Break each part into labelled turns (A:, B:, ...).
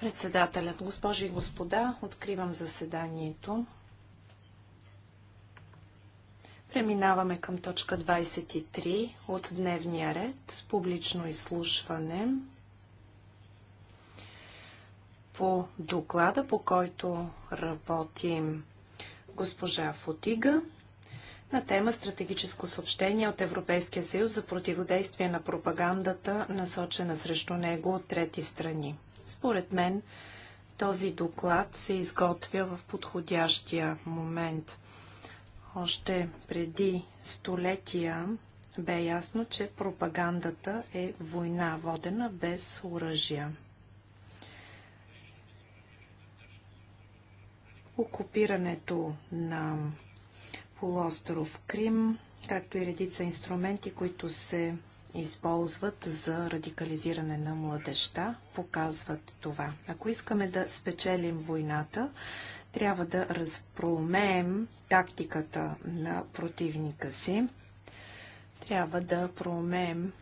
A: Председателят, госпожи и господа, откривам заседанието. Преминаваме към точка 23 от дневния ред, публично изслушване по доклада, по който работим госпожа Фотига на тема стратегическо съобщение от Европейския съюз за противодействие на пропагандата, насочена срещу него от трети страни. Според мен, този доклад се изготвя в подходящия момент. Още преди столетия бе ясно, че пропагандата е война, водена без оръжия. Окупирането на полуостров Крим, както и редица инструменти, които се използват за радикализиране на младеща, показват това. Ако искаме да спечелим войната, трябва да разпроумеем тактиката на противника си, трябва да проумеем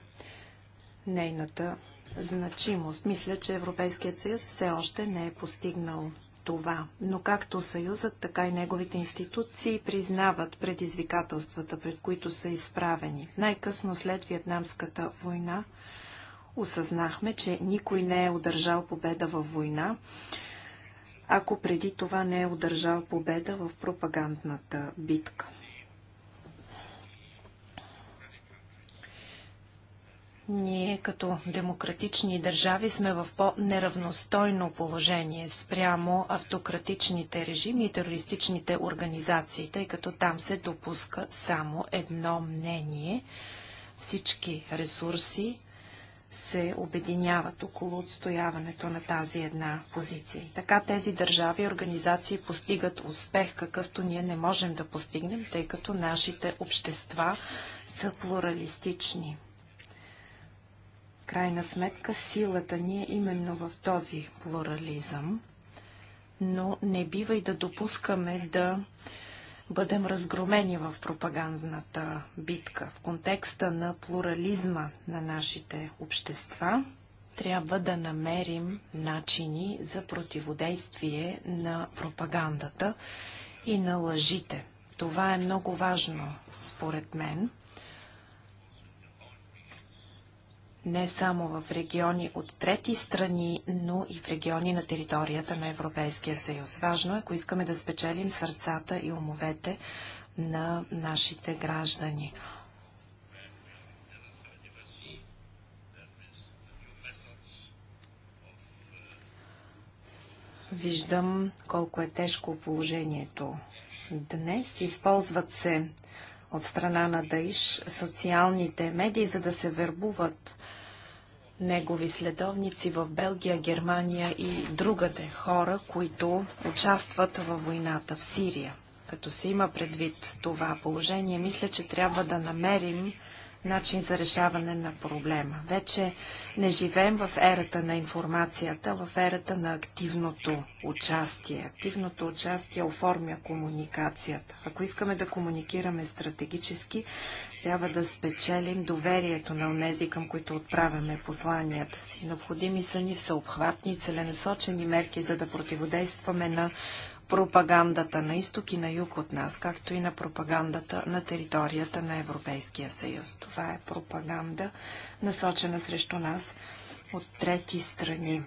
A: нейната значимост. Мисля, че Европейският съюз все още не е постигнал това, но както Съюзът, така и неговите институции признават предизвикателствата, пред които са изправени. Най-късно след Вьетнамската война осъзнахме, че никой не е удържал победа във война, ако преди това не е удържал победа в пропагандната битка. Ние като демократични държави сме в по-неравностойно положение спрямо автократичните режими и терористичните организации, тъй като там се допуска само едно мнение. Всички ресурси се обединяват около отстояването на тази една позиция. И така тези държави и организации постигат успех, какъвто ние не можем да постигнем, тъй като нашите общества са плуралистични крайна сметка силата ни е именно в този плурализъм, но не бива и да допускаме да бъдем разгромени в пропагандната битка. В контекста на плурализма на нашите общества трябва да намерим начини за противодействие на пропагандата и на лъжите. Това е много важно, според мен. не само в региони от трети страни, но и в региони на територията на Европейския съюз. Важно е, ако искаме да спечелим сърцата и умовете на нашите граждани. Виждам колко е тежко положението днес. Използват се от страна на Даиш социалните медии, за да се вербуват негови следовници в Белгия, Германия и другаде хора, които участват във войната в Сирия. Като се има предвид това положение, мисля, че трябва да намерим начин за решаване на проблема. Вече не живеем в ерата на информацията, в ерата на активното участие. Активното участие оформя комуникацията. Ако искаме да комуникираме стратегически, трябва да спечелим доверието на онези, към които отправяме посланията си. Необходими са ни всеобхватни, целенасочени мерки, за да противодействаме на пропагандата на изток и на юг от нас, както и на пропагандата на територията на Европейския съюз. Това е пропаганда, насочена срещу нас от трети страни.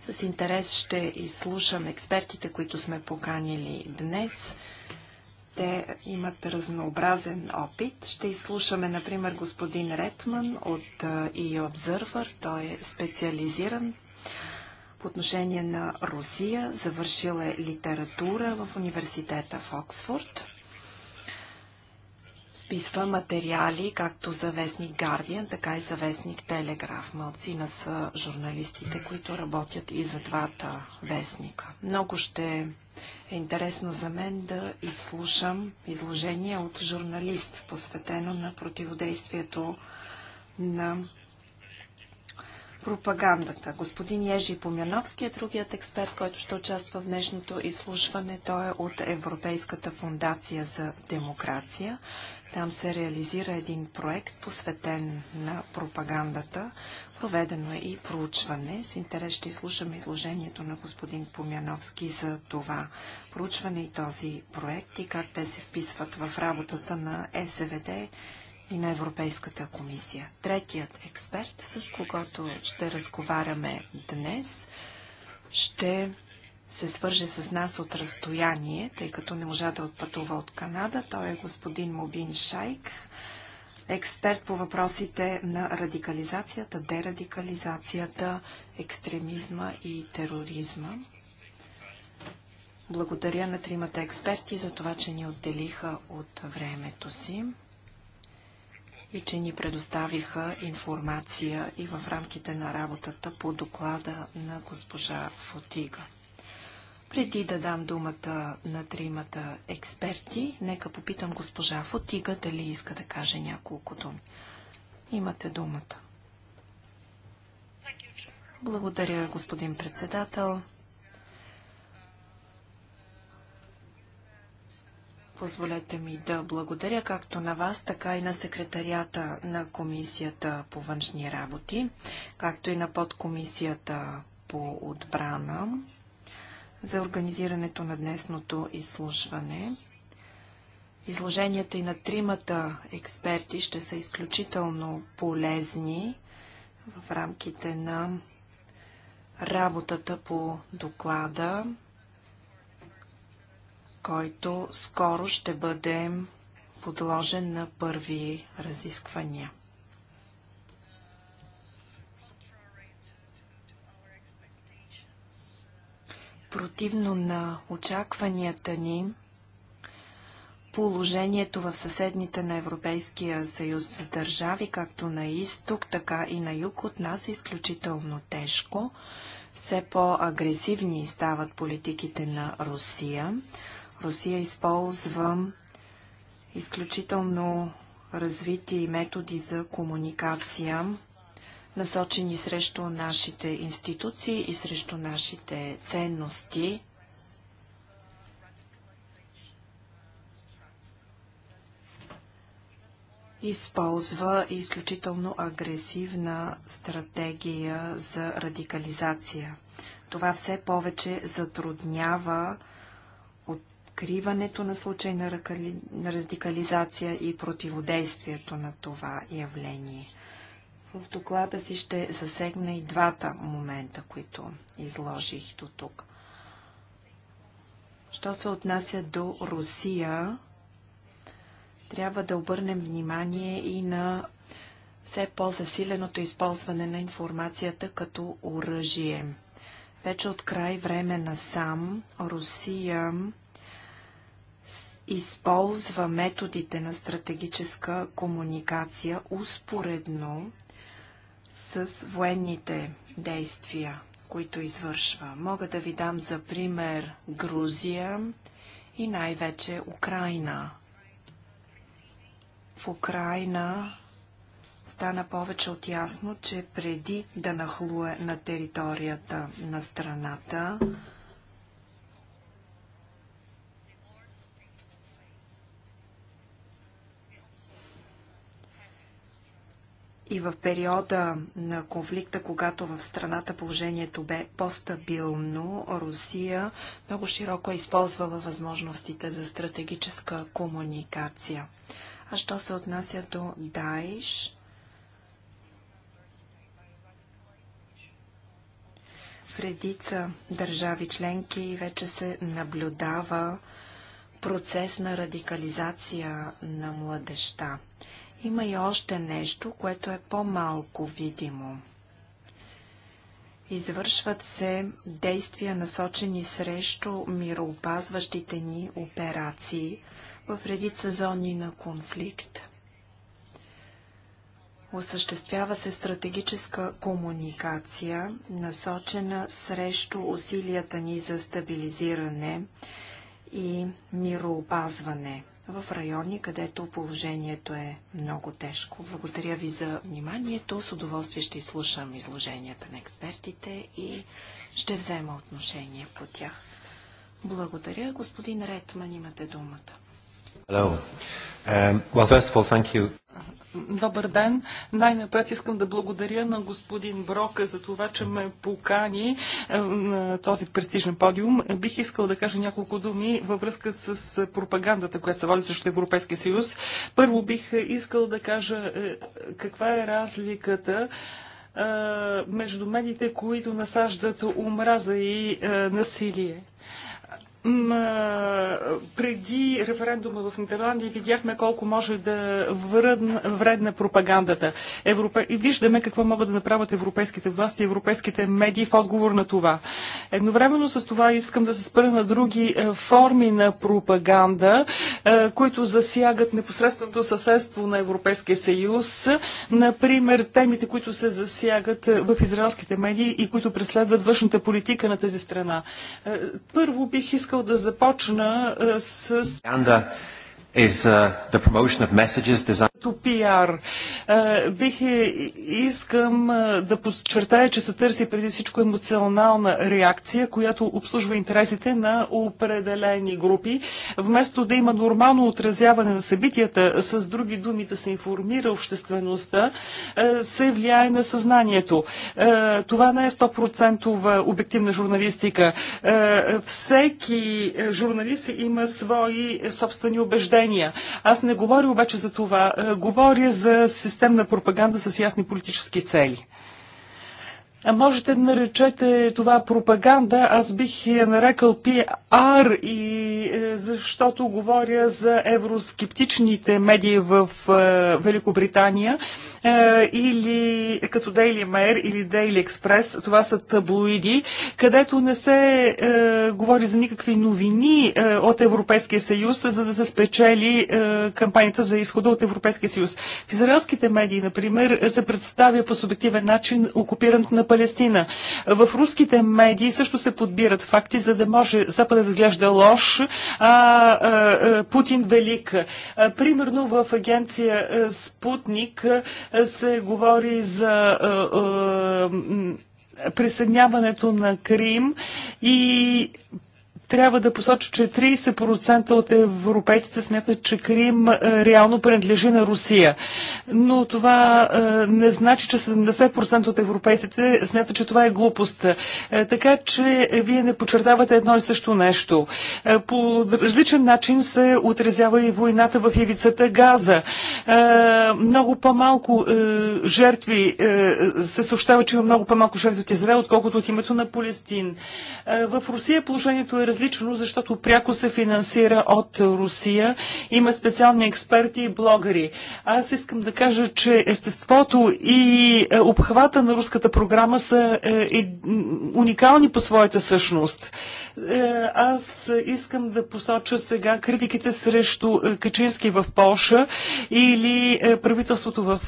A: С интерес ще изслушам експертите, които сме поканили днес – те имат разнообразен опит. Ще изслушаме, например, господин Ретман от EU Observer. Той е специализиран по отношение на Русия. Завършил е литература в университета в Оксфорд. Списва материали, както за вестник Гардиан, така и за вестник Телеграф. Малцина са журналистите, които работят и за двата вестника. Много ще е интересно за мен да изслушам изложение от журналист, посветено на противодействието на пропагандата. Господин Ежи Помяновски е другият експерт, който ще участва в днешното изслушване. Той е от Европейската фундация за демокрация. Там се реализира един проект, посветен на пропагандата. Проведено е и проучване. С интерес ще изслушаме изложението на господин Помяновски за това проучване и този проект и как те се вписват в работата на СВД и на Европейската комисия. Третият експерт, с когото ще разговаряме днес, ще се свърже с нас от разстояние, тъй като не можа да отпътува от Канада. Той е господин Мобин Шайк, експерт по въпросите на радикализацията, дерадикализацията, екстремизма и тероризма. Благодаря на тримата експерти за това, че ни отделиха от времето си и че ни предоставиха информация и в рамките на работата по доклада на госпожа Фотига. Преди да дам думата на тримата експерти, нека попитам госпожа Фотига дали иска да каже няколко думи. Имате думата. Благодаря, господин председател. Позволете ми да благодаря както на вас, така и на секретарията на Комисията по външни работи, както и на подкомисията по отбрана за организирането на днесното изслушване. Изложенията и на тримата експерти ще са изключително полезни в рамките на работата по доклада, който скоро ще бъде подложен на първи разисквания. Противно на очакванията ни, положението в съседните на Европейския съюз държави, както на изток, така и на юг от нас е изключително тежко. Все по-агресивни стават политиките на Русия. Русия използва изключително развити методи за комуникация насочени срещу нашите институции и срещу нашите ценности. Използва изключително агресивна стратегия за радикализация. Това все повече затруднява откриването на случай на радикализация и противодействието на това явление – в доклада си ще засегна и двата момента, които изложих до тук. Що се отнася до Русия, трябва да обърнем внимание и на все по-засиленото използване на информацията като оръжие. Вече от край време на сам Русия използва методите на стратегическа комуникация успоредно с военните действия, които извършва. Мога да ви дам за пример Грузия и най-вече Украина. В Украина стана повече от ясно, че преди да нахлуе на територията на страната, И в периода на конфликта, когато в страната положението бе по-стабилно, Русия много широко е използвала възможностите за стратегическа комуникация. А що се отнася до Даиш, в редица държави членки вече се наблюдава процес на радикализация на младеща. Има и още нещо, което е по-малко видимо. Извършват се действия насочени срещу мироопазващите ни операции в редица зони на конфликт. Осъществява се стратегическа комуникация, насочена срещу усилията ни за стабилизиране и мироопазване в райони, където положението е много тежко. Благодаря ви за вниманието. С удоволствие ще изслушам изложенията на експертите и ще взема отношение
B: по тях. Благодаря. Господин Ретман, имате думата. Hello. Um, well, first of all, thank you Добър ден! Най-напред искам да благодаря на господин Брока за това, че ме покани е, на този престижен подиум. Бих искал да кажа няколко думи във връзка с е, пропагандата, която се води срещу Европейския съюз. Първо бих е, искал да кажа каква е разликата между медиите, които насаждат омраза и насилие преди референдума в Нидерландия видяхме колко може да вредна, вредна пропагандата. Европе... И виждаме какво могат да направят европейските власти, европейските медии в отговор на това. Едновременно с това искам да се спра на други е, форми на пропаганда, е, които засягат непосредственото съседство на Европейския съюз. Например, темите, които се засягат е, в израелските медии и които преследват външната политика на тази страна. Първо бих искал искал да започна с is uh, the promotion of messages designed като пиар. Е, бих е, искам е, да подчертая, че се търси преди всичко емоционална реакция, която обслужва интересите на определени групи. Вместо да има нормално отразяване на събитията, с други думи да се информира обществеността, се влияе на съзнанието. Това не е 100% обективна журналистика. Всеки журналист има свои собствени убеждения убеждения. Аз не говоря обаче за това. Е, говоря за системна пропаганда с ясни политически цели. Можете да наречете това пропаганда, аз бих я нарекал PR, и, е, защото говоря за евроскептичните медии в е, Великобритания е, или като Daily Mail или Daily Express, това са таблоиди, където не се е, говори за никакви новини е, от Европейския съюз, за да се спечели е, кампанията за изхода от Европейския съюз. В израелските медии, например, се представя по субективен начин окупирането на Палестина. В руските медии също се подбират факти, за да може Западът да изглежда лош, а, а Путин велик. А, примерно в агенция Спутник се говори за а, присъединяването на Крим и трябва да посоча, че 30% от европейците смятат, че Крим е, реално принадлежи на Русия. Но това е, не значи, че 70% от европейците смятат, че това е глупост. Е, така че вие не подчертавате едно и също нещо. По различен начин се отразява и войната в ивицата Газа. Много по-малко жертви се съобщава, че има много по-малко жертви от Израел, отколкото от името на Палестин. В Русия положението е различно различно, защото пряко се финансира от Русия. Има специални експерти и блогъри. Аз искам да кажа, че естеството и е, обхвата на руската програма са е, уникални по своята същност. Е, аз искам да посоча сега критиките срещу Качински в Польша или правителството в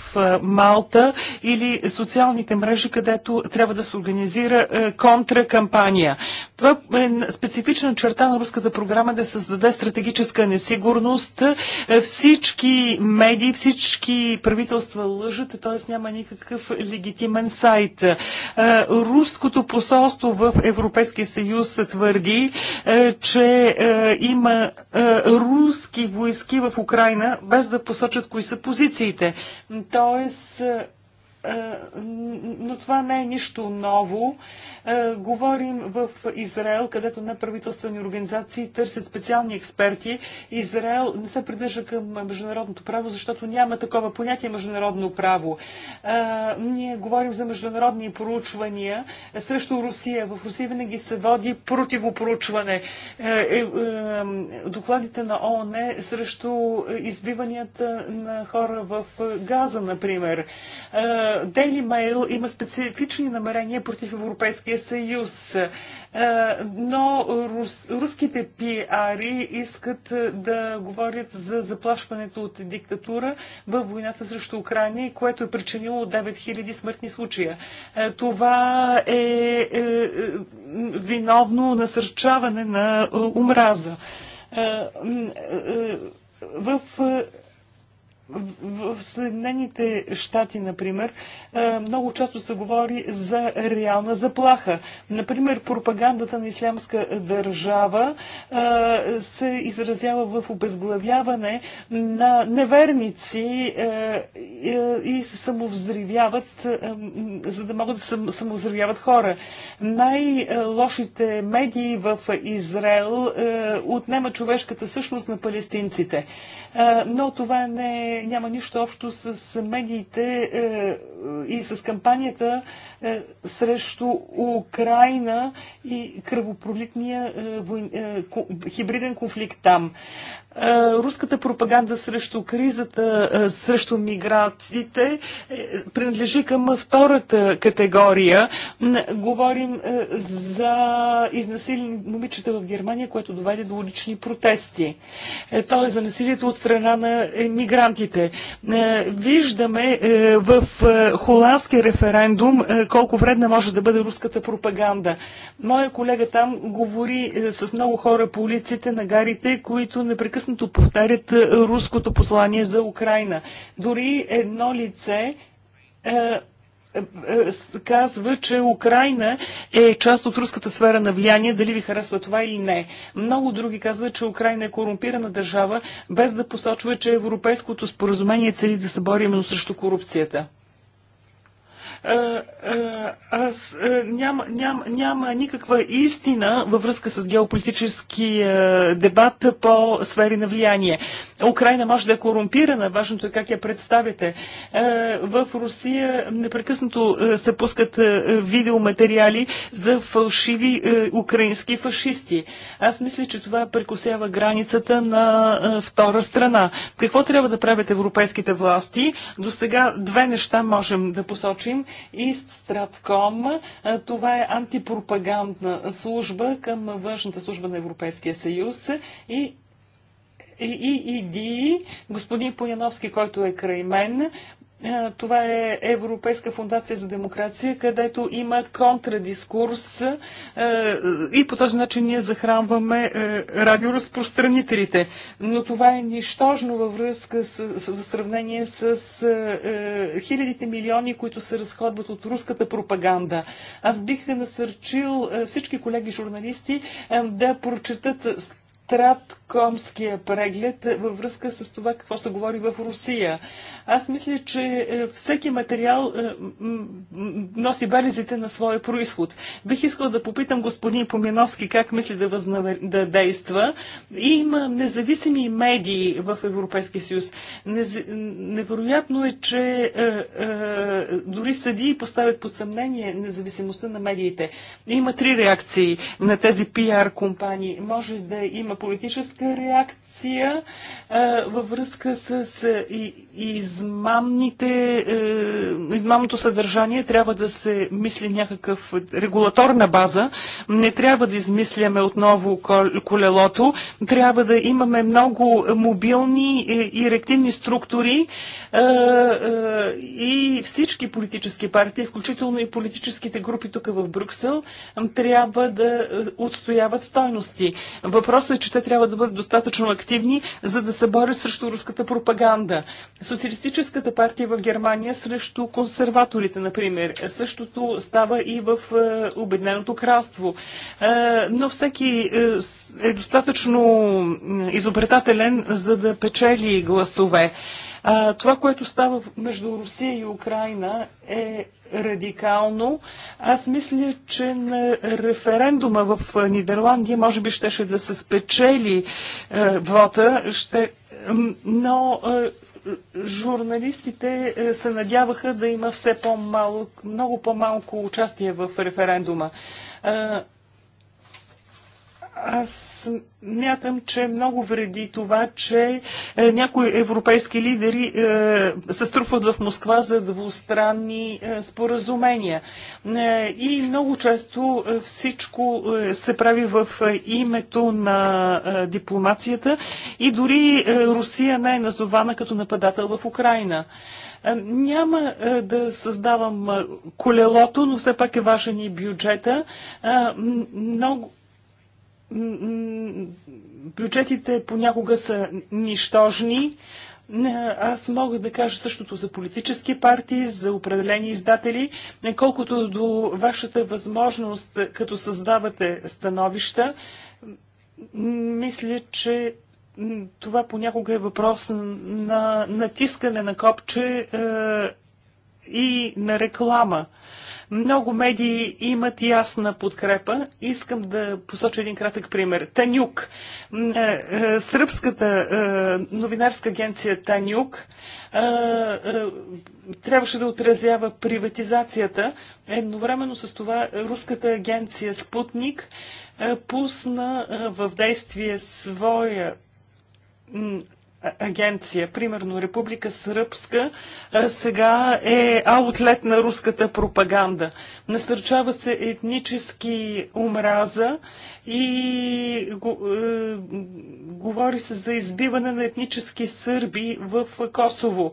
B: Малта или социалните мрежи, където трябва да се организира контракампания. Това е специфично стратегична черта на руската програма да създаде стратегическа несигурност. Е, всички медии, всички правителства лъжат, т.е. няма никакъв легитимен сайт. Е, руското посолство в Европейския съюз твърди, е, че има руски войски в Украина, без да посочат кои са позициите. Тоест, е, но това не е нищо ново. Е, говорим в Израел, където неправителствени организации търсят специални експерти. Израел не се придържа към международното право, защото няма такова понятие международно право. Е, ние говорим за международни проучвания срещу Русия. В Русия винаги се води противопроучване. Докладите на ООН срещу избиванията на хора в Газа, например Daily Mail има специфични намерения против Европейския съюз, е, но рус, руските пиари искат е, да говорят за заплашването от диктатура във войната срещу Украина, което е причинило 9000 смъртни случая. Е, това е виновно насърчаване на омраза в в Съединените щати, например, е, много често се говори за реална заплаха. Например, пропагандата на ислямска държава е, се изразява в обезглавяване на неверници е, и се самовзривяват, за да могат да самовзривяват хора. Най-лошите медии в Израел отнема човешката същност на палестинците. Но това не, няма нищо общо с медиите и с кампанията е, срещу Украина и кръвопролитния е, е, хибриден конфликт там. Е, руската пропаганда срещу кризата, е, срещу миграциите е, принадлежи към втората категория. Говорим за изнасилени момичета в Германия, което доведе до улични протести. То е за насилието от страна на мигрантите. Виждаме в холандски референдум колко вредна може да бъде руската пропаганда. Моя колега там говори с много хора по улиците на гарите, които непрекъснато непрекъснато повтарят е, руското послание за Украина. Дори едно лице е, е, казва, че Украина е част от руската сфера на влияние, дали ви харесва това или не. Много други казват, че Украина е корумпирана държава, без да посочва, че европейското споразумение цели да се бори именно срещу корупцията аз няма, няма, няма никаква истина във връзка с геополитически дебат по сфери на влияние. Украина може да е корумпирана, важното е как я представите. В Русия непрекъснато се пускат видеоматериали за фалшиви украински фашисти. Аз мисля, че това прекусява границата на втора страна. Какво трябва да правят европейските власти? До сега две неща можем да посочим и Това е антипропагандна служба към външната служба на Европейския съюз и и, и, и господин Пояновски, който е край мен, е, това е Европейска фундация за демокрация, където има контрадискурс е, и по този начин ние захранваме е, радиоразпространителите. Но това е нищожно във връзка с, в сравнение с хилядите милиони, които се разходват от руската пропаганда. Аз бих насърчил всички колеги журналисти да прочетат Страткомския преглед във връзка с това какво се говори в Русия. Аз мисля, че е, всеки материал е, носи белезите на своя происход. Бих искал да попитам господин Поминовски как мисли да, възнавер... да действа. И има независими медии в Европейския съюз. Нез... Невероятно е, че е, е, дори съдии поставят под съмнение независимостта на медиите. Има три реакции на тези пиар компании. Може да има политическа реакция е, във връзка с е, и, и измамните, е, измамното съдържание трябва да се мисли някакъв регулаторна база. Не трябва да измисляме отново колелото. Трябва да имаме много мобилни е, и рективни структури е, е, и всички политически партии, включително и политическите групи тук в Брюксел, трябва да отстояват стойности. Въпросът е, че те трябва да бъдат достатъчно активни, за да се борят срещу руската пропаганда социалистическата партия в Германия срещу консерваторите, например. Същото става и в е, Обедненото кралство. Е, но всеки е, е достатъчно изобретателен, за да печели гласове. това, което става между Русия и Украина е радикално. Аз мисля, че на референдума в Нидерландия може би щеше да се спечели е, вота, ще, но е, журналистите е, се надяваха да има все по-малко, много по-малко участие в референдума. Е, аз мятам, че много вреди това, че е, някои европейски лидери е, се струпват в Москва за двустранни е, споразумения. И много често всичко се прави в името на дипломацията и дори Русия не е назована като нападател в Украина. Няма да създавам колелото, но все пак е важен и бюджета. Много бюджетите понякога са нищожни. Аз мога да кажа същото за политически партии, за определени издатели, колкото до вашата възможност, като създавате становища, мисля, че това понякога е въпрос на натискане на копче е, и на реклама. Много медии имат ясна подкрепа. Искам да посоча един кратък пример. Танюк. Е, е, сръбската е, новинарска агенция Танюк трябваше да отразява приватизацията. Едновременно с това руската агенция Спутник пусна в действие своя агенция. Примерно Република Сръбска сега е аутлет на руската пропаганда. Насърчава се етнически омраза и говори се за избиване на етнически сърби в Косово.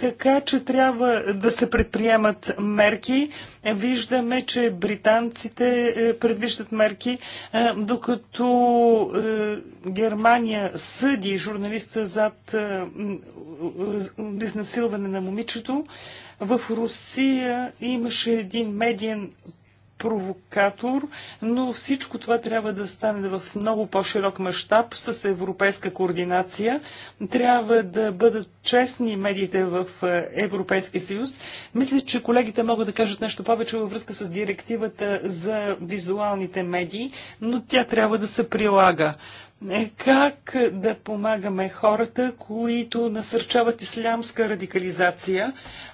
B: Така че трябва да се предприемат мерки. Виждаме, че британците е, предвиждат мерки, е, докато е, Германия съди журналиста зад изнасилване на момичето. В Русия имаше един медиен провокатор, но всичко това трябва да стане в много по-широк мащаб с европейска координация. Трябва да бъдат честни медиите в е, Европейския съюз. Мисля, че колегите могат да кажат нещо повече във връзка с директивата за визуалните медии, но тя трябва да се прилага е, как да помагаме хората, които насърчават ислямска радикализация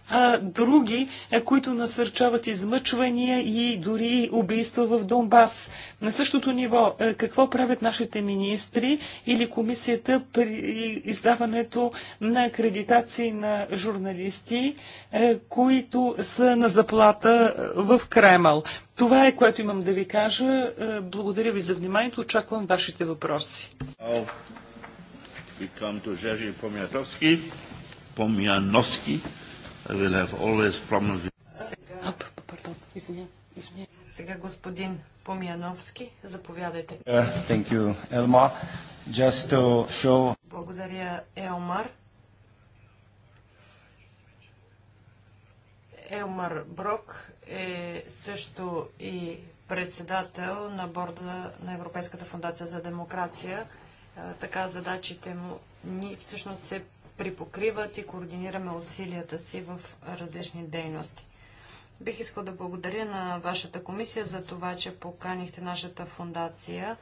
B: а други, е, които насърчават измъчвания и дори убийства в Донбас. На същото ниво, е, какво правят нашите министри или комисията при издаването на акредитации на журналисти, е, които са на заплата в Кремъл? Това е което имам да ви кажа. Благодаря ви за вниманието. Очаквам вашите въпроси. Помяновски. Помяновски. Сега... Извиня. Извиня. Сега
C: господин Помияновски, заповядайте. Uh,
B: you, Elmar. Show...
C: Благодаря, Елмар. Елмар Брок е също и председател на борда на Европейската фундация за демокрация. Така задачите му ни всъщност се припокриват и координираме усилията си в различни дейности. Бих искал да благодаря на вашата комисия за това, че поканихте нашата фундация.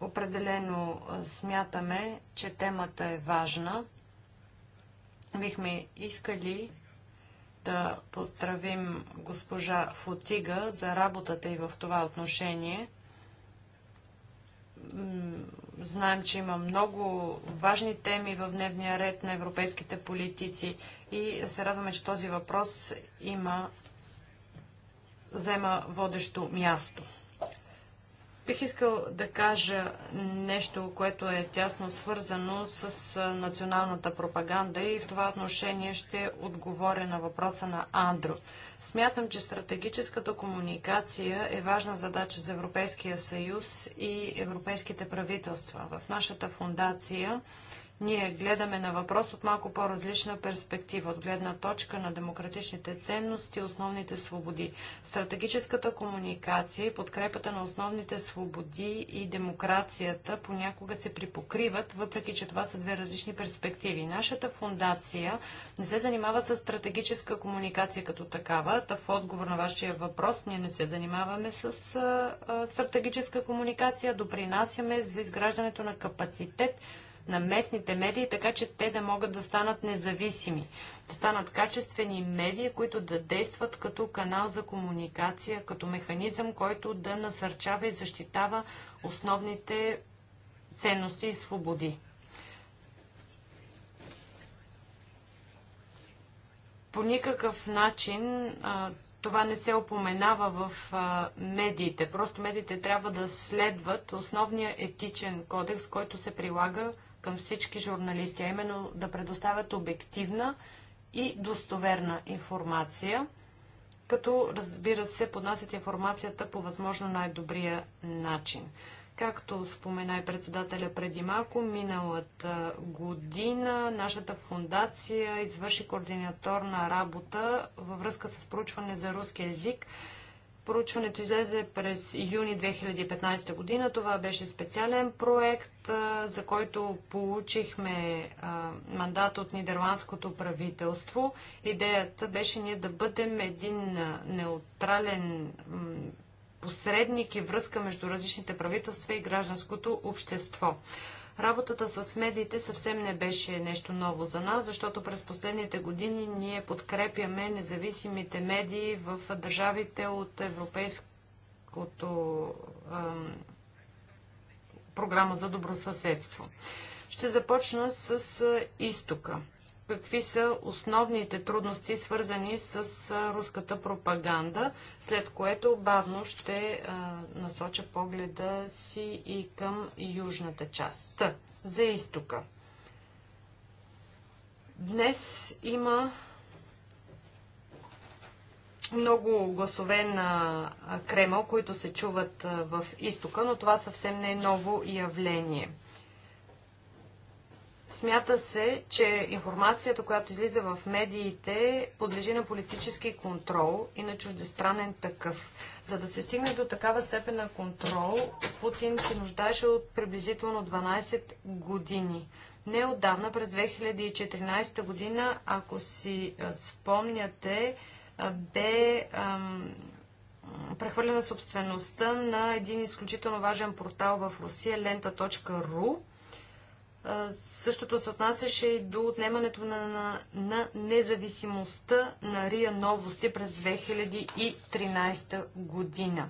C: Определено смятаме, че темата е важна. Бихме искали да поздравим госпожа Фотига за работата и в това отношение – знаем, че има много важни теми в дневния ред на европейските политици и се радваме, че този въпрос има, взема водещо място. Бих искал да кажа нещо, което е тясно свързано с националната пропаганда и в това отношение ще отговоря на въпроса на Андро. Смятам, че стратегическата комуникация е важна задача за Европейския съюз и европейските правителства. В нашата фундация ние гледаме на въпрос от малко по-различна перспектива, от гледна точка на демократичните ценности и основните свободи. Стратегическата комуникация и подкрепата на основните свободи и демокрацията понякога се припокриват, въпреки че това са две различни перспективи. Нашата фундация не се занимава с стратегическа комуникация като такава. Та в отговор на вашия въпрос ние не се занимаваме с а, а, стратегическа комуникация, допринасяме за изграждането на капацитет на местните медии, така че те да могат да станат независими, да станат качествени медии, които да действат като канал за комуникация, като механизъм, който да насърчава и защитава основните ценности и свободи. По никакъв начин а, това не се опоменава в а, медиите. Просто медиите трябва да следват основния етичен кодекс, който се прилага към всички журналисти, а именно да предоставят обективна и достоверна информация, като разбира се поднасят информацията по възможно най-добрия начин. Както спомена и председателя преди малко, миналата година нашата фундация извърши координаторна работа във връзка с проучване за руски язик Проучването излезе през юни 2015 година. Това беше специален проект, за който получихме мандат от нидерландското правителство. Идеята беше ние да бъдем един неутрален посредник и връзка между различните правителства и гражданското общество. Работата с медиите съвсем не беше нещо ново за нас, защото през последните години ние подкрепяме независимите медии в държавите от Европейското ам, програма за добросъседство. Ще започна с изтока какви са основните трудности, свързани с руската пропаганда, след което бавно ще а, насоча погледа си и към южната част, за изтока. Днес има много гласове на Кремъл, които се чуват в изтока, но това съвсем не е ново явление – Смята се, че информацията, която излиза в медиите, подлежи на политически контрол и на чуждестранен такъв. За да се стигне до такава степен на контрол, Путин се нуждаеше от приблизително 12 години. Неодавна, през 2014 година, ако си спомняте, бе ам, прехвърлена собствеността на един изключително важен портал в Русия, lenta.ru Същото се отнасяше и до отнемането на, на, на независимостта на РИА новости през 2013 година.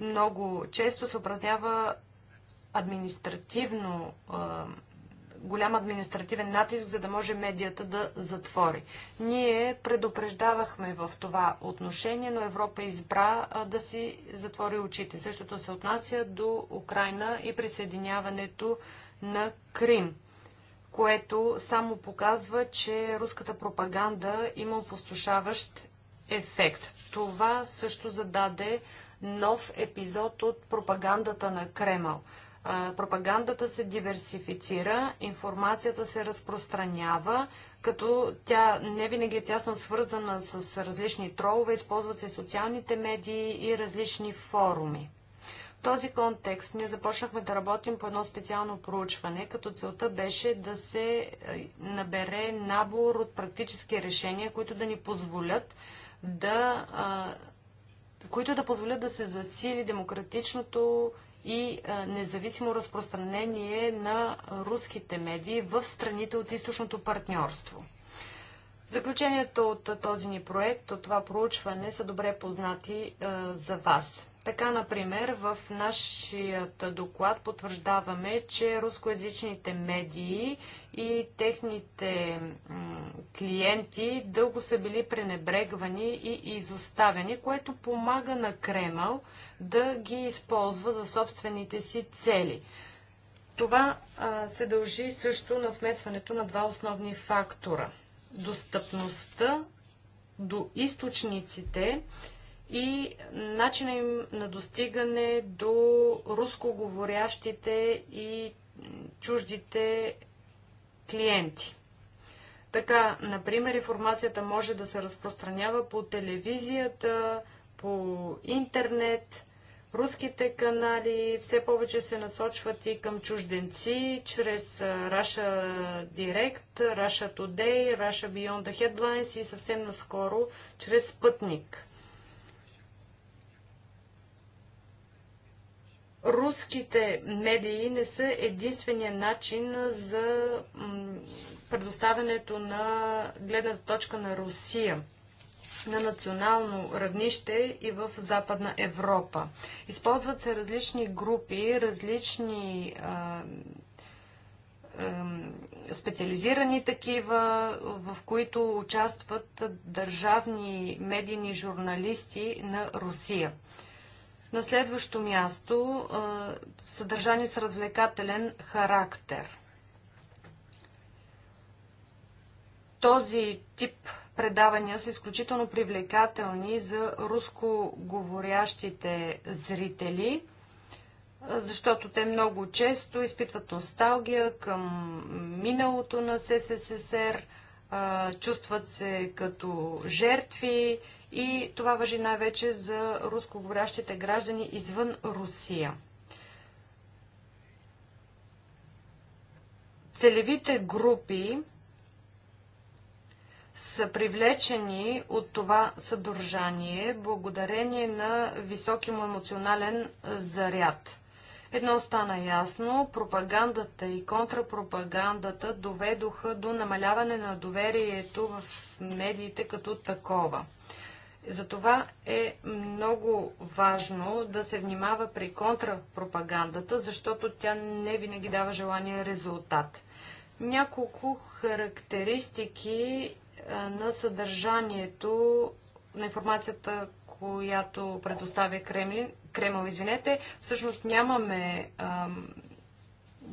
C: Много често се упражнява административно, а, голям административен натиск, за да може медията да затвори. Ние предупреждавахме в това отношение, но Европа избра а, да си затвори очите. Същото се отнася до Украина и присъединяването на Крим, което само показва, че руската пропаганда има опустошаващ ефект. Това също зададе нов епизод от пропагандата на Кремъл. Пропагандата се диверсифицира, информацията се разпространява, като тя не винаги е тясно свързана с различни тролове, използват се социалните медии и различни форуми този контекст ние започнахме да работим по едно специално проучване, като целта беше да се е, набере набор от практически решения, които да ни позволят да които да позволят да се засили демократичното и независимо разпространение на руските медии в страните от източното партньорство. Заключенията от този ни проект, от това проучване са добре познати за вас. Така, например, в нашият доклад потвърждаваме, че рускоязичните медии и техните клиенти дълго са били пренебрегвани и изоставени, което помага на Кремъл да ги използва за собствените си цели. Това а, се дължи също на смесването на два основни фактора. Достъпността до източниците и начина им на достигане до рускоговорящите и чуждите клиенти. Така, например, информацията може да се разпространява по телевизията, по интернет, руските канали все повече се насочват и към чужденци, чрез Russia Direct, Russia Today, Russia Beyond the Headlines и съвсем наскоро чрез Спътник. руските медии не са единствения начин за предоставянето на гледната точка на Русия на национално равнище и в Западна Европа. Използват се различни групи, различни специализирани такива, в които участват държавни медийни журналисти на Русия. На следващо място съдържание с развлекателен характер. Този тип предавания са изключително привлекателни за рускоговорящите зрители, защото те много често изпитват носталгия към миналото на СССР, чувстват се като жертви, и това въжи най-вече за рускоговорящите граждани извън Русия. Целевите групи са привлечени от това съдържание благодарение на високи му емоционален заряд. Едно стана ясно – пропагандата и контрапропагандата доведоха до намаляване на доверието в медиите като такова. Затова е много важно да се внимава при контрапропагандата, защото тя не винаги дава желания резултат. Няколко характеристики на съдържанието на информацията, която предоставя Кремлин, Кремъл, извинете, всъщност нямаме ам,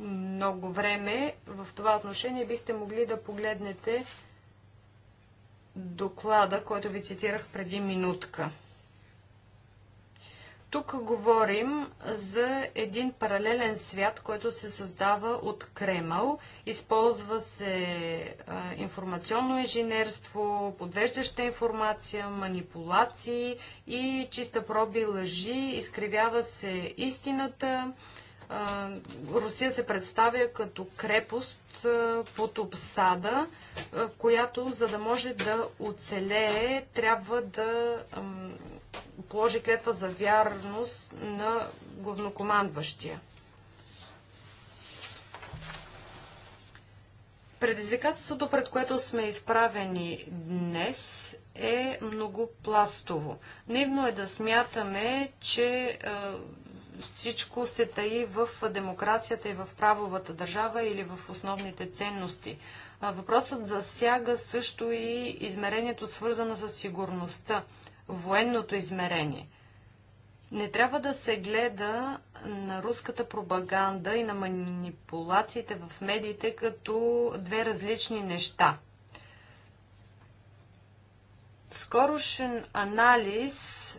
C: много време. В това отношение бихте могли да погледнете доклада, който ви цитирах преди минутка. Тук говорим за един паралелен свят, който се създава от Кремъл. Използва се а, информационно инженерство, подвеждаща информация, манипулации и чиста проби лъжи. Изкривява се истината, Русия се представя като крепост под обсада, която, за да може да оцелее, трябва да положи клетва за вярност на главнокомандващия. Предизвикателството, пред което сме изправени днес, е многопластово. Наивно е да смятаме, че всичко се таи в демокрацията и в правовата държава или в основните ценности. Въпросът засяга също и измерението свързано с сигурността, военното измерение. Не трябва да се гледа на руската пропаганда и на манипулациите в медиите като две различни неща. Скорошен анализ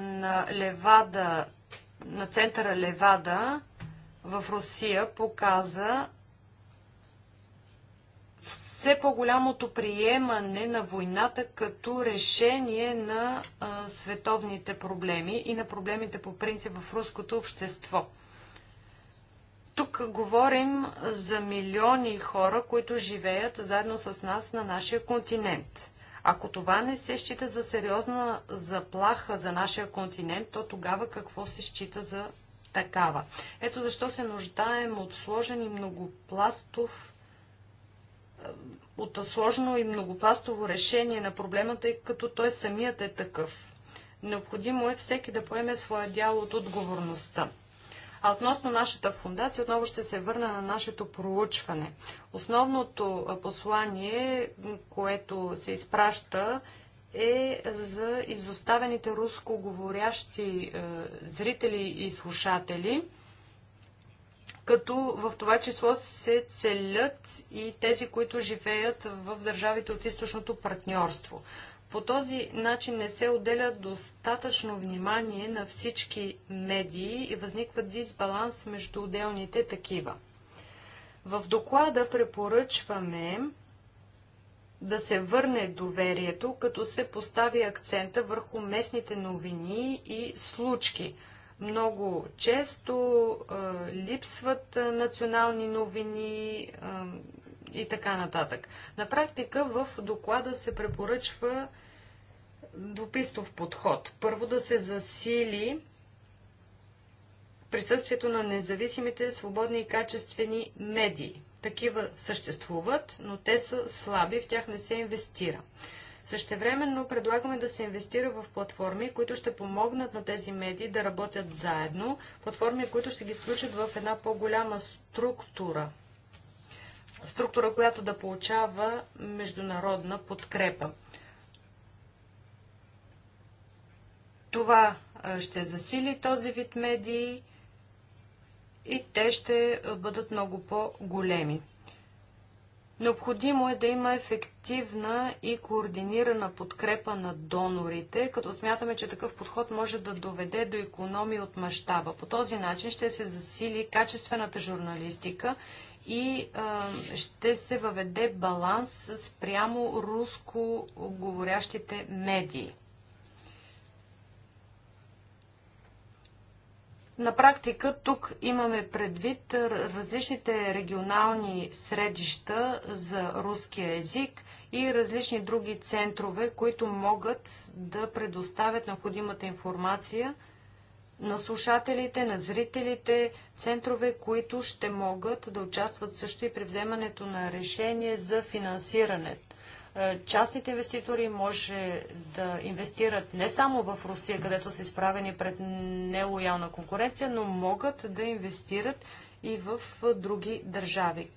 C: на Левада на центъра Левада в Русия показа все по-голямото приемане на войната като решение на а, световните проблеми и на проблемите по принцип в руското общество. Тук говорим за милиони хора, които живеят заедно с нас на нашия континент. Ако това не се счита за сериозна заплаха за нашия континент, то тогава какво се счита за такава? Ето защо се нуждаем от сложен и многопластов е, от сложно и многопластово решение на проблема, тъй като той самият е такъв. Необходимо е всеки да поеме своя дял от отговорността. А относно нашата фундация, отново ще се върна на нашето проучване. Основното послание, което се изпраща, е за изоставените рускоговорящи е, зрители и слушатели, като в това число се целят и тези, които живеят в държавите от източното партньорство. По този начин не се отделя достатъчно внимание на всички медии и възниква дисбаланс между отделните такива. В доклада препоръчваме да се върне доверието, като се постави акцента върху местните новини и случки. Много често е, липсват национални новини е, и така нататък. На практика в доклада се препоръчва двупистов подход. Първо да се засили присъствието на независимите, свободни и качествени медии. Такива съществуват, но те са слаби, в тях не се инвестира. Същевременно предлагаме да се инвестира в платформи, които ще помогнат на тези медии да работят заедно, платформи, които ще ги включат в една по-голяма структура, структура, която да получава международна подкрепа. Това ще засили този вид медии и те ще бъдат много по-големи. Необходимо е да има ефективна и координирана подкрепа на донорите, като смятаме, че такъв подход може да доведе до економии от мащаба. По този начин ще се засили качествената журналистика и а, ще се въведе баланс с прямо руско говорящите медии. На практика тук имаме предвид различните регионални средища за руския език и различни други центрове, които могат да предоставят необходимата информация на слушателите, на зрителите, центрове, които ще могат да участват също и при вземането на решение за финансирането. Е, частните инвеститори може да инвестират не само в Русия, където са изправени пред нелоялна конкуренция, но могат да инвестират и в е, други държави,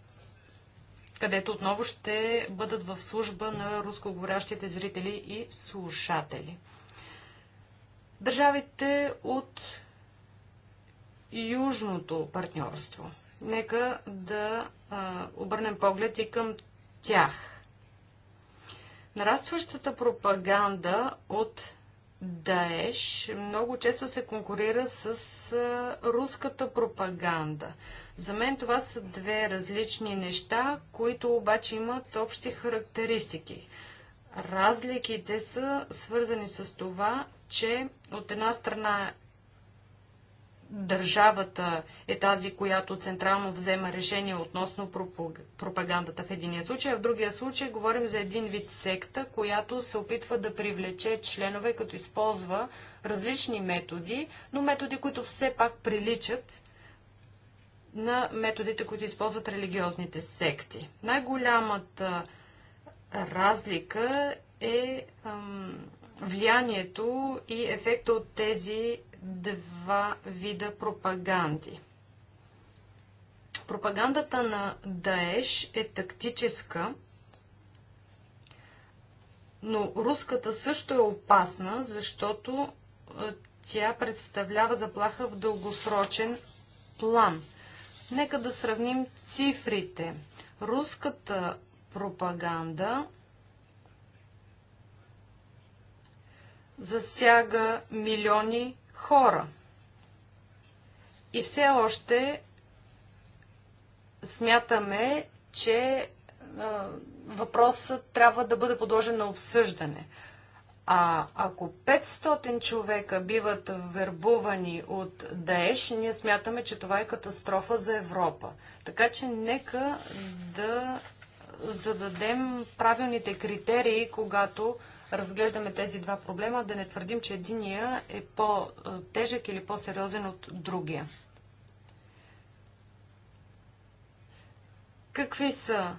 C: където отново ще бъдат в служба на рускоговорящите зрители и слушатели. Държавите от Южното партньорство. Нека да а, е, обърнем поглед и към тях – Нарастващата пропаганда от Даеш много често се конкурира с а, руската пропаганда. За мен това са две различни неща, които обаче имат общи характеристики. Разликите са свързани с това, че от една страна държавата е тази, която централно взема решение относно пропагандата в единия случай, а в другия случай говорим за един вид секта, която се опитва да привлече членове, като използва различни методи, но методи, които все пак приличат на методите, които използват религиозните секти. Най-голямата разлика е влиянието и ефекта от тези два вида пропаганди. Пропагандата на Даеш е тактическа, но руската също е опасна, защото е, тя представлява заплаха в дългосрочен план. Нека да сравним цифрите. Руската пропаганда засяга милиони хора. И все още смятаме, че въпросът трябва да бъде подложен на обсъждане. А ако 500 човека биват вербувани от Даеш, ние смятаме, че това е катастрофа за Европа. Така че нека да зададем правилните критерии, когато разглеждаме тези два проблема, да не твърдим, че единия е по-тежък или по-сериозен от другия. Какви са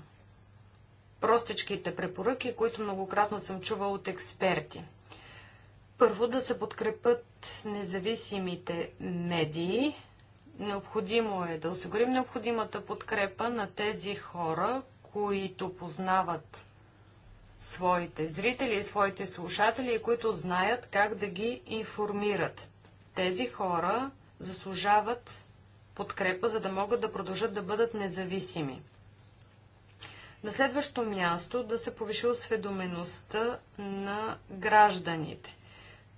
C: простичките препоръки, които многократно съм чувал от експерти? Първо да се подкрепят независимите медии. Необходимо е да осигурим необходимата подкрепа на тези хора, които познават своите зрители и своите слушатели, които знаят как да ги информират. Тези хора заслужават подкрепа, за да могат да продължат да бъдат независими. На следващо място да се повиши осведомеността на гражданите.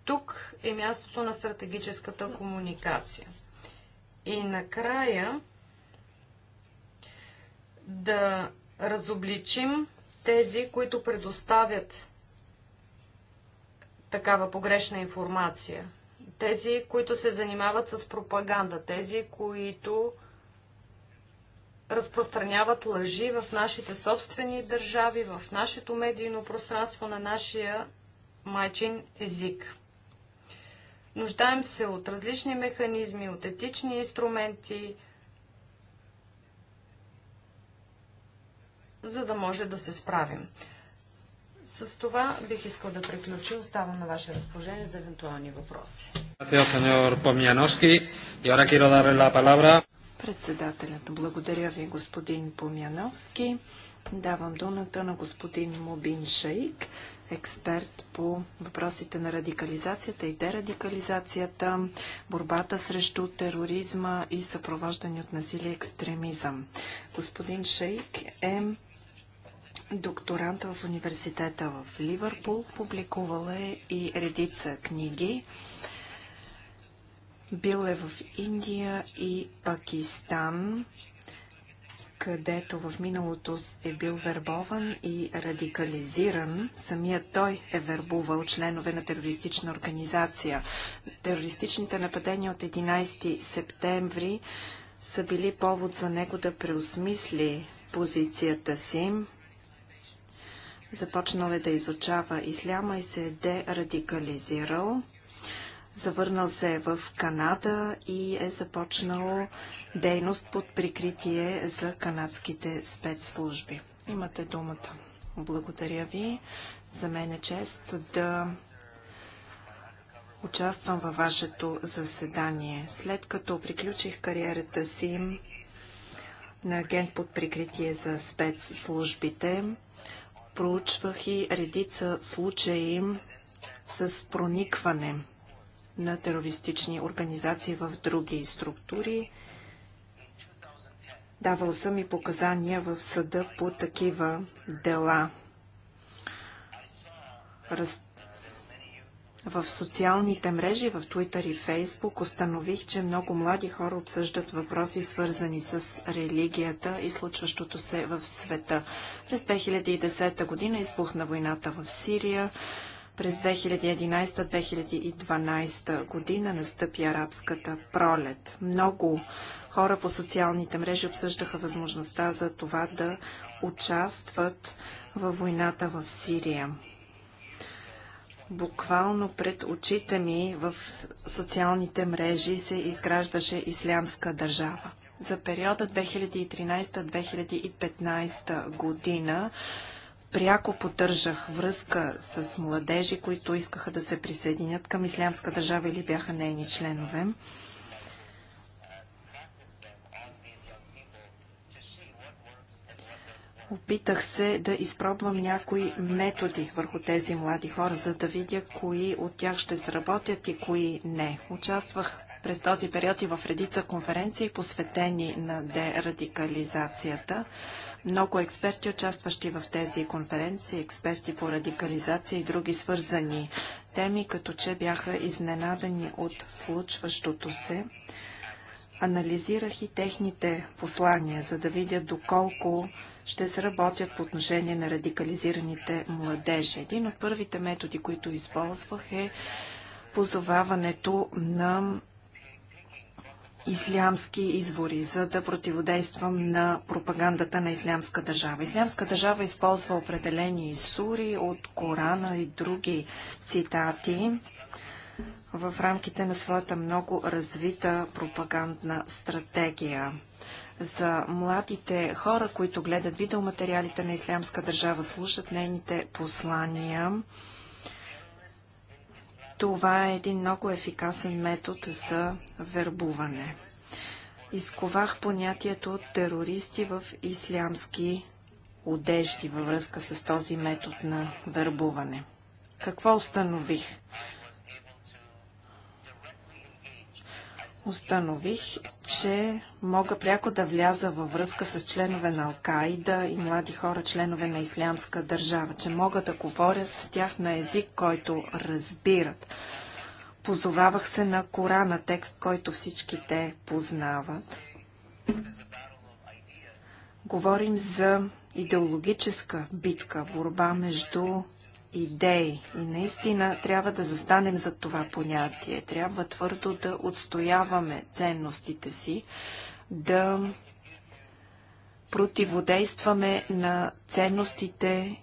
C: Тук е мястото на стратегическата комуникация. И накрая да разобличим тези, които предоставят такава погрешна информация, тези, които се занимават с пропаганда, тези, които разпространяват лъжи в нашите собствени държави, в нашето медийно пространство, на нашия майчин език. Нуждаем се от различни механизми, от етични инструменти, за да може да се справим. С това бих искал да приключи, Оставам на ваше разположение за евентуални въпроси.
A: Председателят, благодаря ви, господин Помяновски. Давам думата на господин Мобин Шейк, експерт по въпросите на радикализацията и дерадикализацията, борбата срещу тероризма и съпровождане от насилие и екстремизъм. Господин Шейк е докторант в университета в Ливърпул. Публикувала е и редица книги. Бил е в Индия и Пакистан, където в миналото е бил вербован и радикализиран. Самият той е вербувал членове на терористична организация. Терористичните нападения от 11 септември са били повод за него да преосмисли позицията си. Започнал е да изучава исляма и се е дерадикализирал. Завърнал се е в Канада и е започнал дейност под прикритие за канадските спецслужби. Имате думата. Благодаря ви. За мен е чест да участвам във вашето заседание. След като приключих кариерата си на агент под прикритие за спецслужбите, проучвах и редица случаи с проникване на терористични организации в други структури. Давал съм и показания в съда по такива дела. Раз в социалните мрежи, в Twitter и Facebook, установих, че много млади хора обсъждат въпроси, свързани с религията и случващото се в света. През 2010 година избухна войната в Сирия. През 2011-2012 година настъпи арабската пролет. Много хора по социалните мрежи обсъждаха възможността за това да участват във войната в Сирия буквално пред очите ми в социалните мрежи се изграждаше ислямска държава. За периода 2013-2015 година пряко поддържах връзка с младежи, които искаха да се присъединят към Ислямска държава или бяха нейни членове. Опитах се да изпробвам някои методи върху тези млади хора, за да видя кои от тях ще сработят и кои не. Участвах през този период и в редица конференции, посветени на дерадикализацията. Много експерти, участващи в тези конференции, експерти по радикализация и други свързани теми, като че бяха изненадани от случващото се. Анализирах и техните послания, за да видя доколко ще се работят по отношение на радикализираните младежи. Един от първите методи, които използвах е позоваването на ислямски извори, за да противодействам на пропагандата на ислямска държава. Ислямска държава използва определени сури от Корана и други цитати в рамките на своята много развита пропагандна стратегия за младите хора, които гледат видеоматериалите на Ислямска държава, слушат нейните послания. Това е един много ефикасен метод за вербуване. Изковах понятието терористи в ислямски одежди във връзка с този метод на вербуване. Какво установих? установих, че мога пряко да вляза във връзка с членове на Алкаида и млади хора, членове на Ислямска държава, че мога да говоря с тях на език, който разбират. Позовавах се на Корана, текст, който всички те познават. Говорим за идеологическа битка, борба между идеи. И наистина трябва да застанем за това понятие. Трябва твърдо да отстояваме ценностите си, да противодействаме на ценностите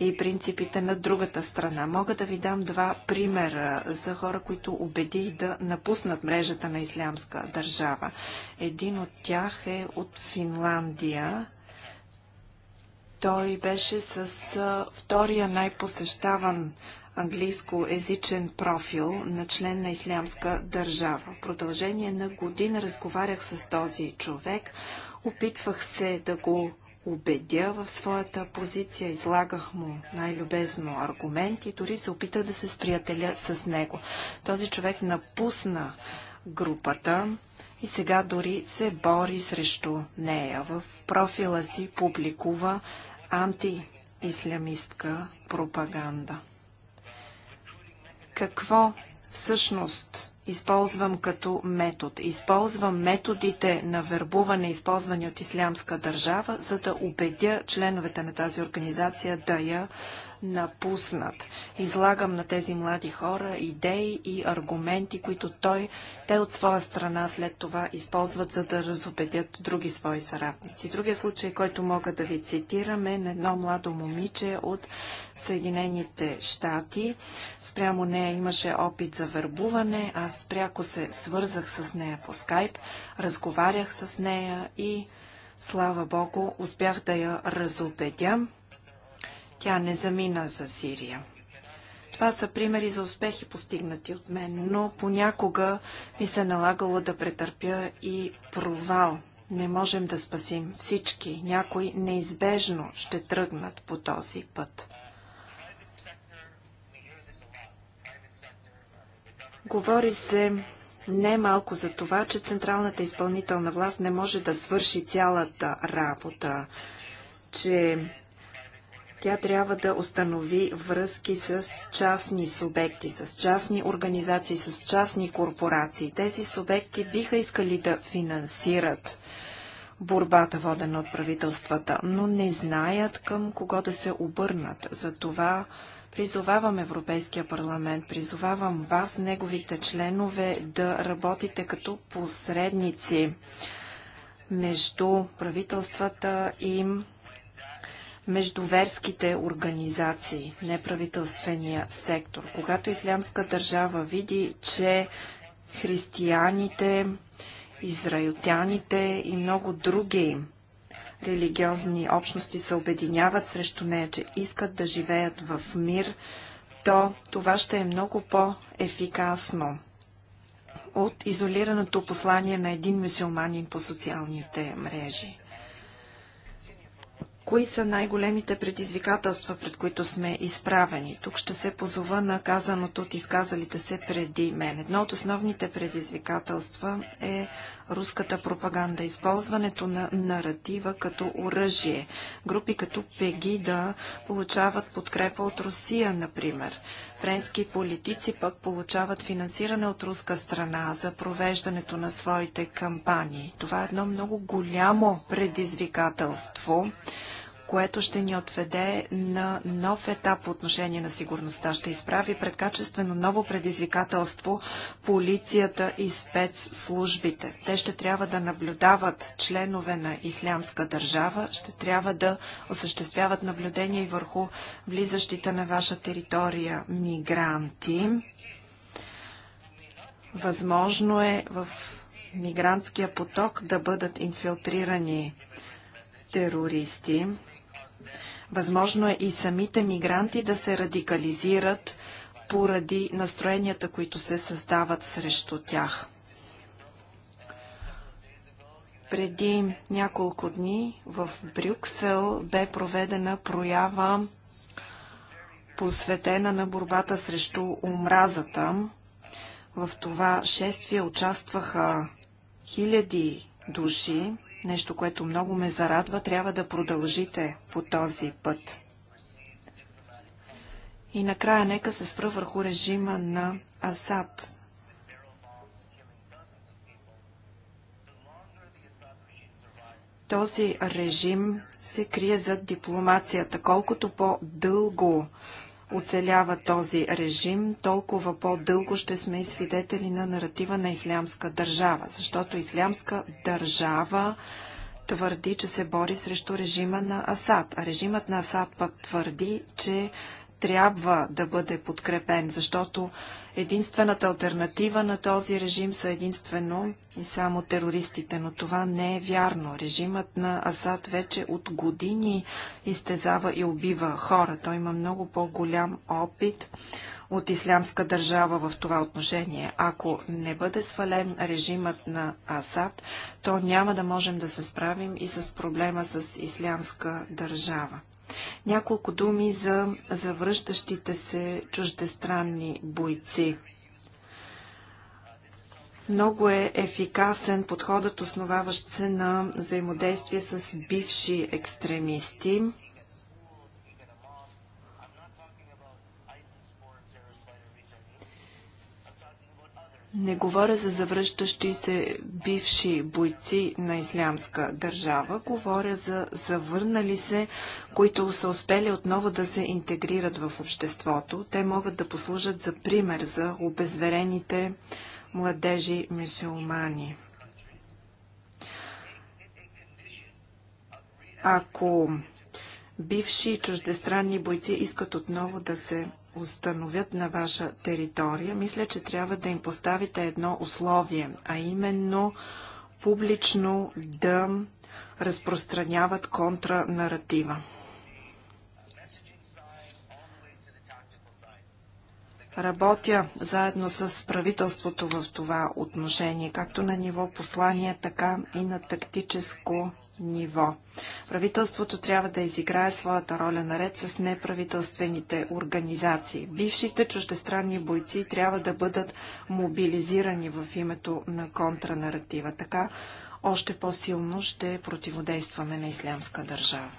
A: и принципите на другата страна. Мога да ви дам два примера за хора, които убедих да напуснат мрежата на Ислямска държава. Един от тях е от Финландия. Той беше с втория най-посещаван английско езичен профил на член на Ислямска държава. В продължение на година разговарях с този човек, опитвах се да го убедя в своята позиция, излагах му най-любезно аргумент и дори се опитах да се сприятеля с него. Този човек напусна групата и сега дори се бори срещу нея в профила си публикува антиисламистка пропаганда. Какво всъщност използвам като метод. Използвам методите на вербуване, използвани от Ислямска държава, за да убедя членовете на тази организация да я напуснат. Излагам на тези млади хора идеи и аргументи, които той, те от своя страна след това използват, за да разобедят други свои съратници. Другия случай, който мога да ви цитирам е на едно младо момиче от Съединените щати. Спрямо нея имаше опит за вербуване. Аз спряко се свързах с нея по скайп, разговарях с нея и слава Богу, успях да я разобедя. Тя не замина за Сирия. Това са примери за успехи постигнати от мен, но понякога ми се е налагало да претърпя и провал. Не можем да спасим всички. Някои неизбежно ще тръгнат по този път. Говори се не малко за това, че Централната изпълнителна власт не може да свърши цялата работа, че тя трябва да установи връзки с частни субекти, с частни организации, с частни корпорации. Тези субекти биха искали да финансират борбата, водена от правителствата, но не знаят към кого да се обърнат. Затова призовавам Европейския парламент, призовавам вас, неговите членове, да работите като посредници между правителствата им междуверските организации, неправителствения сектор. Когато Ислямска държава види, че християните, израелтяните и много други религиозни общности се обединяват срещу нея, че искат да живеят в мир, то това ще е много по-ефикасно от изолираното послание на един мусулманин по социалните мрежи. Кои са най-големите предизвикателства, пред които сме изправени? Тук ще се позова на казаното от изказалите се преди мен. Едно от основните предизвикателства е руската пропаганда, използването на наратива като оръжие. Групи като Пегида получават подкрепа от Русия, например. Френски политици пък получават финансиране от руска страна за провеждането на своите кампании. Това е едно много голямо предизвикателство което ще ни отведе на нов етап по отношение на сигурността. Ще изправи предкачествено ново предизвикателство полицията и спецслужбите. Те ще трябва да наблюдават членове на ислямска държава, ще трябва да осъществяват наблюдение и върху влизащите на ваша територия мигранти. Възможно е в мигрантския поток да бъдат инфилтрирани терористи. Възможно е и самите мигранти да се радикализират поради настроенията, които се създават срещу тях. Преди няколко дни в Брюксел бе проведена проява посветена на борбата срещу омразата. В това шествие участваха хиляди души, Нещо, което много ме зарадва, трябва да продължите по този път. И накрая нека се спра върху режима на Асад. Този режим се крие зад дипломацията. Колкото по-дълго оцелява този режим, толкова по-дълго ще сме и свидетели на наратива на ислямска държава, защото ислямска държава твърди, че се бори срещу режима на Асад, а режимът на Асад пък твърди, че трябва да бъде подкрепен, защото единствената альтернатива на този режим са единствено и само терористите, но това не е вярно. Режимът на Асад вече от години изтезава и убива хора. Той има много по-голям опит от ислямска държава в това отношение. Ако не бъде свален режимът на Асад, то няма да можем да се справим и с проблема с ислямска държава. Няколко думи за завръщащите се чуждестранни бойци. Много е ефикасен подходът, основаващ се на взаимодействие с бивши екстремисти. Не говоря за завръщащи се бивши бойци на ислямска държава, говоря за завърнали се, които са успели отново да се интегрират в обществото. Те могат да послужат за пример за обезверените младежи мюсюлмани. Ако бивши чуждестранни бойци искат отново да се установят на ваша територия, мисля, че трябва да им поставите едно условие, а именно публично да разпространяват контранаратива. Работя заедно с правителството в това отношение, както на ниво послания, така и на тактическо ниво. Правителството трябва да изиграе своята роля наред с неправителствените организации. Бившите чуждестранни бойци трябва да бъдат мобилизирани в името на контранаратива. Така още по-силно ще противодействаме на ислямска държава.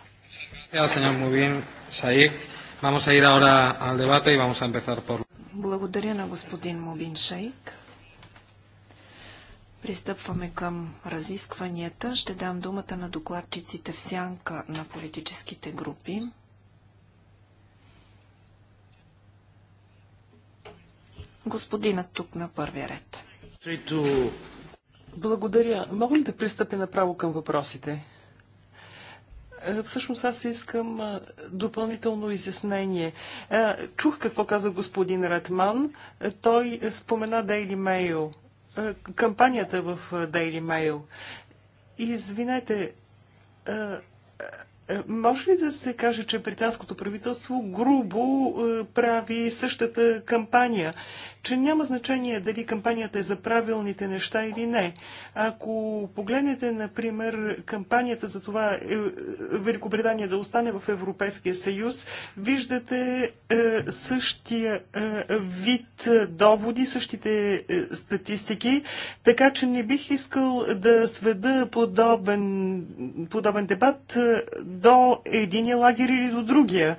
A: Благодаря на господин Мобин Шаик. Пристъпваме към разискванията. Ще дам думата на докладчиците в сянка на политическите групи.
B: Господинът тук на първия ред. Благодаря. Мога ли да пристъпя направо към въпросите? Е, всъщност аз искам е, допълнително изяснение. Е, чух какво каза господин Ратман. Той спомена Daily Mail кампанията в Daily Mail. Извинете, е, може ли да се каже, че британското правителство грубо е, прави същата кампания? Че няма значение дали кампанията е за правилните неща или не. Ако погледнете, например, кампанията за това е, Великобритания да остане в Европейския съюз, виждате същия вид доводи, същите статистики, така че не бих искал да сведа подобен, подобен дебат до единия лагер или до другия.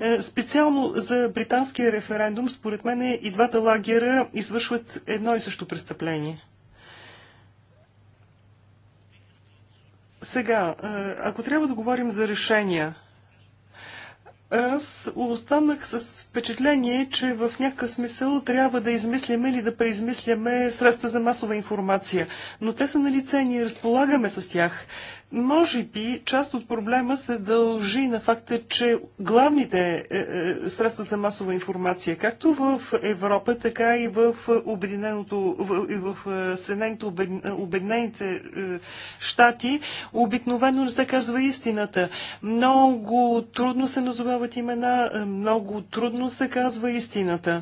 B: Е, специално за британския референдум, според мен и двата лагера извършват едно и също престъпление. Сега, е, ако трябва да говорим за решения, аз останах с впечатление, че в някакъв смисъл трябва да измислиме или да преизмисляме средства за масова информация. Но те са на лице, ние разполагаме с тях. Може би част от проблема се дължи на факта, че главните е, е, средства за масова информация, както в Европа, така и в, е, обединеното, в, в Съединените обединените щати, обикновено не се казва истината. Много трудно се назовават имена, много трудно се казва истината.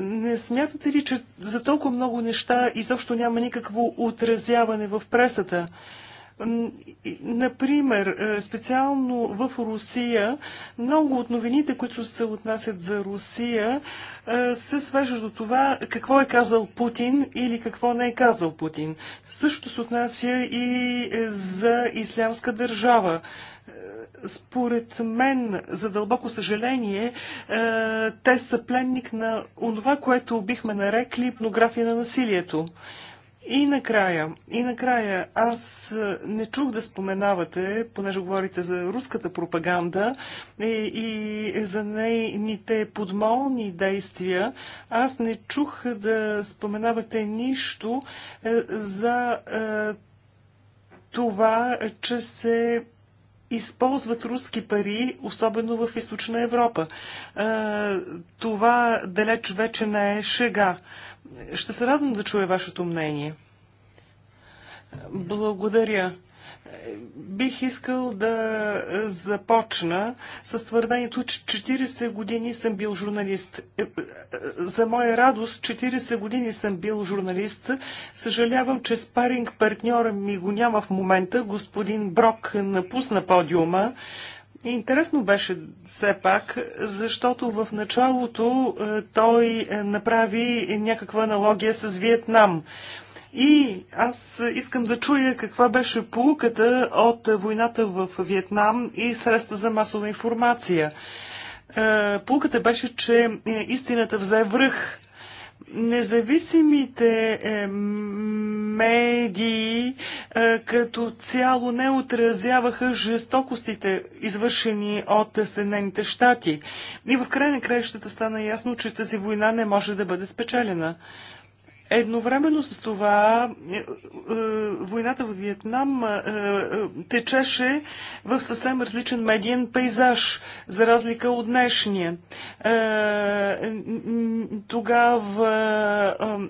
B: Не смятате ли, че за толкова много неща изобщо няма никакво отразяване в пресата? Например, е, специално в Русия, много от новините, които се отнасят за Русия, е, се свежат до това какво е казал Путин или какво не е казал Путин. Също се отнася и е, за ислямска държава според мен, за дълбоко съжаление, те са пленник на онова, което бихме нарекли порнография на насилието. И накрая, и накрая, аз е, не чух да споменавате, понеже говорите за руската пропаганда и, и за нейните подмолни действия, аз не чух да споменавате нищо е, за е, това, че се използват руски пари, особено в източна Европа. Това далеч вече не е шега. Ще се радвам да чуя вашето мнение. Благодаря. Бих искал да започна с твърдението, че 40 години съм бил журналист. Е, е, за моя радост, 40 години съм бил журналист. Съжалявам, че спаринг партньора ми го няма в момента. Господин Брок напусна подиума. Интересно беше все пак, защото в началото е, той е, направи някаква аналогия с Виетнам. И аз искам да чуя каква беше полуката от войната в Виетнам и средства за масова информация. Е, полуката беше, че истината взе връх Независимите е, медии е, като цяло не отразяваха жестокостите, извършени от Съединените щати. И в край на краищата стана ясно, че тази война не може да бъде спечелена. Едновременно с това е, е, войната в Виетнам е, течеше в съвсем различен медиен пейзаж, за разлика от днешния. Тогава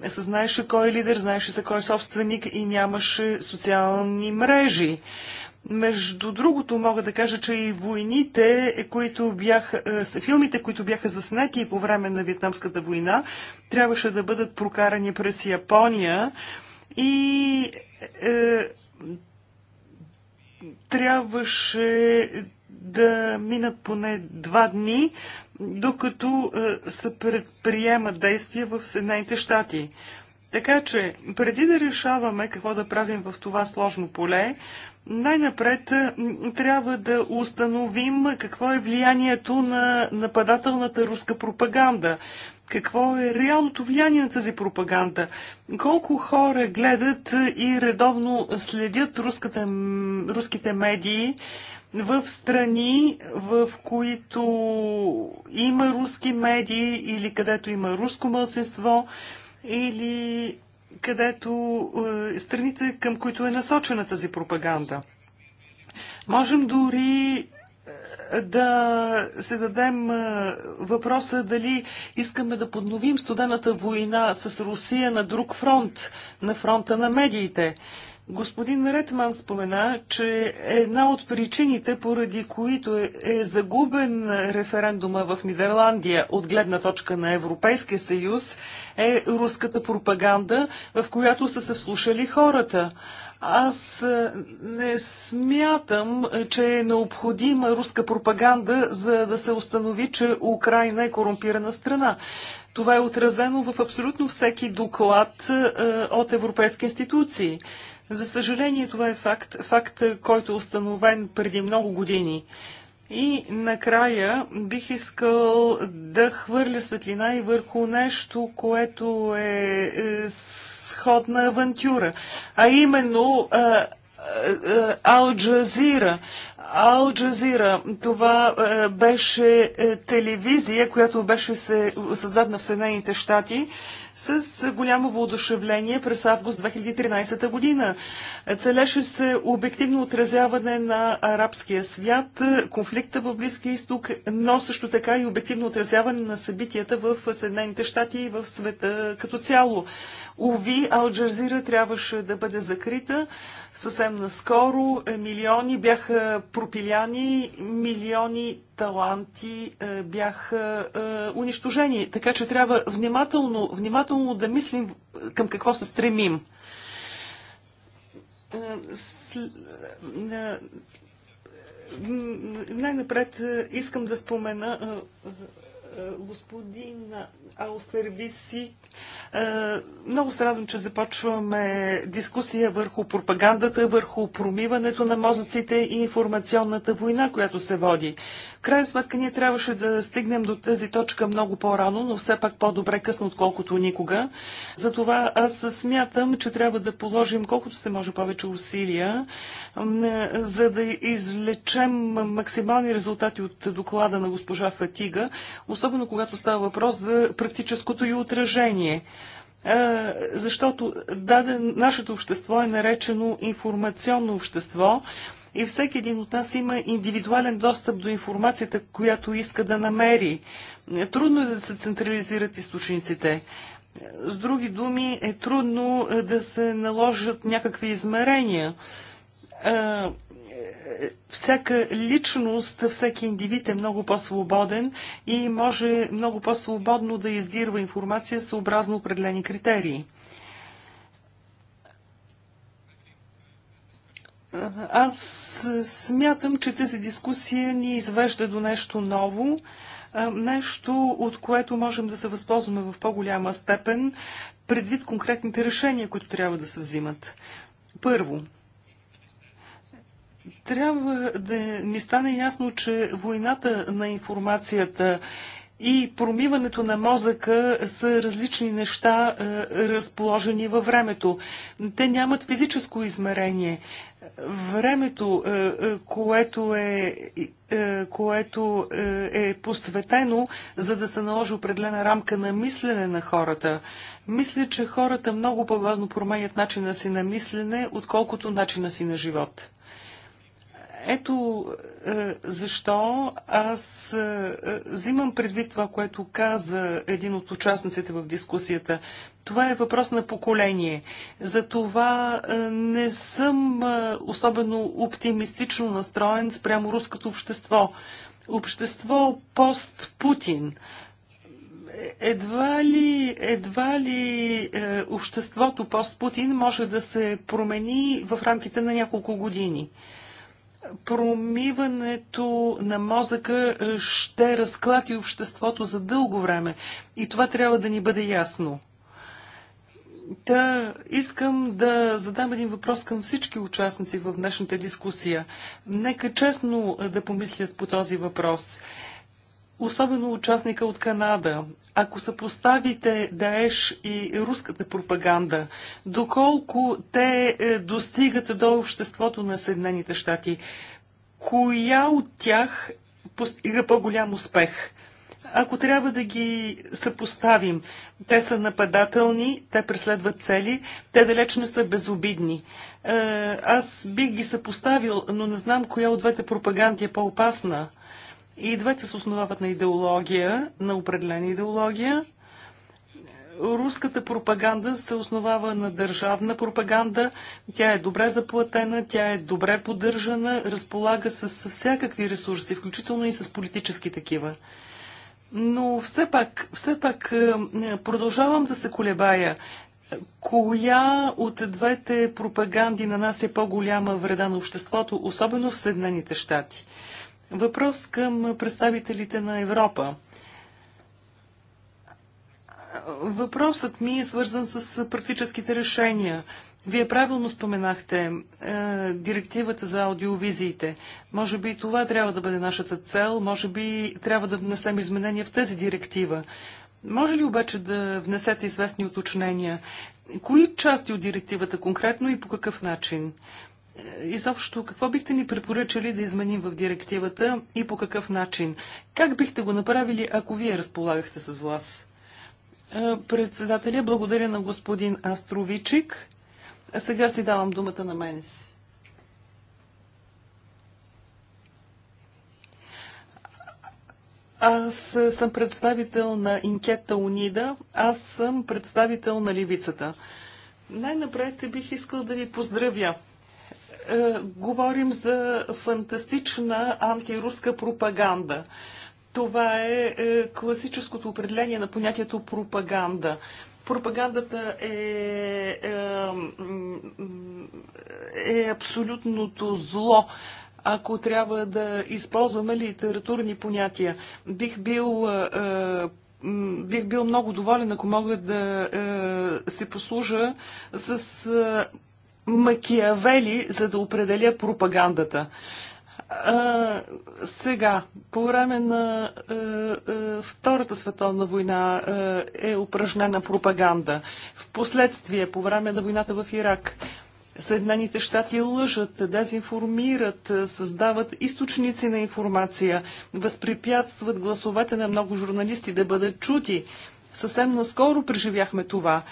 B: се знаеше кой е лидер, знаеше за кой е собственик и нямаше социални мрежи. Между другото, мога да кажа, че и войните, които бяха, е, филмите, които бяха заснети по време на Вьетнамската война, трябваше да бъдат прокарани през Япония и е, трябваше да минат поне два дни, докато е, се предприемат действия в Съединените щати. Така че, преди да решаваме какво да правим в това сложно поле, най-напред трябва да установим какво е влиянието на нападателната руска пропаганда. Какво е реалното влияние на тази пропаганда? Колко хора гледат и редовно следят руската, руските медии в страни, в които има руски медии или където има руско мълцинство или където е, страните, към които е насочена тази пропаганда. Можем дори е, да се дадем е, въпроса дали искаме да подновим студената война с Русия на друг фронт, на фронта на медиите. Господин Ретман спомена, че една от причините, поради които е, е, загубен референдума в Нидерландия от гледна точка на Европейския съюз, е руската пропаганда, в която са се слушали хората. Аз е, не смятам, че е необходима руска пропаганда, за да се установи, че Украина е корумпирана страна. Това е отразено в абсолютно всеки доклад е, от европейски институции. За съжаление, това е факт, факт, който е установен преди много години. И накрая бих искал да хвърля светлина и върху нещо, което е, е сходна авантюра, а именно Алджазира. Алджазира, това беше е, телевизия, която беше се, създадена в Съединените щати с голямо воодушевление през август 2013 година. Целеше се обективно отразяване на арабския свят, конфликта в Близкия изток, но също така и обективно отразяване на събитията в Съединените щати и в света като цяло. Уви, Алджазира трябваше да бъде закрита. Съвсем наскоро е, милиони бяха пропиляни, милиони таланти е, бяха е, унищожени. Така че трябва внимателно, внимателно да мислим към какво се стремим най-напред искам да спомена господин Аустервиси, е, много се радвам, че започваме дискусия върху пропагандата, върху промиването на мозъците и информационната война, която се води. В крайна сметка ние трябваше да стигнем до тази точка много по-рано, но все пак по-добре късно, отколкото никога. Затова аз смятам, че трябва да положим колкото се може повече усилия, за да извлечем максимални резултати от доклада на госпожа Фатига, особено когато става въпрос за практическото и отражение съобщение защото даден, нашето общество е наречено информационно общество и всеки един от нас има индивидуален достъп до информацията, която иска да намери. Трудно е да се централизират източниците. С други думи, е трудно да се наложат някакви измерения всяка личност, всеки индивид е много по-свободен и може много по-свободно да издирва информация съобразно определени критерии. Аз смятам, че тази дискусия ни извежда до нещо ново, нещо, от което можем да се възползваме в по-голяма степен, предвид конкретните решения, които трябва да се взимат. Първо, трябва да ни стане ясно, че войната на информацията и промиването на мозъка са различни неща, е, разположени във времето. Те нямат физическо измерение. Времето, е, е, което е, което е посветено, за да се наложи определена рамка на мислене на хората. Мисля, че хората много по-бавно променят начина си на мислене, отколкото начина си на живот. Ето е, защо аз е, взимам предвид това, което каза един от участниците в дискусията. Това е въпрос на поколение. За това е, не съм особено оптимистично настроен спрямо руското общество. Общество пост-Путин едва ли, едва ли е, обществото пост-Путин може да се промени в рамките на няколко години промиването на мозъка е, ще разклати обществото за дълго време. И това трябва да ни бъде ясно. Та искам да задам един въпрос към всички участници в днешната дискусия. Нека честно е, да помислят по този въпрос особено участника от Канада. Ако съпоставите Даеш и руската пропаганда, доколко те е, достигат до обществото на Съединените щати, коя от тях постига по-голям успех? Ако трябва да ги съпоставим, те са нападателни, те преследват цели, те далеч не са безобидни. Е, аз бих ги съпоставил, но не знам коя от двете пропаганди е по-опасна. И двете се основават на идеология, на определена идеология. Руската пропаганда се основава на държавна пропаганда. Тя е добре заплатена, тя е добре поддържана, разполага с всякакви ресурси, включително и с политически такива. Но все пак, все пак е, продължавам да се колебая. Коя от двете пропаганди нанася по-голяма вреда на обществото, особено в Съединените щати? Въпрос към представителите на Европа. Въпросът ми е свързан с практическите решения. Вие правилно споменахте е, директивата за аудиовизиите. Може би това трябва да бъде нашата цел, може би трябва да внесем изменения в тази директива. Може ли обаче да внесете известни уточнения? Кои части от директивата конкретно и по какъв начин? Е, изобщо какво бихте ни препоръчали да изменим в директивата и по какъв начин? Как бихте го направили, ако вие разполагахте с вас? Е, председателя, благодаря на господин Астровичик. Сега си давам думата на мене си. Аз съм представител на Инкета Унида. Аз съм представител на Левицата. Най-напред бих искал да ви поздравя е, говорим за фантастична антируска пропаганда. Това е, е класическото определение на понятието пропаганда. Пропагандата е, е, е, е абсолютното зло. Ако трябва да използваме литературни понятия, бих бил е, бих бил много доволен, ако мога да е, се послужа с е, Макиявели, за да определя пропагандата. А, сега, по време на а, е, а, е, Втората световна война а, е, е упражнена пропаганда. Впоследствие, по време на войната в Ирак, Съединените щати лъжат, дезинформират, създават източници на информация, възпрепятстват гласовете на много журналисти да бъдат чути. Съвсем наскоро преживяхме това.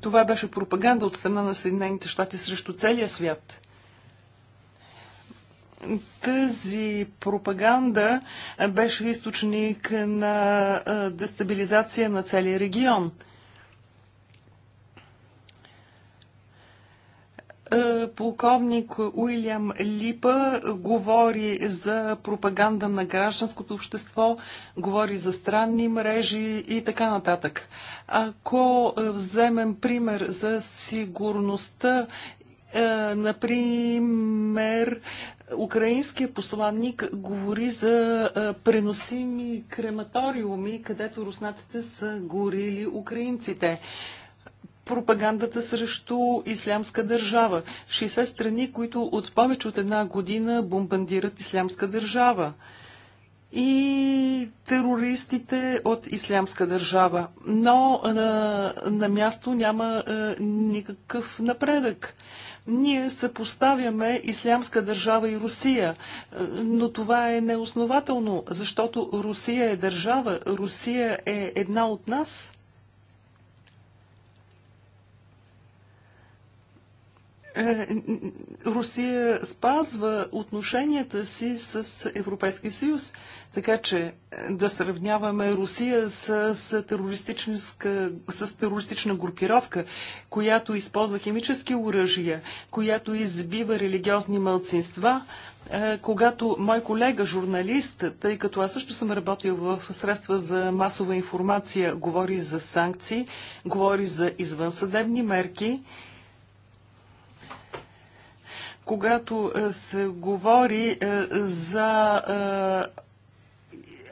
B: Това беше пропаганда от страна на Съединените щати срещу целия свят тази пропаганда беше източник на дестабилизация на целия регион – Е, полковник Уилям Липа говори за пропаганда на гражданското общество, говори за странни мрежи и така нататък. Ако е, вземем пример за сигурността, е, например, украинският посланник говори за преносими крематориуми, където руснаците са горили украинците пропагандата срещу ислямска държава. 60 страни, които от повече от една година бомбандират ислямска държава. И терористите от ислямска държава. Но на, на място няма а, никакъв напредък. Ние съпоставяме Ислямска държава и Русия, но това е неоснователно, защото Русия е държава, Русия е една от нас Е, Русия спазва отношенията си с Европейския съюз, така че е, да сравняваме Русия с, с, с терористична групировка, която използва химически оръжия, която избива религиозни мълцинства, е, когато мой колега, журналист, тъй като аз също съм работил в средства за масова информация, говори за санкции, говори за извънсъдебни мерки, когато е, се говори е, за е,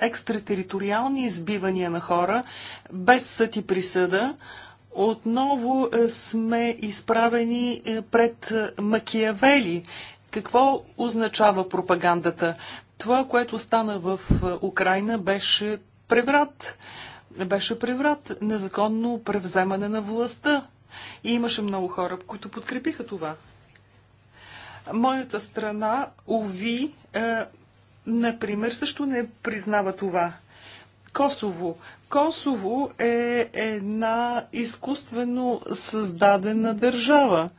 B: екстратериториални избивания на хора без съд и присъда, отново сме изправени пред Макиявели. Какво означава пропагандата? Това, което стана в Украина, беше преврат. Беше преврат, незаконно превземане на властта. И имаше много хора, които подкрепиха това. Моята страна, ОВИ, е, например, също не признава това. Косово. Косово е една изкуствено създадена държава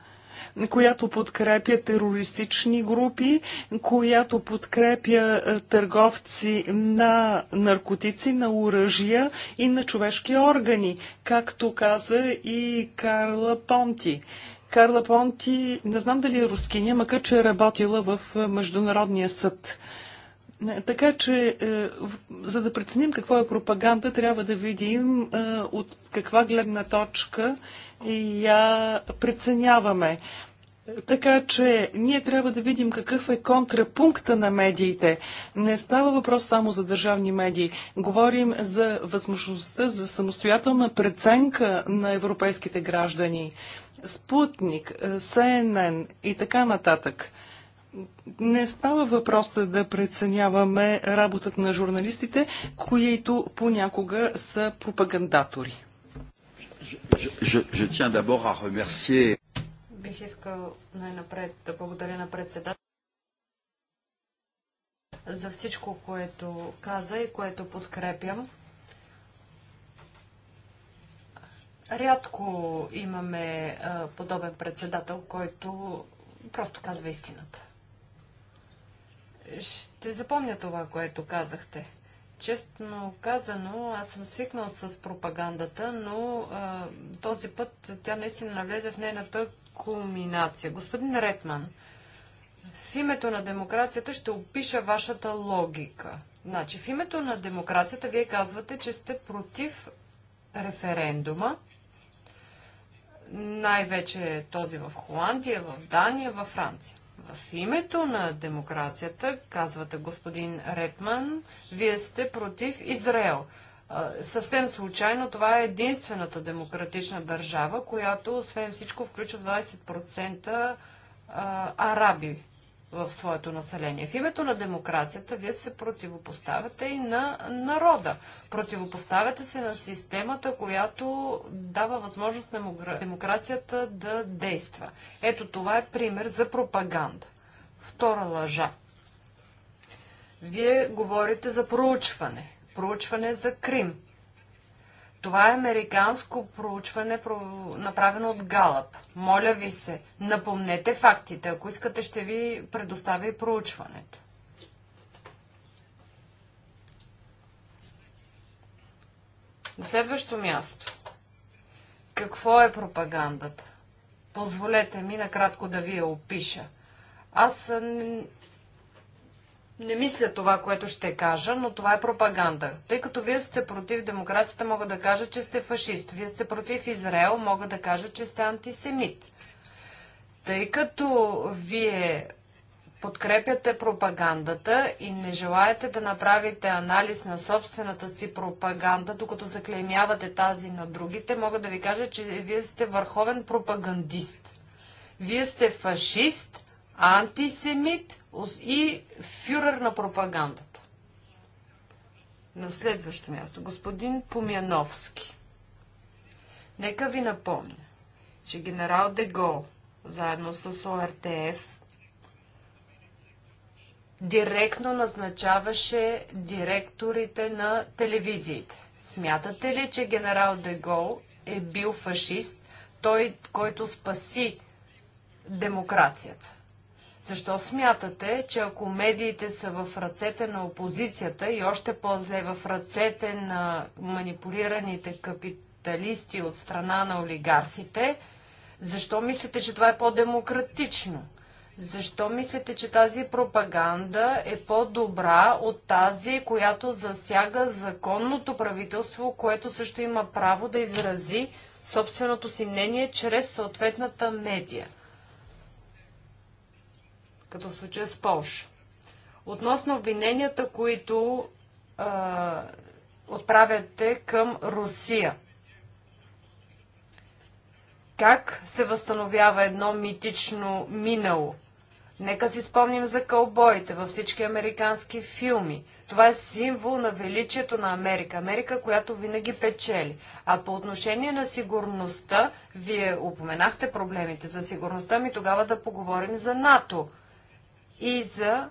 B: която подкрепя терористични групи, която подкрепя е, търговци на наркотици, на оръжия и на човешки органи, както каза и Карла Понти. Карла Понти, не знам дали е рускиня, макар че е работила в е, Международния съд. Е, така че, е, за да преценим какво е пропаганда, трябва да видим от каква гледна точка я преценяваме. Така че ние трябва да видим какъв е контрапункта на медиите. Не става въпрос само за държавни медии. Говорим за възможността за самостоятелна преценка на европейските граждани. Спутник, е, СНН и така нататък. Не става въпрос да преценяваме работата на журналистите, които понякога са пропагандатори.
C: Бих искал най-напред да благодаря на председател за всичко, което каза и което подкрепям. Рядко имаме а, подобен председател, който просто казва истината. Ще запомня това, което казахте. Честно казано, аз съм свикнал с пропагандата, но а, този път тя наистина навлезе в нейната кулминация. Господин Ретман, в името на демокрацията ще опиша вашата логика. Значи, в името на демокрацията вие казвате, че сте против референдума най-вече този в Холандия, в Дания, във Франция. В името на демокрацията, казвате господин Ретман, вие сте против Израел. Съвсем случайно това е единствената демократична държава, която освен всичко включва 20% араби в своето население. В името на демокрацията вие се противопоставяте и на народа. Противопоставяте се на системата, която дава възможност на демокрацията да действа. Ето това е пример за пропаганда. Втора лъжа. Вие говорите за проучване. Проучване за Крим. Това е американско проучване, направено от Галъп. Моля ви се, напомнете фактите. Ако искате, ще ви предоставя и проучването. На следващо място. Какво е пропагандата? Позволете ми накратко да ви я опиша. Аз не мисля това, което ще кажа, но това е пропаганда. Тъй като вие сте против демокрацията, мога да кажа, че сте фашист. Вие сте против Израел, мога да кажа, че сте антисемит. Тъй като вие подкрепяте пропагандата и не желаете да направите анализ на собствената си пропаганда, докато заклеймявате тази на другите, мога да ви кажа, че вие сте върховен пропагандист. Вие сте фашист антисемит и фюрер на пропагандата. На следващо място, господин Помяновски. Нека ви напомня, че генерал Дегол, заедно с ОРТФ, директно назначаваше директорите на телевизиите. Смятате ли, че генерал Дегол е бил фашист, той, който спаси демокрацията? Защо смятате, че ако медиите са в ръцете на опозицията и още по-зле в ръцете на манипулираните капиталисти от страна на олигарсите, защо мислите, че това е по-демократично? Защо мислите, че тази пропаганда е по-добра от тази, която засяга законното правителство, което също има право да изрази собственото си мнение чрез съответната медия? като в случая с Польша. Относно обвиненията, които а, отправяте към Русия. Как се възстановява едно митично минало? Нека си спомним за кълбоите във всички американски филми. Това е символ на величието на Америка. Америка, която винаги печели. А по отношение на сигурността, вие упоменахте проблемите за сигурността ми, тогава да поговорим за НАТО и за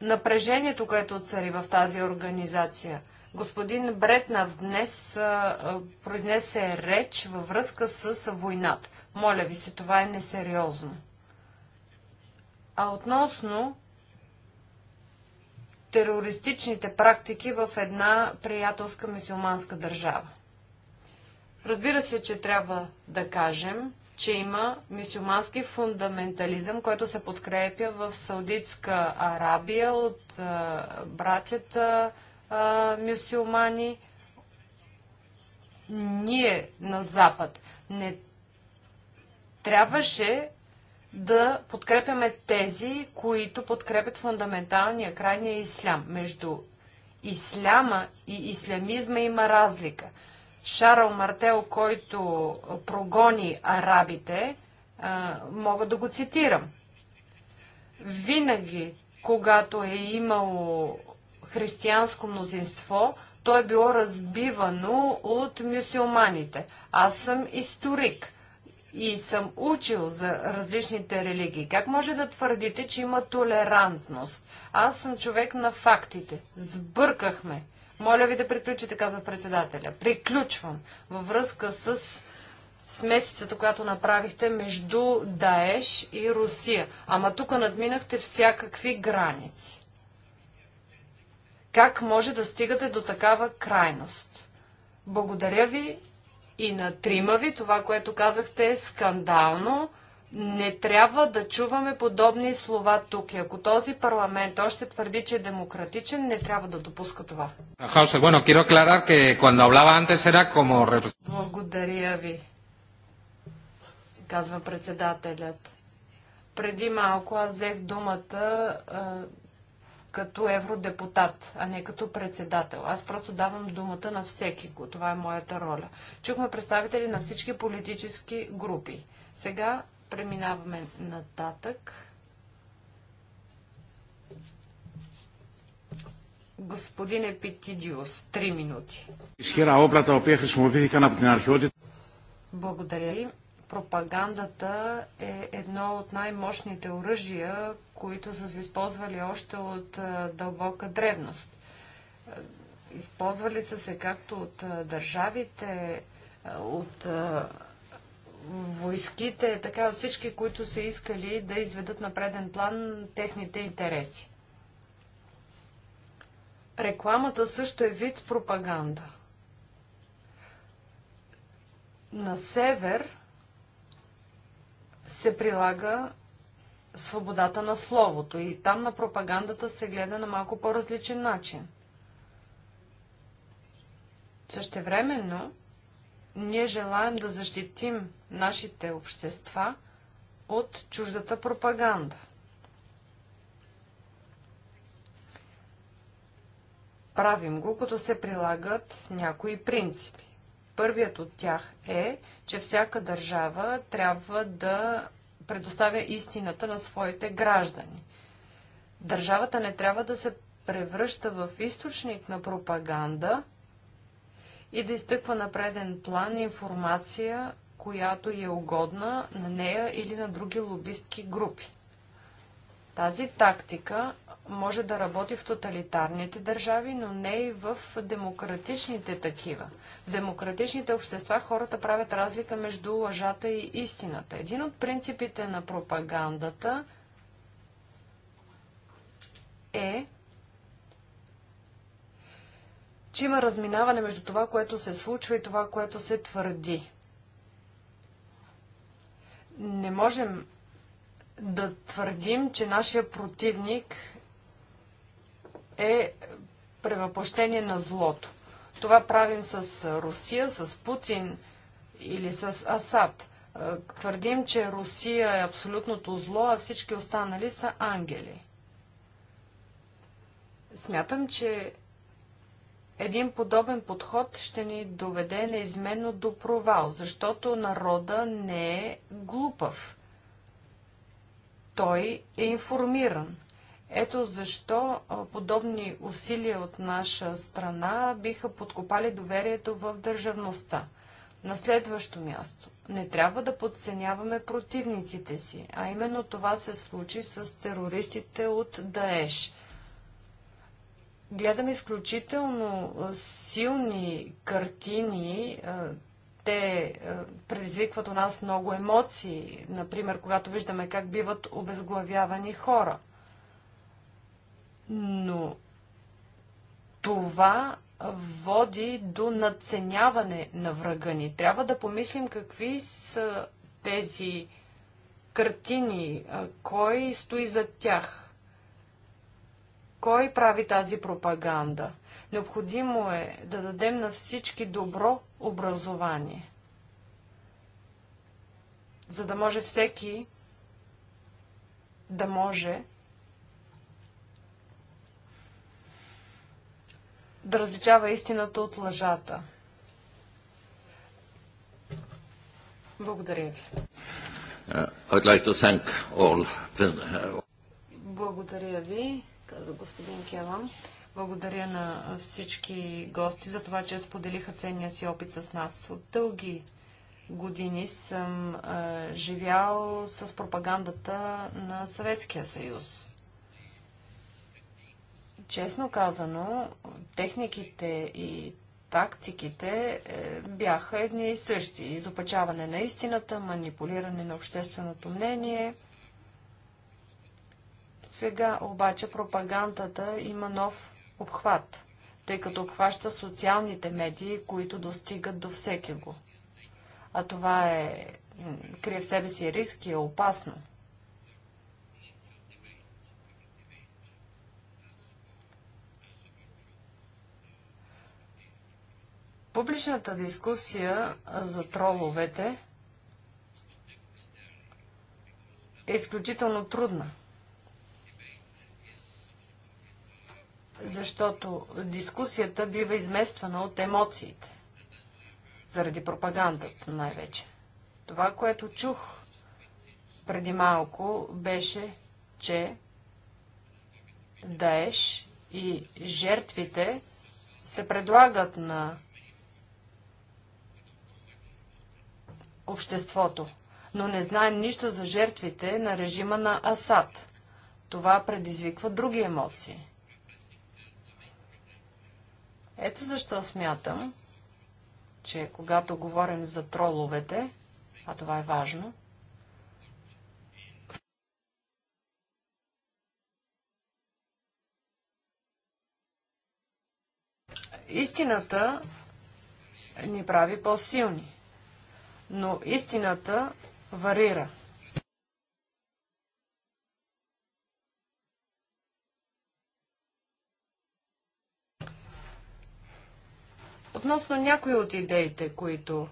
C: напрежението, което цари в тази организация. Господин Бретнав днес а, произнесе реч във връзка с войната. Моля ви се, това е несериозно. А относно терористичните практики в една приятелска мусулманска държава. Разбира се, че трябва да кажем, че има мюсюлмански фундаментализъм, който се подкрепя в Саудитска Арабия от а, братята а, мюсюлмани. Ние на Запад не трябваше да подкрепяме тези, които подкрепят фундаменталния крайния ислям. Между исляма и ислямизма има разлика. Шарл Мартел, който прогони арабите, мога да го цитирам. Винаги, когато е имало християнско мнозинство, то е било разбивано от мюсюлманите. Аз съм историк и съм учил за различните религии. Как може да твърдите, че има толерантност? Аз съм човек на фактите. Сбъркахме. Моля ви да приключите, каза председателя. Приключвам във връзка с смесицата, която направихте между Даеш и Русия. Ама тук надминахте всякакви граници. Как може да стигате до такава крайност? Благодаря ви и на трима ви. Това, което казахте е скандално не трябва да чуваме подобни слова тук. И ако този парламент още твърди, че е демократичен, не трябва да допуска това. Благодаря ви, казва председателят. Преди малко аз взех думата а, като евродепутат, а не като председател. Аз просто давам думата на всеки го. Това е моята роля. Чухме представители на всички политически групи. Сега Преминаваме нататък. Господин Епитидиус, 3 минути.
B: Ισχυρά облата опия οποία на από την
C: Благодаря ви. Пропагандата е едно от най-мощните оръжия, които са се използвали още от дълбока древност. Използвали са се както от държавите, от войските, така от всички, които са искали да изведат на преден план техните интереси. Рекламата също е вид пропаганда. На север се прилага свободата на словото и там на пропагандата се гледа на малко по-различен начин. Същевременно, ние желаем да защитим нашите общества от чуждата пропаганда. Правим го, като се прилагат някои принципи. Първият от тях е, че всяка държава трябва да предоставя истината на своите граждани. Държавата не трябва да се превръща в източник на пропаганда и да изтъква на преден план информация която е угодна на нея или на други лобистки групи. Тази тактика може да работи в тоталитарните държави, но не и в демократичните такива. В демократичните общества хората правят разлика между лъжата и истината. Един от принципите на пропагандата е, че има разминаване между това, което се случва и това, което се твърди. Не можем да твърдим, че нашия противник е превъплъщение на злото. Това правим с Русия, с Путин или с Асад. Е, твърдим, че Русия е абсолютното зло, а всички останали са ангели. Смятам, че един подобен подход ще ни доведе неизменно до провал, защото народа не е глупав. Той е информиран. Ето защо подобни усилия от наша страна биха подкопали доверието в държавността. На следващо място. Не трябва да подценяваме противниците си, а именно това се случи с терористите от Даеш гледаме изключително силни картини. Те предизвикват у нас много емоции, например, когато виждаме как биват обезглавявани хора. Но това води до надценяване на врага ни. Трябва да помислим какви са тези картини, кой стои за тях. Кой прави тази пропаганда? Необходимо е да дадем на всички добро образование, за да може всеки да може да различава истината от лъжата. Благодаря ви.
B: Uh,
A: like all...
C: Благодаря ви каза господин Келан. Благодаря на всички гости за това, че споделиха ценния си опит с нас. От дълги години съм а, живял с пропагандата на Съветския съюз. Честно казано, техниките и тактиките е, бяха едни и същи. Изопачаване на истината, манипулиране на общественото мнение – сега обаче пропагандата има нов обхват, тъй като обхваща социалните медии, които достигат до всеки го. А това е, крие в себе си риск и е опасно. Публичната дискусия за троловете е изключително трудна. защото дискусията бива измествана от емоциите, заради пропагандата най-вече. Това, което чух преди малко, беше, че Даеш и жертвите се предлагат на обществото, но не знаем нищо за жертвите на режима на Асад. Това предизвиква други емоции. Ето защо смятам, че когато говорим за троловете, а това е важно, истината ни прави по-силни, но истината варира – Относно някои от идеите, които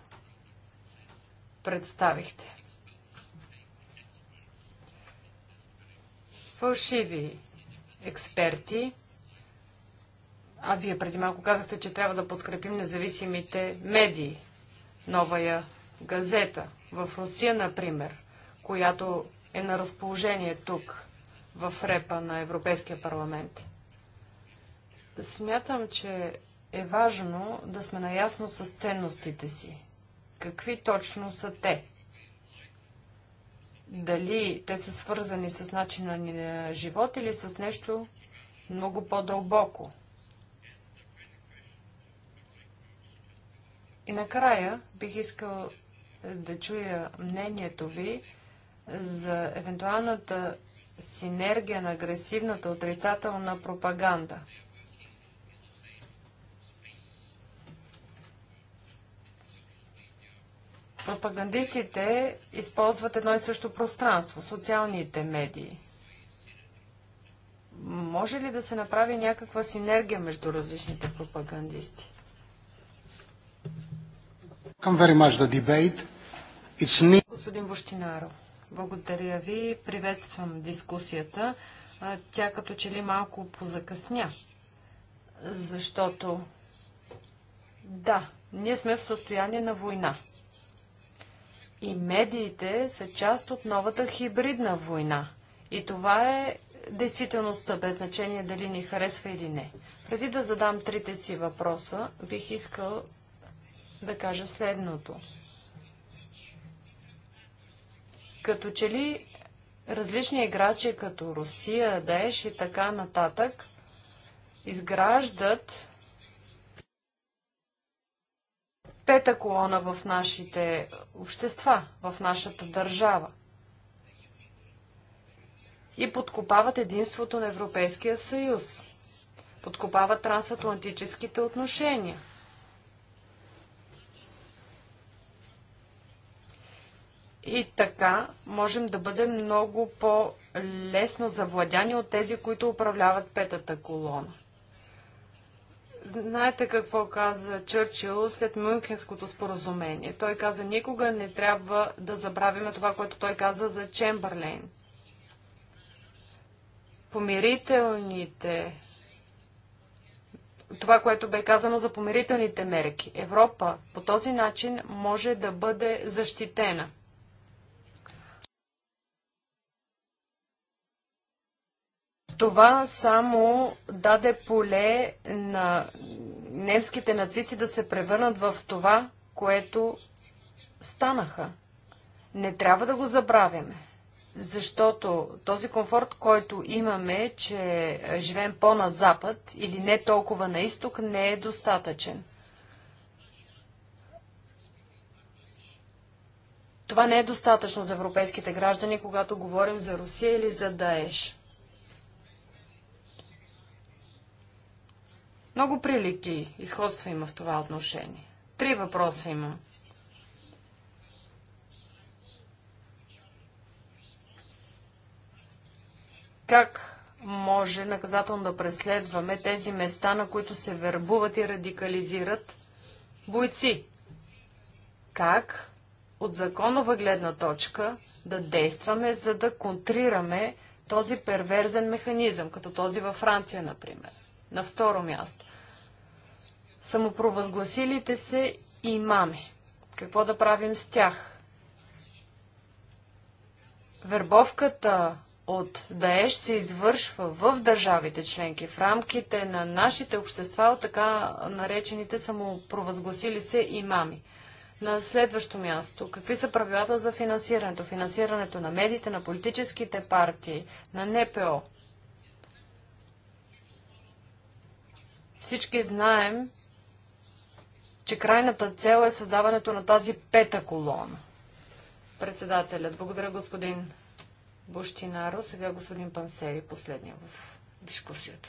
C: представихте. Фалшиви експерти. А вие преди малко казахте, че трябва да подкрепим независимите медии. Новая газета в Русия, например, която е на разположение тук, в репа на Европейския парламент. Смятам, че е важно да сме наясно с ценностите си. Какви точно са те? Дали те са свързани с начина ни на живот или с нещо много по-дълбоко? И накрая бих искал да чуя мнението ви за евентуалната синергия на агресивната отрицателна пропаганда – Пропагандистите използват едно и също пространство социалните медии. Може ли да се направи някаква синергия между различните пропагандисти? Господин Бощинаров, благодаря ви. Приветствам дискусията. Тя като че ли малко позакъсня, защото да, ние сме в състояние на война и медиите са част от новата хибридна война. И това е действителността, без значение дали ни харесва или не. Преди да задам трите си въпроса, бих искал да кажа следното. Като че ли различни играчи, като Русия, Даеш и така нататък, изграждат пета колона в нашите общества, в нашата държава. И подкопават единството на Европейския съюз. Подкопават трансатлантическите отношения. И така можем да бъдем много по-лесно завладяни от тези, които управляват петата колона. Знаете какво каза Чърчил след Мюнхенското споразумение. Той каза, никога не трябва да забравяме това, което той каза за Чемберлейн. Помирителните това, което бе казано за помирителните мерки. Европа по този начин може да бъде защитена. Това само даде поле на немските нацисти да се превърнат в това, което станаха. Не трябва да го забравяме, защото този комфорт, който имаме, че живеем по-на запад или не толкова на изток, не е достатъчен. Това не е достатъчно за европейските граждани, когато говорим за Русия или за Даеш. Много прилики изходства има в това отношение. Три въпроса имам. Как може наказателно да преследваме тези места, на които се вербуват и радикализират бойци? Как от законова гледна точка да действаме, за да контрираме този перверзен механизъм, като този във Франция, например? На второ място самопровъзгласилите се имами. Какво да правим с тях? Вербовката от ДАЕШ се извършва в държавите членки, в рамките на нашите общества от така наречените самопровъзгласили се имами. На следващо място, какви са правилата за финансирането? Финансирането на медиите, на политическите партии, на НПО. Всички знаем, че крайната цел е създаването на тази пета колона. Председателят. Благодаря, господин Буштинаро. Сега господин Пансери, последния в дискусията.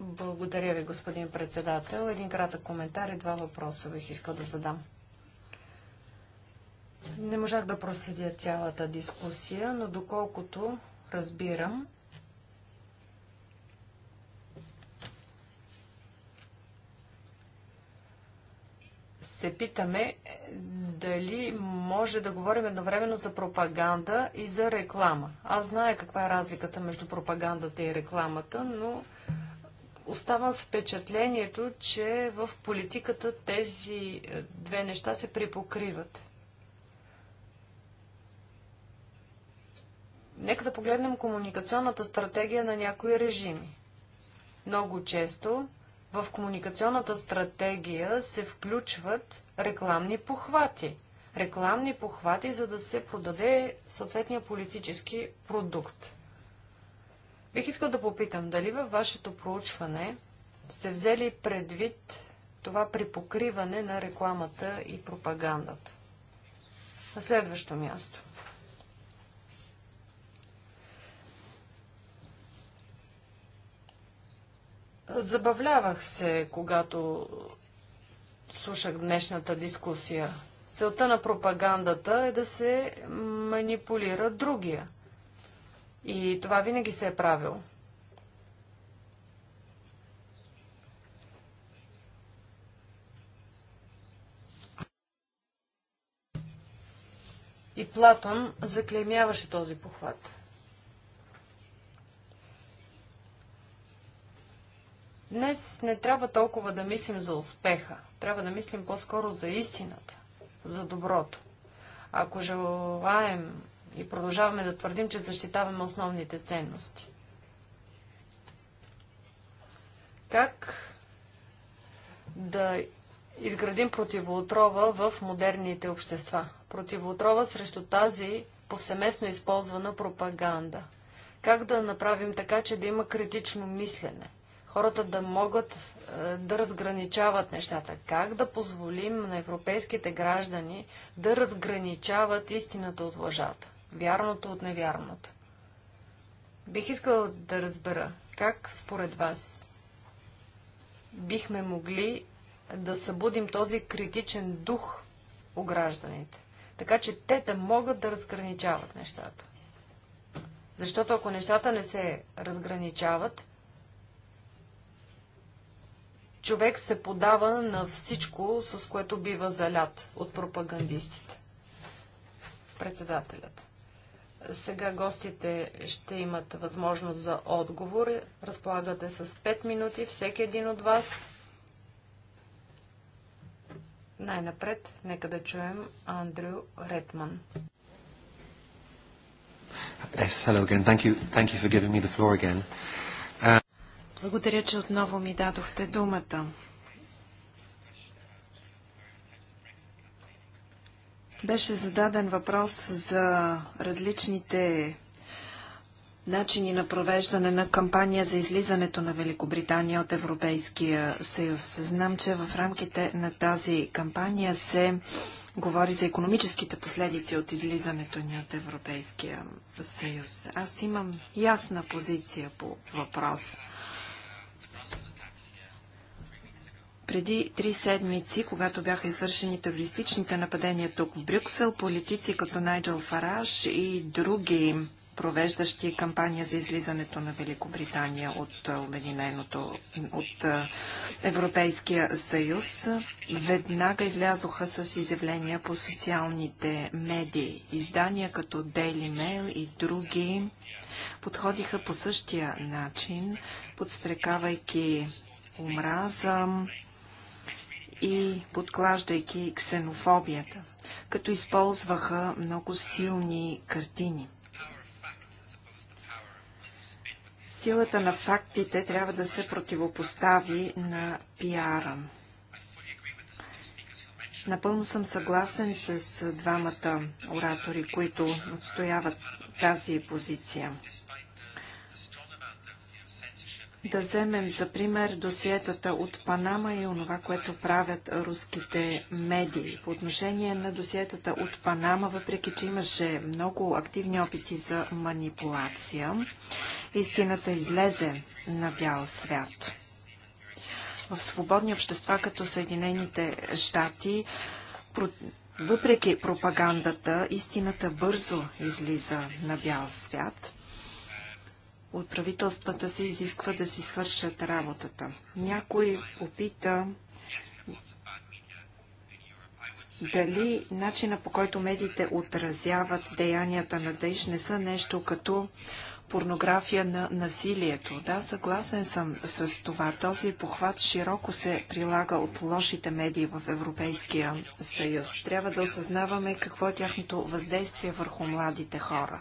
C: Благодаря ви, господин председател. Един кратък коментар и два въпроса бих искал да задам. Не можах да проследя цялата дискусия, но доколкото разбирам, се питаме е, дали може да говорим едновременно за пропаганда и за реклама. Аз знае каква е разликата между пропагандата и рекламата, но оставам с впечатлението, че в политиката тези е, две неща се припокриват. Нека да погледнем комуникационната стратегия на някои режими. Много често в комуникационната стратегия се включват рекламни похвати. Рекламни похвати, за да се продаде съответния политически продукт. Бих искал да попитам, дали във вашето проучване сте взели предвид това покриване на рекламата и пропагандата? На следващо място – Забавлявах се, когато слушах днешната дискусия. Целта на пропагандата е да се манипулира другия. И това винаги се е правило. И Платон заклеймяваше този похват. Днес не трябва толкова да мислим за успеха, трябва да мислим по-скоро за истината, за доброто. Ако желаем и продължаваме да твърдим, че защитаваме основните ценности. Как да изградим противоотрова в модерните общества? Противоотрова срещу тази повсеместно използвана пропаганда. Как да направим така, че да има критично мислене? хората да могат е, да разграничават нещата. Как да позволим на европейските граждани да разграничават истината от лъжата, вярното от невярното? Бих искала да разбера как според вас бихме могли да събудим този критичен дух у гражданите, така че те да могат да разграничават нещата. Защото ако нещата не се разграничават, човек се подава на всичко, с което бива залят от пропагандистите. Председателят. Сега гостите ще имат възможност за отговори. Разполагате с 5 минути всеки един от вас. Най-напред, нека да чуем Андрю Ретман.
B: Yes, hello again. Thank you, thank you for giving me the floor again.
A: Благодаря, че отново ми дадохте думата. Беше зададен въпрос за различните начини на провеждане на кампания за излизането на Великобритания от Европейския съюз. Знам, че в рамките на тази кампания се говори за економическите последици от излизането ни от Европейския съюз. Аз имам ясна позиция по въпроса. Преди три седмици, когато бяха извършени терористичните нападения тук в Брюксел, политици като Найджел Фараш и други провеждащи кампания за излизането на Великобритания от Обединеното, от Европейския съюз, веднага излязоха с изявления по социалните медии. Издания като Daily Mail и други подходиха по същия начин, подстрекавайки омраза, и подклаждайки ксенофобията, като използваха много силни картини. Силата на фактите трябва да се противопостави на пиара. Напълно съм съгласен с двамата оратори, които отстояват тази позиция. Да вземем за пример досиетата от Панама и онова, което правят руските медии. По отношение на досиетата от Панама, въпреки че имаше много активни опити за манипулация, истината излезе на бял свят. В свободни общества, като Съединените щати, въпреки пропагандата, истината бързо излиза на бял свят от правителствата се изисква да си свършат работата. Някой попита дали начина по който медиите отразяват деянията на Дейш не са нещо като порнография на насилието. Да, съгласен съм с това. Този похват широко се прилага от лошите медии в Европейския съюз. Трябва да осъзнаваме какво е тяхното въздействие върху младите хора.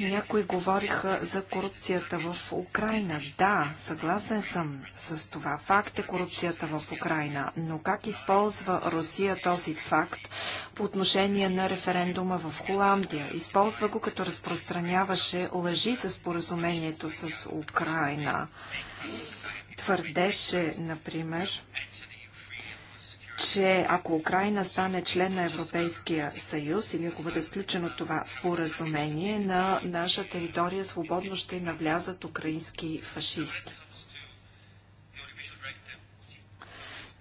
A: Някои говориха за корупцията в Украина. Да, съгласен съм с това. Факт е корупцията в Украина. Но как използва Русия този факт по отношение на референдума в Холандия? Използва го като разпространяваше лъжи за споразумението с Украина. Твърдеше, например, че ако Украина стане член на Европейския съюз или ако бъде сключено това споразумение, на наша територия свободно ще навлязат украински фашисти.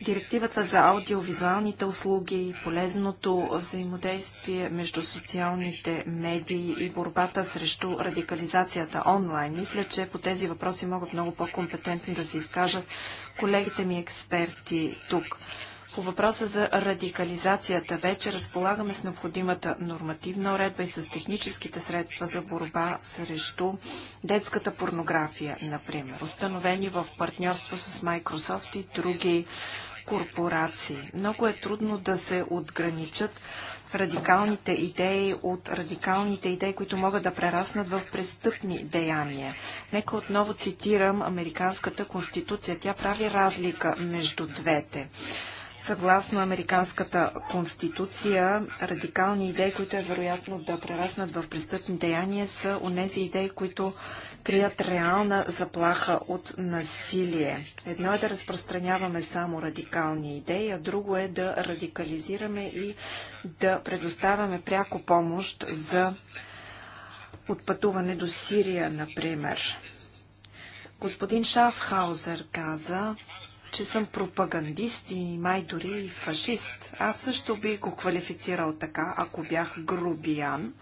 A: Директивата за аудиовизуалните услуги, полезното взаимодействие между социалните медии и борбата срещу радикализацията онлайн. Мисля, че по тези въпроси могат много по-компетентно да се изкажат колегите ми експерти тук. По въпроса за радикализацията вече разполагаме с необходимата нормативна уредба и с техническите средства за борба срещу детската порнография, например, установени в партньорство с Microsoft и други корпорации. Много е трудно да се отграничат радикалните идеи от радикалните идеи, които могат да прераснат в престъпни деяния. Нека отново цитирам Американската конституция. Тя прави разлика между двете съгласно Американската конституция, радикални идеи, които е вероятно да прераснат в престъпни деяния, са онези идеи, които крият реална заплаха от насилие. Едно е да разпространяваме само радикални идеи, а друго е да радикализираме и да предоставяме пряко помощ за отпътуване до Сирия, например. Господин Шафхаузер каза, че съм пропагандист и май дори и фашист. Аз също би го квалифицирал така, ако бях грубиян.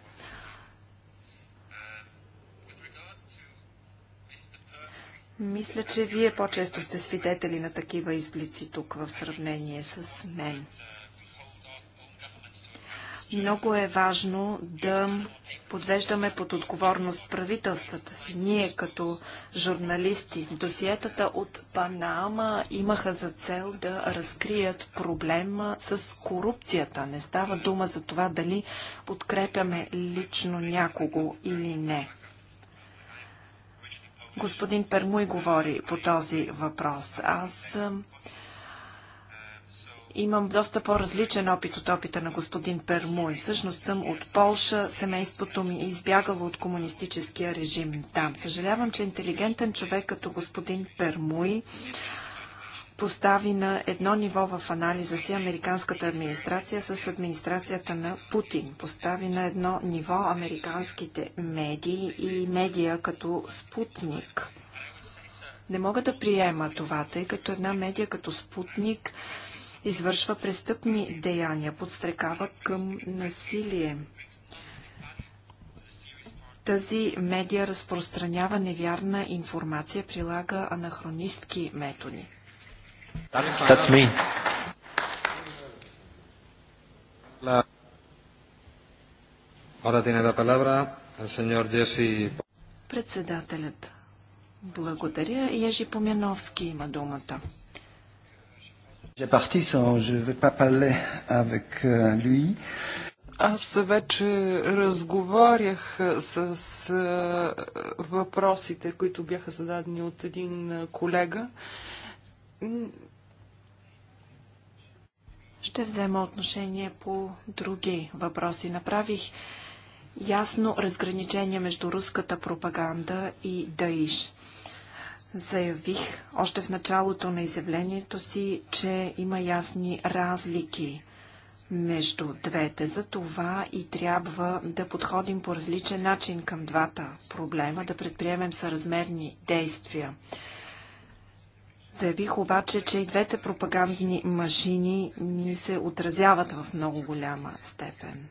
A: Мисля, че вие по-често сте свидетели на такива изблици тук в сравнение с мен. Много е важно да подвеждаме под отговорност правителствата си. Ние като журналисти, досиетата от Панама имаха за цел да разкрият проблема с корупцията. Не става дума за това дали подкрепяме лично някого или не. Господин Пермуй говори по този въпрос. Аз имам доста по-различен опит от опита на господин Пермуй. Всъщност съм от Полша, семейството ми е избягало от комунистическия режим там. Съжалявам, че интелигентен човек като господин Пермуй постави на едно ниво в анализа си американската администрация с администрацията на Путин. Постави на едно ниво американските медии и медия като спутник. Не мога да приема това, тъй като една медия като спутник – извършва престъпни деяния, подстрекава към насилие. Тази медия разпространява невярна информация, прилага анахронистки методи. That's me.
B: Ahora tiene la palabra el señor Jesse.
A: Председателят. Благодаря. Ежи Помяновски има думата.
B: Euh, Аз вече разговарях с въпросите, които бяха зададени от един колега.
A: Ще взема отношение по други въпроси. Направих ясно разграничение между руската пропаганда и Даиш заявих още в началото на изявлението си, че има ясни разлики между двете. За това и трябва да подходим по различен начин към двата проблема, да предприемем съразмерни действия. Заявих обаче, че и двете пропагандни машини ни се отразяват в много голяма степен.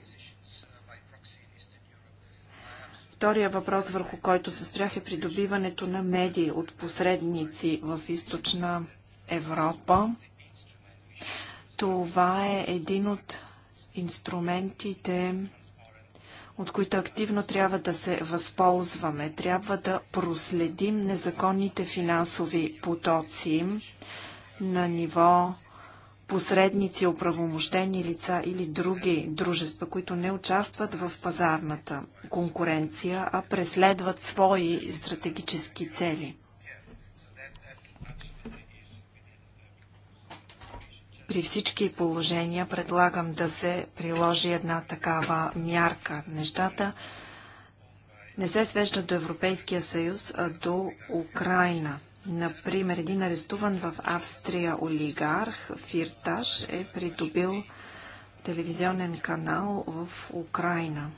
A: Втория въпрос, върху който се спрях, е придобиването на медии от посредници в източна Европа. Това е един от инструментите, от които активно трябва да се възползваме. Трябва да проследим незаконните финансови потоци на ниво посредници, оправомощени лица или други дружества, които не участват в пазарната конкуренция, а преследват свои стратегически цели. При всички положения предлагам да се приложи една такава мярка. Нещата не се свеждат до Европейския съюз, а до Украина. Например, един арестуван в Австрия олигарх Фирташ е придобил телевизионен канал в Украина.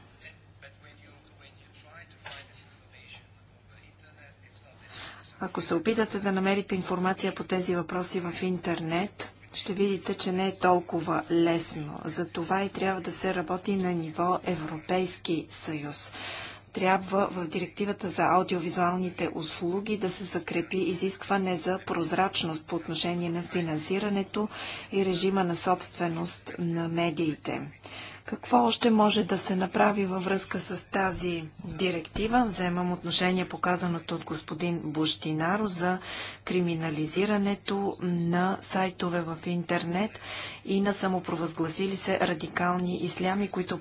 A: Ако се опитате да намерите информация по тези въпроси в интернет, ще видите, че не е толкова лесно. За това и трябва да се работи на ниво Европейски съюз трябва в директивата за аудиовизуалните услуги да се закрепи изискване за прозрачност по отношение на финансирането и режима на собственост на медиите. Какво още може да се направи във връзка с тази директива? Вземам отношение показаното от господин Буштинаро за криминализирането на сайтове в интернет и на самопровъзгласили се радикални ислями, които,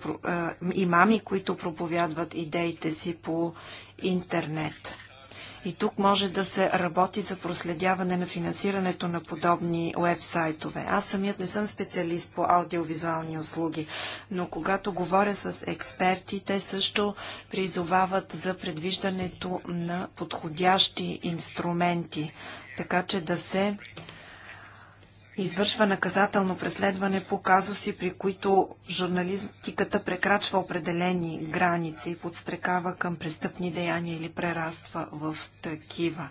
A: имами, които проповядват идеите си по интернет. И тук може да се работи за проследяване на финансирането на подобни уебсайтове. Аз самият не съм специалист по аудиовизуални услуги, но когато говоря с експерти, те също призовават за предвиждането на подходящи инструменти, така че да се извършва наказателно преследване по казуси, при които журналистиката прекрачва определени граници и подстрекава към престъпни деяния или прераства в такива.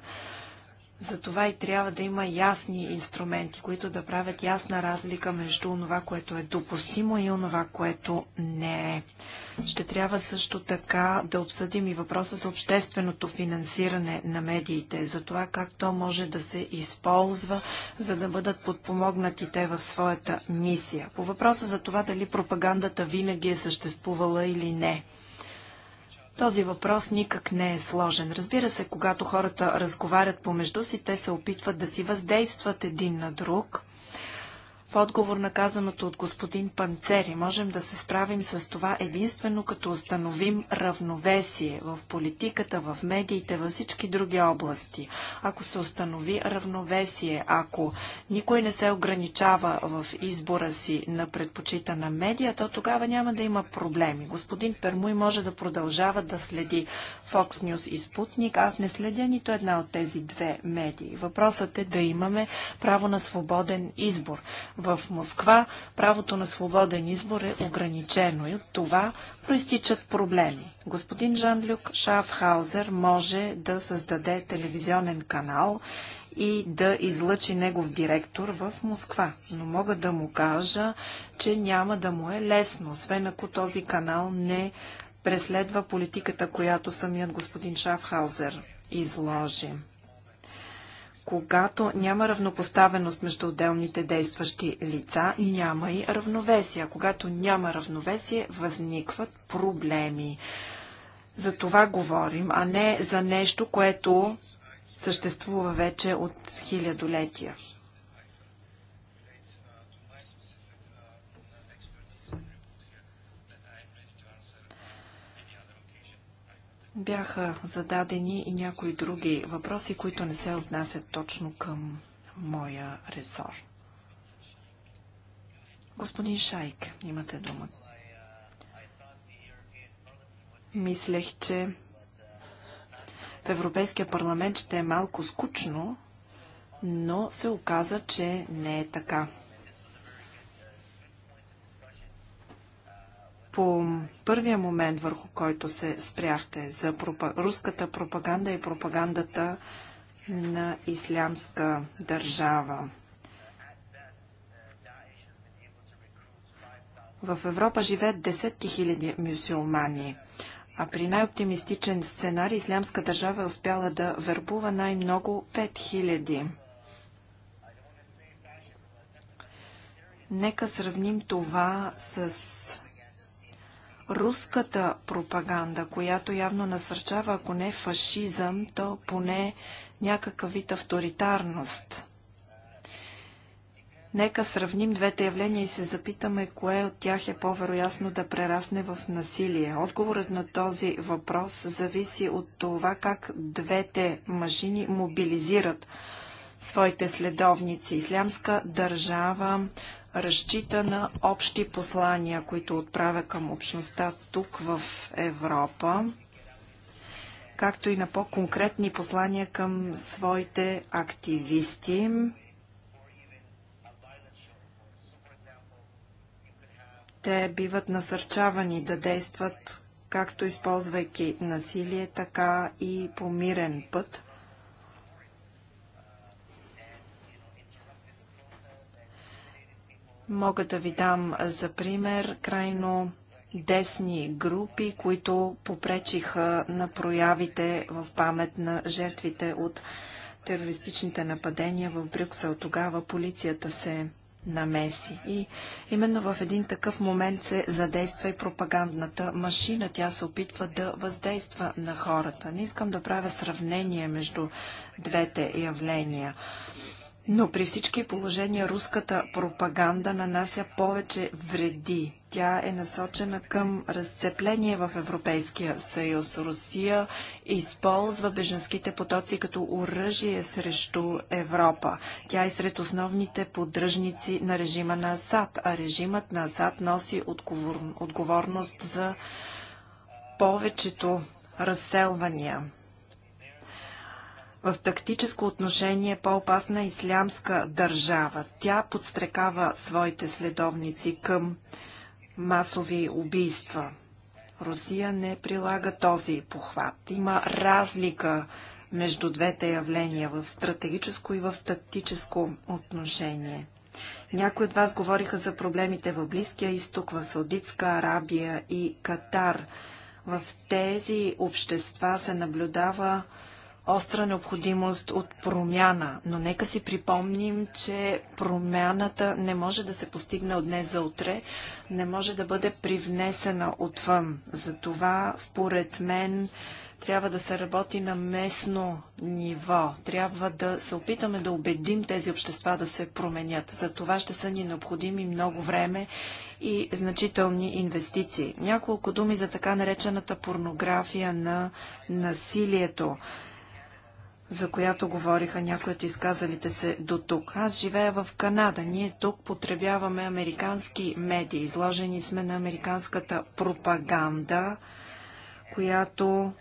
A: Затова и трябва да има ясни инструменти, които да правят ясна разлика между това, което е допустимо и това, което не е. Ще трябва също така да обсъдим и въпроса за общественото финансиране на медиите, за това как то може да се използва, за да бъдат подпомогнати те в своята мисия. По въпроса за това дали пропагандата винаги е съществувала или не. Този въпрос никак не е сложен. Разбира се, когато хората разговарят помежду си, те се опитват да си въздействат един на друг. В отговор на казаното от господин Панцери, можем да се справим с това единствено като установим равновесие в политиката, в медиите, във всички други области. Ако се установи равновесие, ако никой не се ограничава в избора си на предпочитана медия, то тогава няма да има проблеми. Господин Пермуй може да продължава да следи Fox News и Спутник. Аз не следя нито една от тези две медии. Въпросът е да имаме право на свободен избор в Москва правото на свободен избор е ограничено и от това проистичат проблеми. Господин Жан-Люк Шафхаузер може да създаде телевизионен канал и да излъчи негов директор в Москва. Но мога да му кажа, че няма да му е лесно, освен ако този канал не преследва политиката, която самият господин Шафхаузер изложи. Когато няма равнопоставеност между отделните действащи лица, няма и равновесие. Когато няма равновесие, възникват проблеми. За това говорим, а не за нещо, което съществува вече от хилядолетия. Бяха зададени и някои други въпроси, които не се отнасят точно към моя ресор. Господин Шайк, имате дума. Мислех, че в Европейския парламент ще е малко скучно, но се оказа, че не е така. по първия момент, върху който се спряхте, за пропа... руската пропаганда и пропагандата на ислямска държава. В Европа живеят десетки хиляди мюсюлмани, а при най-оптимистичен сценарий Ислямска държава е успяла да вербува най-много 5000. Нека сравним това с руската пропаганда, която явно насърчава, ако не фашизъм, то поне някакъв вид авторитарност. Нека сравним двете явления и се запитаме, кое от тях е по-вероятно да прерасне в насилие. Отговорът на този въпрос зависи от това как двете машини мобилизират своите следовници. Ислямска държава, разчита на общи послания, които отправя към общността тук в Европа, както и на по-конкретни послания към своите активисти. Те биват насърчавани да действат както използвайки насилие, така и по мирен път – Мога да ви дам за пример крайно десни групи, които попречиха на проявите в памет на жертвите от терористичните нападения в Брюксел. Тогава полицията се намеси. И именно в един такъв момент се задейства и пропагандната машина. Тя се опитва да въздейства на хората. Не искам да правя сравнение между двете явления. Но при всички положения руската пропаганда нанася повече вреди. Тя е насочена към разцепление в Европейския съюз. Русия използва беженските потоци като оръжие срещу Европа. Тя е сред основните поддръжници на режима на Асад, а режимът на Асад носи отговорност за повечето разселвания в тактическо отношение по-опасна ислямска държава. Тя подстрекава своите следовници към масови убийства. Русия не прилага този похват. Има разлика между двете явления в стратегическо и в тактическо отношение. Някои от вас говориха за проблемите в Близкия изток, в Саудитска Арабия и Катар. В тези общества се наблюдава остра необходимост от промяна, но нека си припомним, че промяната не може да се постигне от днес за утре, не може да бъде привнесена отвън. Затова, според мен, трябва да се работи на местно ниво. Трябва да се опитаме да убедим тези общества да се променят. За това ще са ни необходими много време и значителни инвестиции. Няколко думи за така наречената порнография на насилието за която говориха някои от изказалите се до тук. Аз живея в Канада. Ние тук потребяваме американски медии. Изложени сме на американската пропаганда, която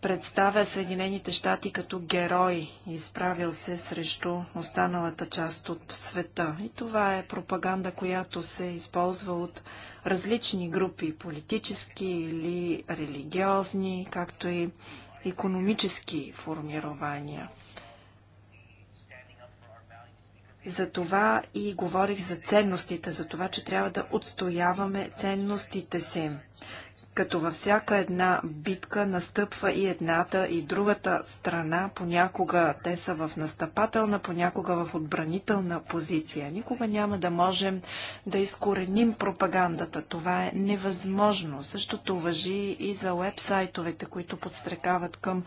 A: представя Съединените щати като герой, изправил се срещу останалата част от света. И това е пропаганда, която се използва от различни групи, политически или религиозни, както и економически формирования. За това и говорих за ценностите, за това, че трябва да отстояваме ценностите си като във всяка една битка настъпва и едната и другата страна. Понякога те са в настъпателна, понякога в отбранителна позиция. Никога няма да можем да изкореним пропагандата. Това е невъзможно. Същото въжи и за уебсайтовете, които подстрекават към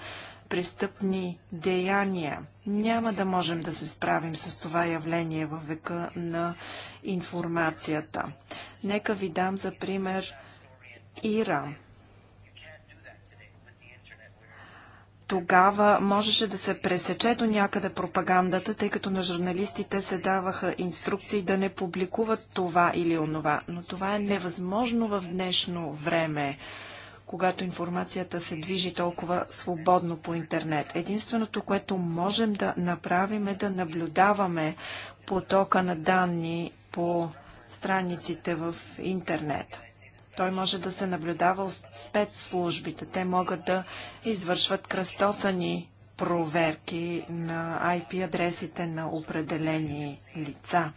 A: престъпни деяния. Няма да можем да се справим с това явление във века на информацията. Нека ви дам за пример Ира. Тогава можеше да се пресече до някъде пропагандата, тъй като на журналистите се даваха инструкции да не публикуват това или онова. Но това е невъзможно в днешно време когато информацията се движи толкова свободно по интернет. Единственото, което можем да направим е да наблюдаваме потока на данни по страниците в интернет. Той може да се наблюдава от спецслужбите. Те могат да извършват кръстосани проверки на IP адресите на определени лица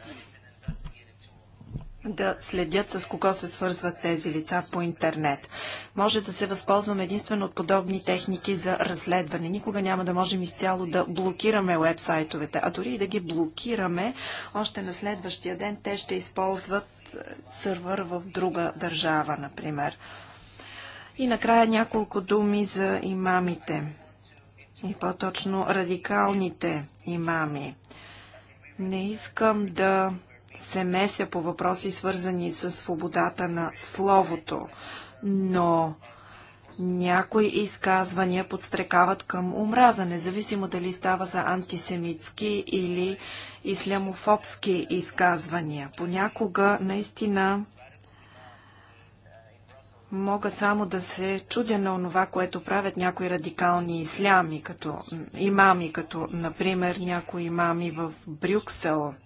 A: да следят с кого се свързват тези лица по интернет. Може да се възползваме единствено от подобни техники за разследване. Никога няма да можем изцяло да блокираме уебсайтовете, а дори и да ги блокираме, още на следващия ден те ще използват е, сървър в друга държава, например. И накрая няколко думи за имамите и по-точно радикалните имами. Не искам да се меся по въпроси, свързани с свободата на словото, но някои изказвания подстрекават към омраза, независимо дали става за антисемитски или ислямофобски изказвания. Понякога наистина мога само да се чудя на онова, което правят някои радикални ислями, като имами, като например някои имами в Брюксел –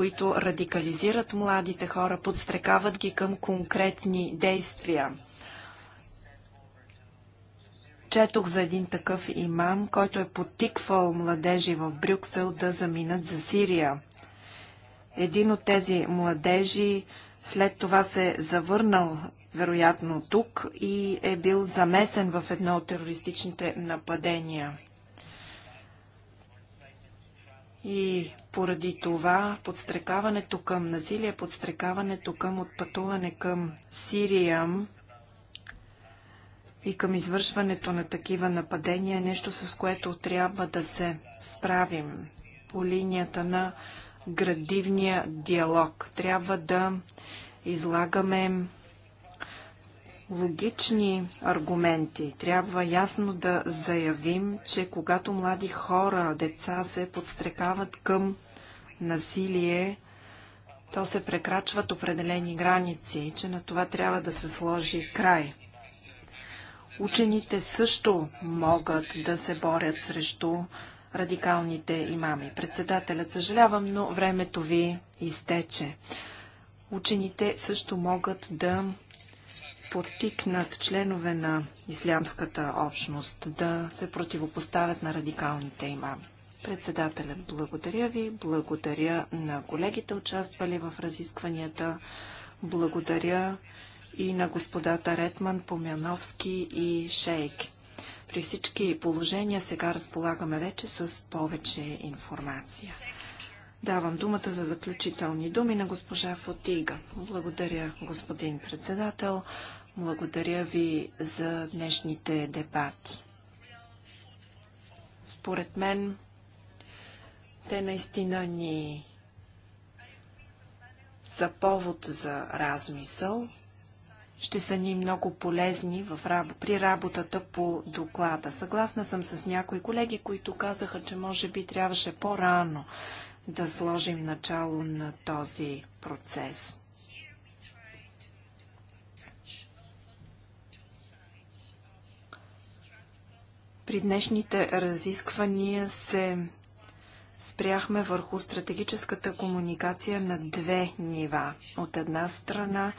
A: които радикализират младите хора, подстрекават ги към конкретни действия. Четох за един такъв имам, който е потиквал младежи в Брюксел да заминат за Сирия. Един от тези младежи след това се е завърнал вероятно тук и е бил замесен в едно от терористичните нападения. И поради това подстрекаването към насилие, подстрекаването към отпътуване към Сирия и към извършването на такива нападения е нещо, с което трябва да се справим по линията на градивния диалог. Трябва да излагаме логични аргументи. Трябва ясно да заявим, че когато млади хора, деца се подстрекават към насилие, то се прекрачват определени граници и че на това трябва да се сложи край. Учените също могат да се борят срещу радикалните имами. Председателят, съжалявам, но времето ви изтече. Учените също могат да Подтикнат членове на ислямската общност да се противопоставят на радикалните има. Председателят, благодаря ви, благодаря на колегите, участвали в разискванията, благодаря и на господата Ретман, Помяновски и Шейк. При всички положения сега разполагаме вече с повече информация. Давам думата за заключителни думи на госпожа Фотига. Благодаря, господин председател. Благодаря ви за днешните дебати. Според мен, те наистина ни са повод за размисъл. Ще са ни много полезни в, раб... при работата по доклада. Съгласна съм с някои колеги, които казаха, че може би трябваше по-рано да сложим начало на този процес. При днешните разисквания се спряхме върху стратегическата комуникация на две нива. От една страна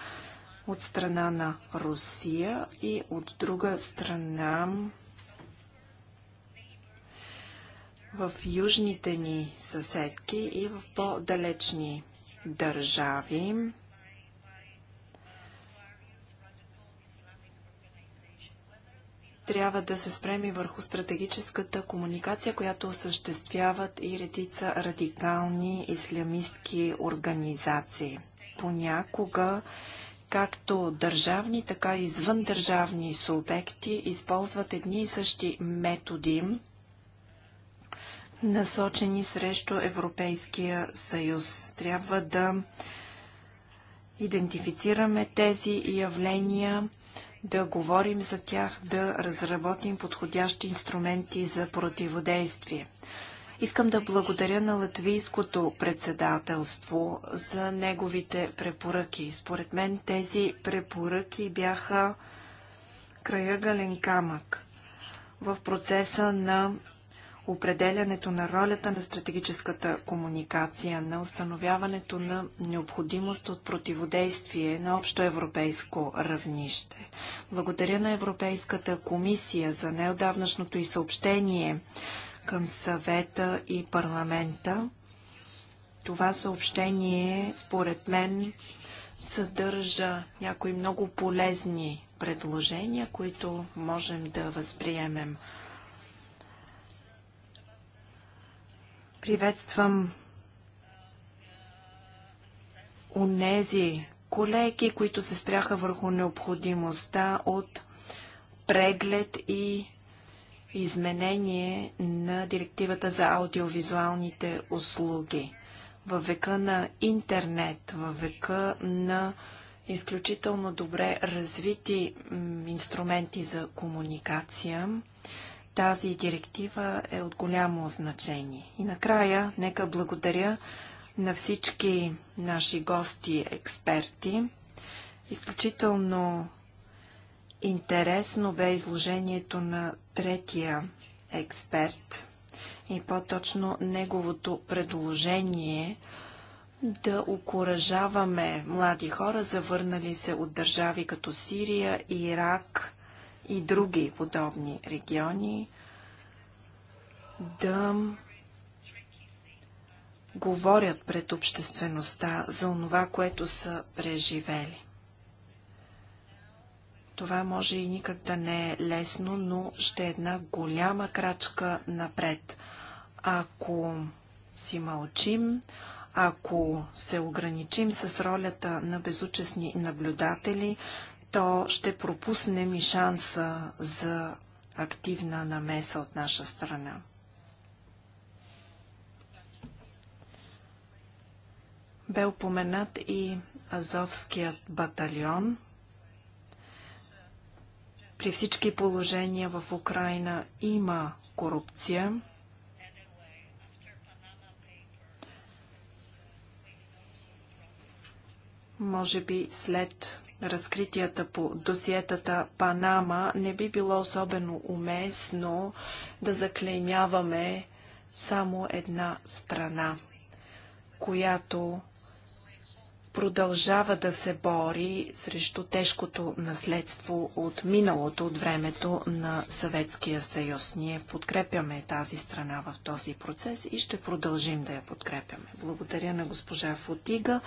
A: от страна на Русия и от друга страна в южните ни съседки и в по-далечни държави. трябва да се спреми върху стратегическата комуникация, която осъществяват и редица радикални ислямистки организации. Понякога както държавни, така и извъндържавни субекти използват едни и същи методи, насочени срещу Европейския съюз. Трябва да идентифицираме тези явления, да говорим за тях, да разработим подходящи инструменти за противодействие. Искам да благодаря на латвийското председателство за неговите препоръки. Според мен тези препоръки бяха края камък в процеса на определянето на ролята на стратегическата комуникация, на установяването на необходимост от противодействие на общо европейско равнище. Благодаря на Европейската комисия за неодавнашното и съобщение към съвета и парламента. Това съобщение, според мен, съдържа някои много полезни предложения, които можем да възприемем Приветствам унези колеги, които се спряха върху необходимостта от преглед и изменение на директивата за аудиовизуалните услуги. Във века на интернет, във века на изключително добре развити инструменти за комуникация, тази директива е от голямо значение. И накрая, нека благодаря на всички наши гости, експерти. Изключително интересно бе изложението на третия експерт и по-точно неговото предложение да окоръжаваме млади хора, завърнали се от държави като Сирия, Ирак, и други подобни региони да говорят пред обществеността за онова, което са преживели. Това може и никак да не е лесно, но ще е една голяма крачка напред. Ако си мълчим, ако се ограничим с ролята на безучестни наблюдатели, то ще пропуснем и шанса за активна намеса от наша страна. Бе упоменат и Азовският батальон. При всички положения в Украина има корупция. Може би след разкритията по досиетата Панама, не би било особено уместно да заклеймяваме само една страна, която продължава да се бори срещу тежкото наследство от миналото, от времето на Съветския съюз. Ние подкрепяме тази страна в този процес и ще продължим да я подкрепяме. Благодаря на госпожа Фотига.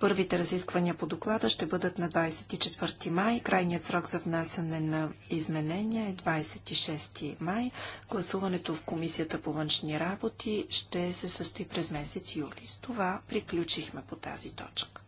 A: Първите разисквания по доклада ще бъдат на 24 май. Крайният срок за внасяне на изменения е 26 май. Гласуването в Комисията по външни работи ще се състои през месец юли. С това приключихме по тази точка.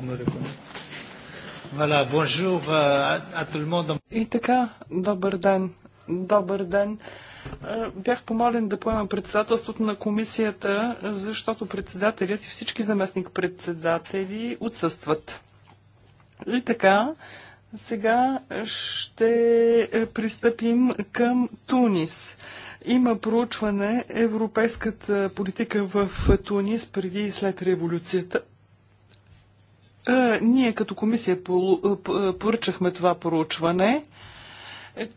B: on me reconnaît. Voilà, bonjour euh, à, à tout le monde. И така, добър ден. Добър ден. Е, бях помолен да поема председателството на комисията, защото председателят и всички заместник-председатели отсъстват. И така, сега ще е, пристъпим към Тунис. Има проучване Европейската политика в Тунис преди и след революцията. Ние като комисия поръчахме това поручване. Е,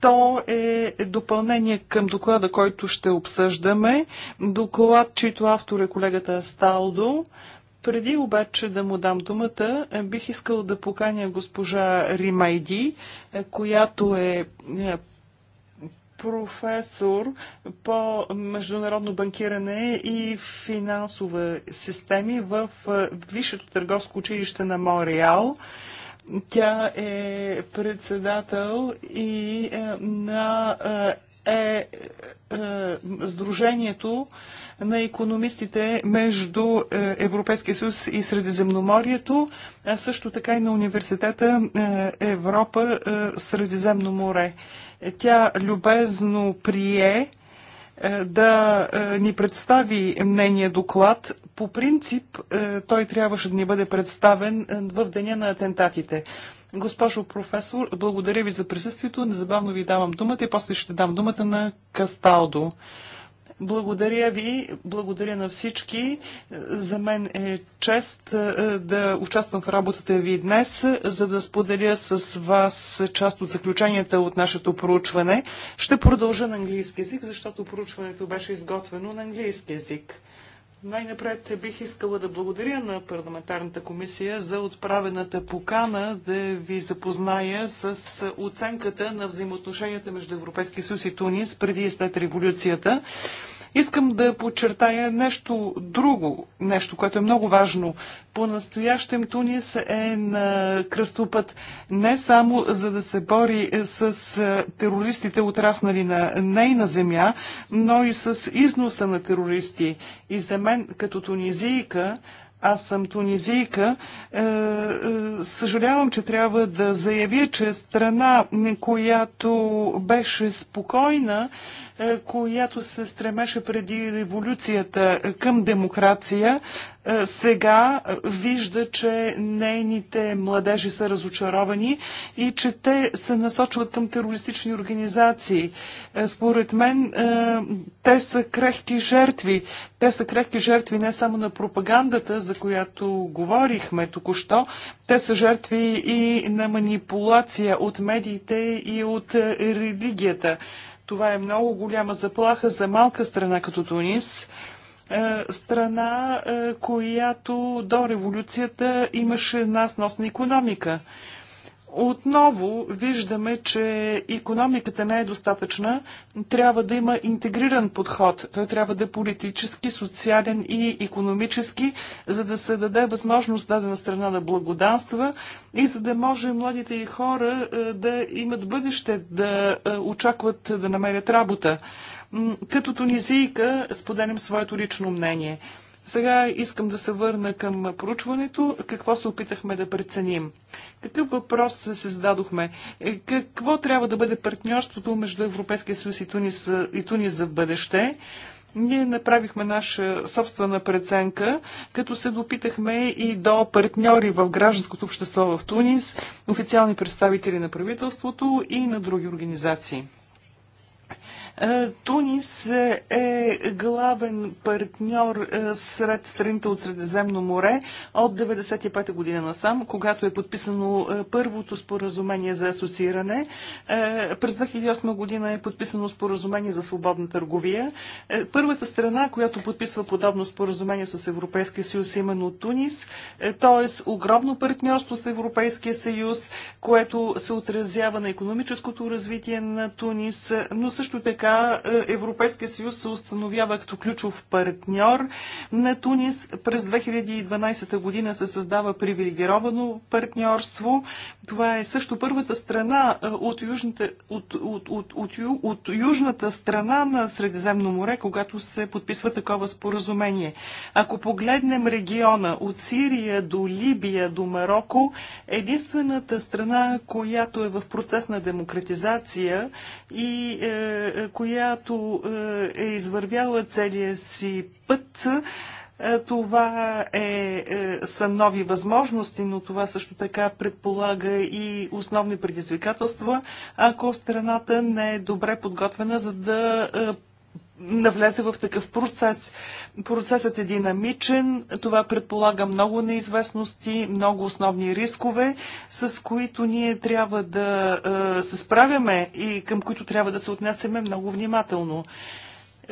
B: то е допълнение към доклада, който ще обсъждаме. Доклад, чийто автор е колегата Сталдо. Преди обаче да му дам думата, е, бих искал да поканя госпожа Римайди, е, която е професор по международно банкиране и финансова системи в е, Висшето търговско училище на Мореал. Тя е председател и е, на е, е, е Сдружението на економистите между Европейския съюз и Средиземноморието, а също така и на университета Европа Средиземно море. Тя любезно прие е, да е, ни представи мнение доклад. По принцип, е, той трябваше да ни бъде представен в деня на атентатите. Госпожо професор, благодаря ви за присъствието. Незабавно ви давам думата и после ще дам думата на Касталдо. Благодаря ви, благодаря на всички. За мен е чест е, да участвам в работата ви днес, за да споделя с вас част от заключенията от нашето проучване. Ще продължа на английски язик, защото проучването беше изготвено на английски язик. Най-напред бих искала да благодаря на парламентарната комисия за отправената покана да ви запозная с оценката на взаимоотношенията между Европейския съюз и Тунис преди и след революцията. Искам да подчертая нещо друго, нещо, което е много важно. По-настоящем Тунис е на кръстопът не само за да се бори с е, терористите, отраснали на нейна земя, но и с износа на терористи. И за мен, като тунизийка, аз съм тунизийка, е, е, съжалявам, че трябва да заявя, че страна, която беше спокойна, е, която се стремеше преди революцията към демокрация, е, сега вижда, че нейните младежи са разочаровани и че те се насочват към терористични организации. Е, според мен, те са крехки жертви. Те са крехки жертви не само на пропагандата, за която говорихме току-що, те са жертви и на манипулация от медиите и от религията. Това е много голяма заплаха за малка страна като Тунис е, страна, е, която до революцията имаше една носна економика. Отново виждаме, че економиката не е достатъчна. Трябва да има интегриран подход. Той трябва да е политически, социален и економически, за да се даде възможност дадена страна да благоданства и за да може младите и хора е, да имат бъдеще, да е, очакват да намерят работа. Като тунизийка споделям своето лично мнение. Сега искам да се върна към проучването. Какво се опитахме да преценим? Какъв въпрос се зададохме? Е, какво трябва да бъде партньорството между Европейския съюз и Тунис, и Тунис за бъдеще? Ние направихме наша собствена преценка, като се допитахме и до партньори в гражданското общество в Тунис, официални представители на правителството и на други организации. Е, Тунис е главен партньор е, сред страните от Средиземно море от 1995 година насам, когато е подписано е, първото споразумение за асоцииране. През 2008 година е подписано споразумение за свободна търговия. Първата страна, която подписва подобно споразумение с Европейския съюз, именно Тунис, т.е. огромно партньорство с Европейския съюз, което се отразява на економическото развитие на Тунис, но също така така е, Европейския съюз се установява като ключов партньор на Тунис. През 2012 година се създава привилегировано партньорство. Това е също първата страна е, от, южната, от, от, от, от, от южната страна на Средиземно море, когато се подписва такова споразумение. Ако погледнем региона от Сирия до Либия до Марокко, единствената страна, която е в процес на демократизация и е, която е, е извървяла целия си път. Е, това е, е, са нови възможности, но това също така предполага и основни предизвикателства, ако страната не е добре подготвена за да навлезе в такъв процес. Процесът е динамичен, това предполага много неизвестности, много основни рискове, с които ние трябва да се справяме и към които трябва да се отнесеме много внимателно.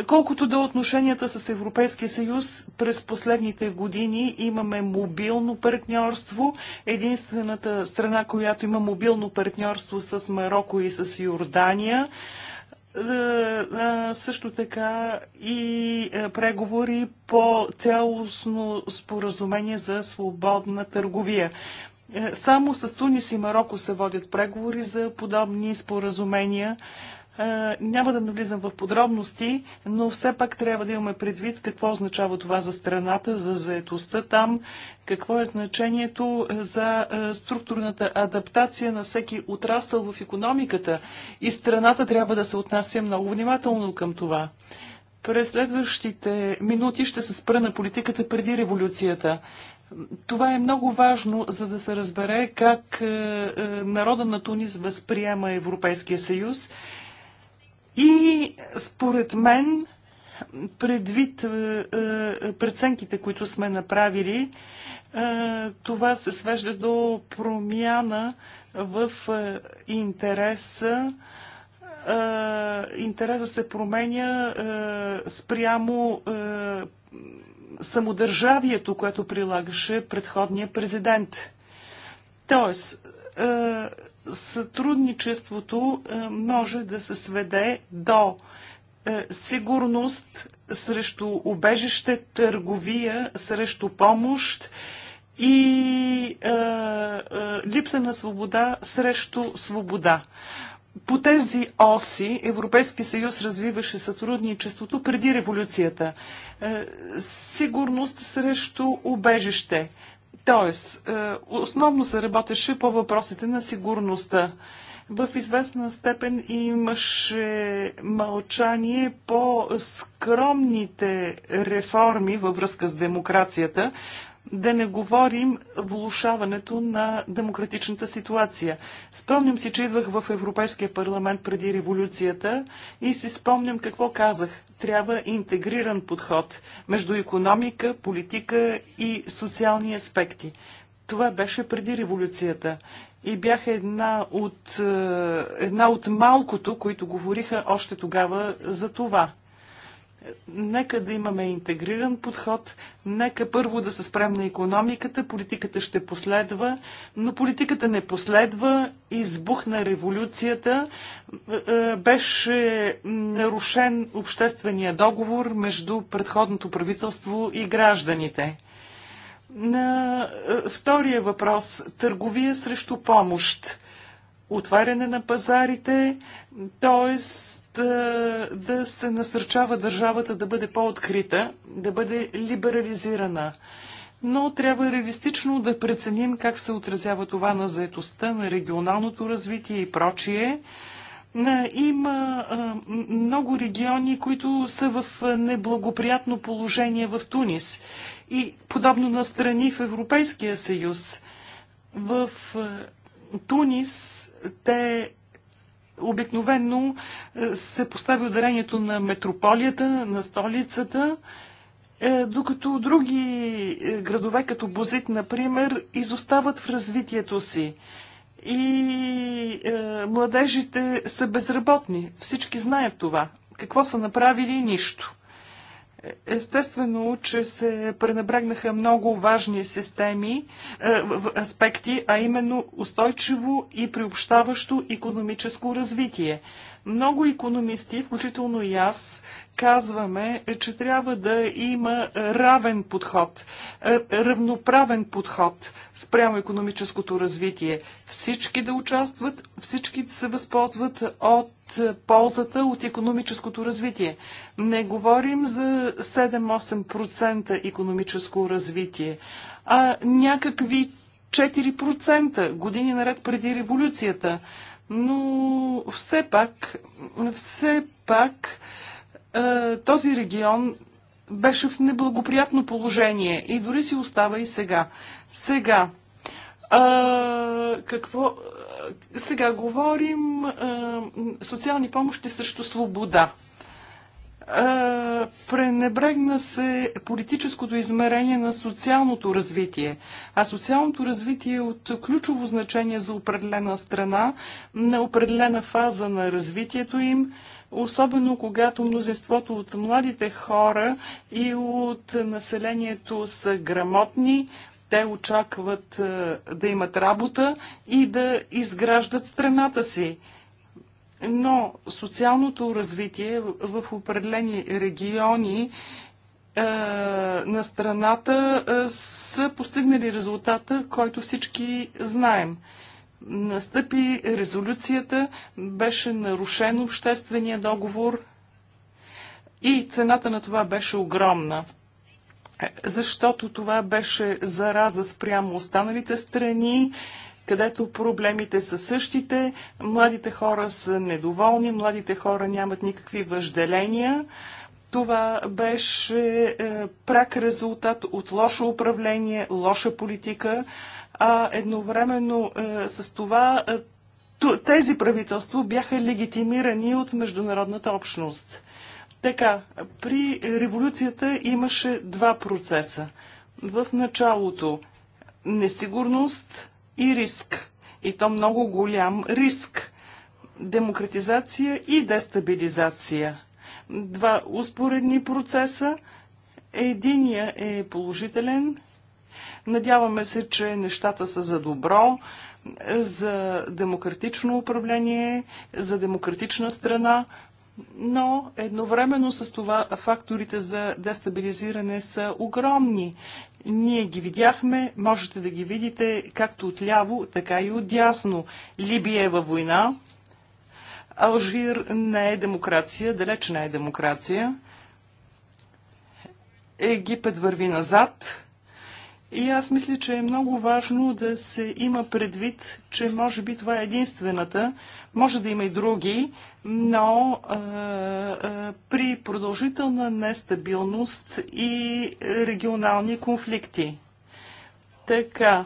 B: Колкото до отношенията с Европейския съюз, през последните години имаме мобилно партньорство. Единствената страна, която има мобилно партньорство с Марокко и с Йордания. Е, е, също така и е, преговори по цялостно споразумение за свободна търговия. Само с Тунис и Марокко се водят преговори за подобни споразумения. Е, няма да навлизам в подробности, но все пак трябва да имаме предвид какво означава това за страната, за заетостта там, какво е значението за е, структурната адаптация на всеки отрасъл в економиката. И страната трябва да се отнася много внимателно към това. През следващите минути ще се спра на политиката преди революцията. Това е много важно, за да се разбере как е, народа на Тунис възприема Европейския съюз и според мен, предвид е, е, преценките, които сме направили, е, това се свежда до промяна в интереса интереса се променя спрямо самодържавието, което прилагаше предходния президент. Тоест, сътрудничеството е, може да се сведе до е, сигурност срещу убежище, търговия срещу помощ и е, е, липса на свобода срещу свобода. По тези оси Европейски съюз развиваше сътрудничеството преди революцията. Е, сигурност срещу убежище. Е, Тоест, е, основно се работеше по въпросите на сигурността. В известна степен имаше мълчание по скромните реформи във връзка с демокрацията, да не говорим влушаването на демократичната ситуация. Спомням си, че идвах в Европейския парламент преди революцията и си спомням какво казах. Трябва интегриран подход между економика, политика и социални аспекти. Това беше преди революцията и бях една от, е, една от малкото, които говориха още тогава за това. Нека да имаме интегриран подход. Нека първо да се спрем на економиката. Политиката ще последва, но политиката не последва. Избухна революцията. Е, е, беше нарушен обществения договор между предходното правителство и гражданите. На е, втория въпрос търговия срещу помощ. Отваряне на пазарите, т.е да се насърчава държавата да бъде по-открита, да бъде либерализирана. Но трябва реалистично да преценим как се отразява това на заетостта, на регионалното развитие и прочие. Има много региони, които са в неблагоприятно положение в Тунис и подобно на страни в Европейския съюз. В Тунис те обикновенно е, се постави ударението на метрополията, на столицата, е, докато други е, градове, като Бозит, например, изостават в развитието си. И е, младежите са безработни. Всички знаят това. Какво са направили? Нищо. Естествено, че се пренебрегнаха много важни системи, е, аспекти, а именно устойчиво и приобщаващо економическо развитие. Много економисти, включително и аз, казваме, е, че трябва да има е, равен подход, е, равноправен подход спрямо економическото развитие. Всички да участват, всички да се възползват от ползата от економическото развитие. Не говорим за 7-8% економическо развитие, а някакви 4% години наред преди революцията но все пак, все пак е, този регион беше в неблагоприятно положение и дори си остава и сега. Сега, а, е, какво, е, сега говорим а, социални помощи срещу свобода пренебрегна се политическото измерение на социалното развитие. А социалното развитие е от ключово значение за определена страна, на определена фаза на развитието им, особено когато мнозинството от младите хора и от населението са грамотни, те очакват да имат работа и да изграждат страната си но социалното развитие в определени региони е, на страната е, са постигнали резултата, който всички знаем. Настъпи резолюцията, беше нарушен обществения договор и цената на това беше огромна е, защото това беше зараза спрямо останалите страни, където проблемите са същите, младите хора са недоволни, младите хора нямат никакви въжделения. Това беше е, прак резултат от лошо управление, лоша политика, а едновременно е, с това е, тези правителства бяха легитимирани от международната общност. Така, при революцията имаше два процеса. В началото несигурност, и риск. И то много голям риск. Демократизация и дестабилизация. Два успоредни процеса. Единия е положителен. Надяваме се, че нещата са за добро, за демократично управление, за демократична страна, но едновременно с това факторите за дестабилизиране са огромни. Ние ги видяхме, можете да ги видите както от ляво, така и от дясно. Либия е във война, Алжир не е демокрация, далеч не е демокрация. Египет върви назад. И аз мисля, че е много важно да се има предвид, че може би това е единствената, може да има и други, но а, а, при продължителна нестабилност и регионални конфликти. Така,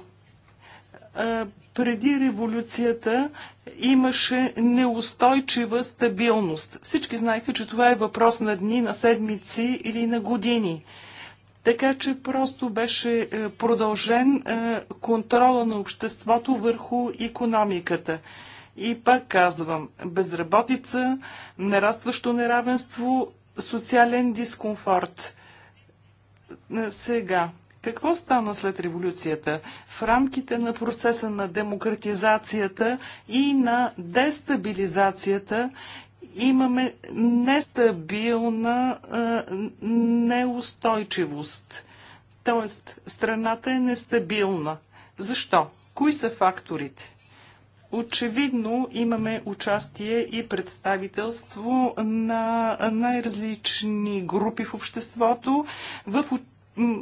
B: а, преди революцията имаше неустойчива стабилност. Всички знаеха, че това е въпрос на дни, на седмици или на години. Така че просто беше е, продължен е, контрола на обществото върху економиката. И пак казвам, безработица, нарастващо неравенство, социален дискомфорт. Е, сега, какво стана след революцията? В рамките на процеса на демократизацията и на дестабилизацията имаме нестабилна неустойчивост. Тоест, страната е нестабилна. Защо? Кои са факторите? Очевидно имаме участие и представителство на най-различни групи в обществото в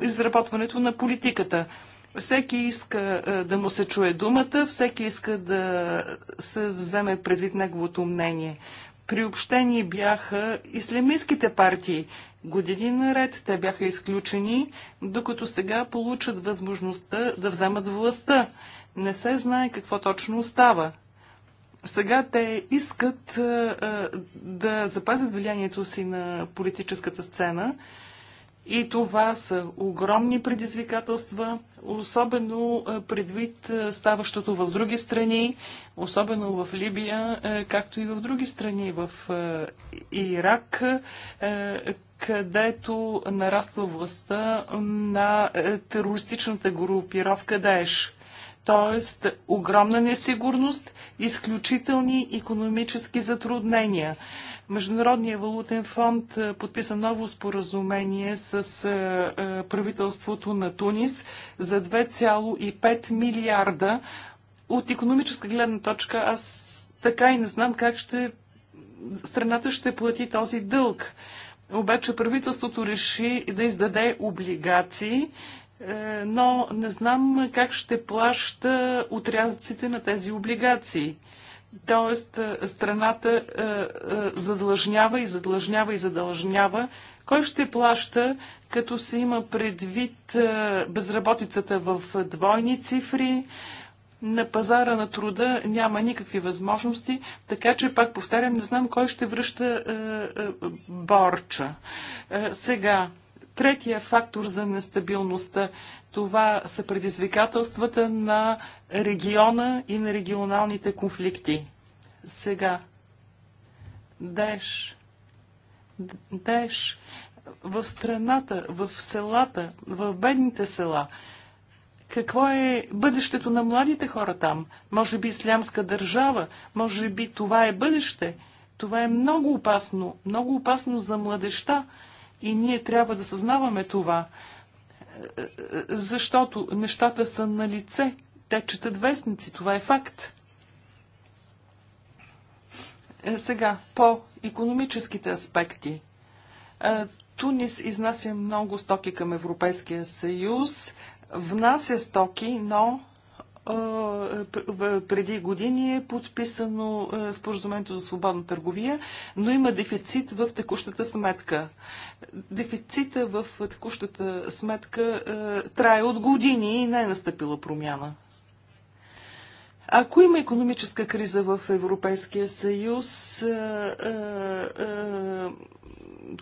B: изработването на политиката. Всеки иска да му се чуе думата, всеки иска да се вземе предвид неговото мнение приобщени бяха ислямистските партии. Години наред те бяха изключени, докато сега получат възможността да вземат властта. Не се знае какво точно става. Сега те искат а, да запазят влиянието си на политическата сцена, и това са огромни предизвикателства, особено предвид ставащото в други страни, особено в Либия, както и в други страни, в Ирак, където нараства властта на терористичната групировка Даеш. Тоест, огромна несигурност, изключителни економически затруднения. Международния валутен фонд е, подписа ново споразумение с е, е, правителството на Тунис за 2,5 милиарда. От економическа гледна точка аз така и не знам как ще страната ще плати този дълг. Обаче правителството реши да издаде облигации, но не знам как ще плаща отрязъците на тези облигации. Тоест, е, страната е, е, задлъжнява и задлъжнява и задлъжнява. Кой ще плаща, като се има предвид безработицата в двойни цифри? На пазара на труда няма никакви възможности, така че, пак повтарям, не знам кой ще връща борча. сега, третия фактор за нестабилността това са предизвикателствата на региона и на регионалните конфликти. Сега, Деш, Деш, в страната, в селата, в бедните села, какво е бъдещето на младите хора там? Може би ислямска държава, може би това е бъдеще. Това е много опасно, много опасно за младеща и ние трябва да съзнаваме това, защото нещата са на лице те четат вестници, това е факт. Е, сега, по економическите аспекти. Е, Тунис изнася много стоки към Европейския съюз, внася стоки, но е, преди години е подписано споразумението за свободна търговия, но има дефицит в текущата сметка. Дефицита в текущата сметка трае от години и не е настъпила промяна. Ако има економическа криза в Европейския съюз,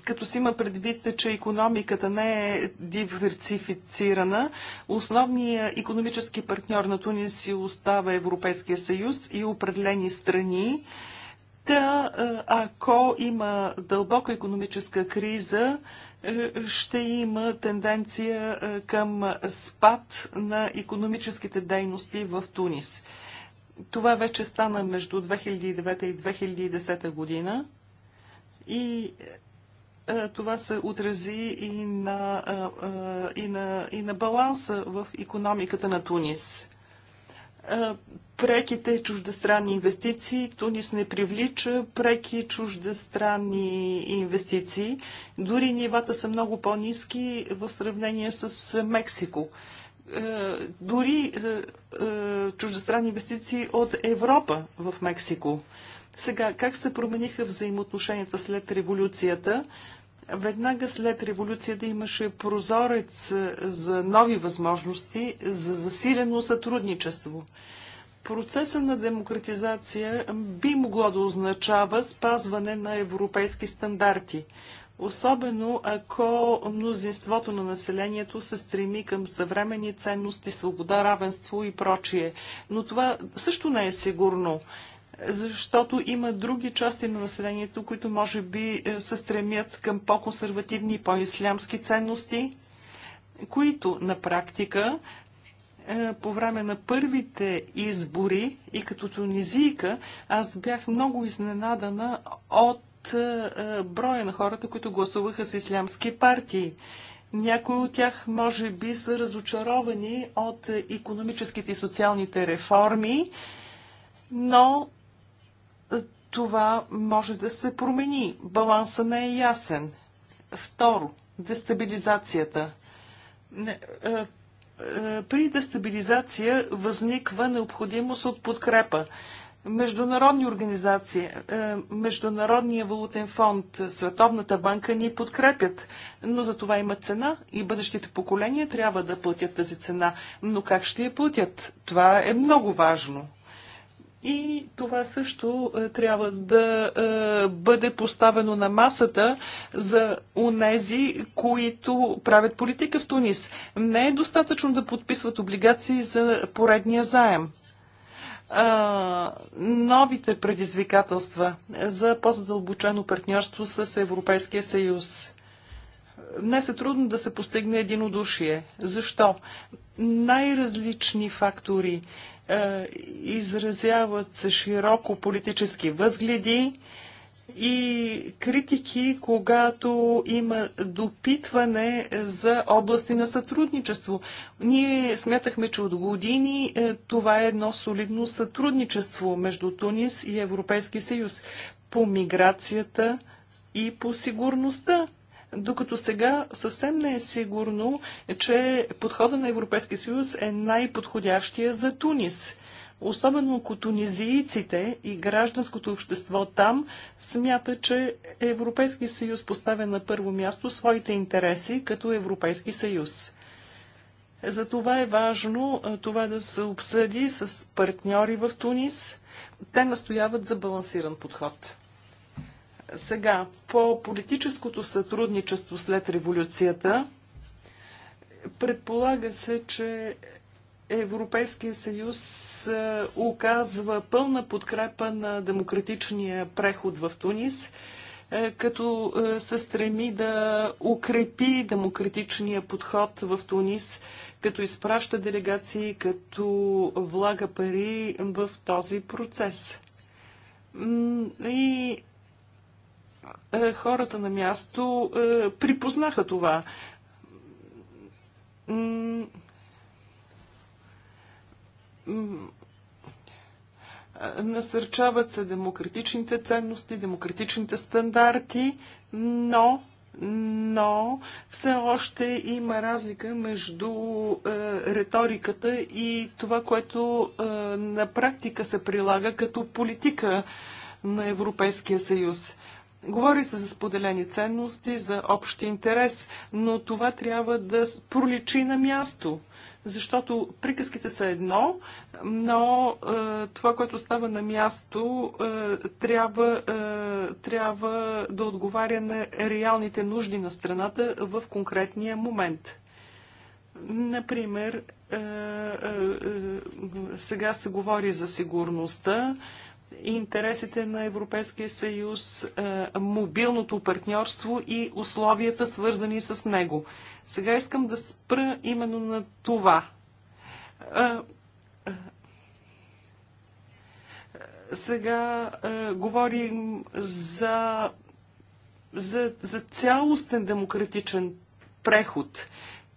B: като си има предвид, че економиката не е диверсифицирана, основният економически партньор на Тунис си остава Европейския съюз и определени страни. Та, ако има дълбока економическа криза, е, ще има тенденция е, към спад на економическите дейности в Тунис. Това вече стана между 2009 и 2010 година и е, това се отрази и на, е, е, и на, и на баланса в економиката на Тунис. Преките чуждестранни инвестиции, Тунис не привлича преки чуждестранни инвестиции. Дори нивата са много по-низки в сравнение с Мексико. Е, дори е, е, чуждестранни инвестиции от Европа в Мексико. Сега, как се промениха взаимоотношенията след революцията? Веднага след революцията имаше прозорец за нови възможности, за засилено сътрудничество. Процеса на демократизация би могло да означава спазване на европейски стандарти особено ако мнозинството на населението се стреми към съвремени ценности, свобода, равенство и прочие. Но това също не е сигурно защото има други части на населението, които може би е, се стремят към по-консервативни и по-ислямски ценности, които на практика е, по време на първите избори и като тунизийка аз бях много изненадана от от е, е, броя на хората, които гласуваха с ислямски партии. Някои от тях може би са разочаровани от економическите и социалните реформи, но е, това може да се промени. Баланса не е ясен. Второ, дестабилизацията. При дестабилизация възниква необходимост от подкрепа. Международни организации, е, Международния валутен фонд, Световната банка ни подкрепят, но за това има цена и бъдещите поколения трябва да платят тази цена. Но как ще я платят? Това е много важно. И това също е, трябва да е, бъде поставено на масата за унези, които правят политика в Тунис. Не е достатъчно да подписват облигации за поредния заем новите предизвикателства за по-задълбочено партньорство с Европейския съюз. Днес е трудно да се постигне единодушие. Защо? Най-различни фактори е, изразяват се широко политически възгледи, е, и критики, когато има допитване за области на сътрудничество. Ние смятахме, че от години е, това е едно солидно сътрудничество между Тунис и Европейски съюз по миграцията и по сигурността. Докато сега съвсем не е сигурно, че подхода на Европейския съюз е най-подходящия за Тунис. Особено ако тунизийците и гражданското общество там смята, че Европейски съюз поставя на първо място своите интереси като Европейски съюз. Затова е важно това да се обсъди с партньори в Тунис. Те настояват за балансиран подход. Сега, по политическото сътрудничество след революцията, предполага се, че Европейския съюз е, оказва пълна подкрепа на демократичния преход в Тунис, е, като е, се стреми да укрепи демократичния подход в Тунис, като изпраща делегации, като влага пари в този процес. И хората на място припознаха това Насърчават се демократичните ценности, демократичните стандарти, но но все още има разлика между е, риториката и това, което е, на практика се прилага като политика на Европейския съюз. Говори се за споделени ценности, за общ интерес, но това трябва да проличи на място защото приказките са едно, но е, това, което става на място, е, трябва, е, трябва да отговаря на реалните нужди на страната в конкретния момент. Например, е, е, е, сега се говори за сигурността интересите на Европейския съюз, е, мобилното партньорство и условията свързани с него. Сега искам да спра именно на това. Е, е, сега говорим за, за, за цялостен демократичен преход.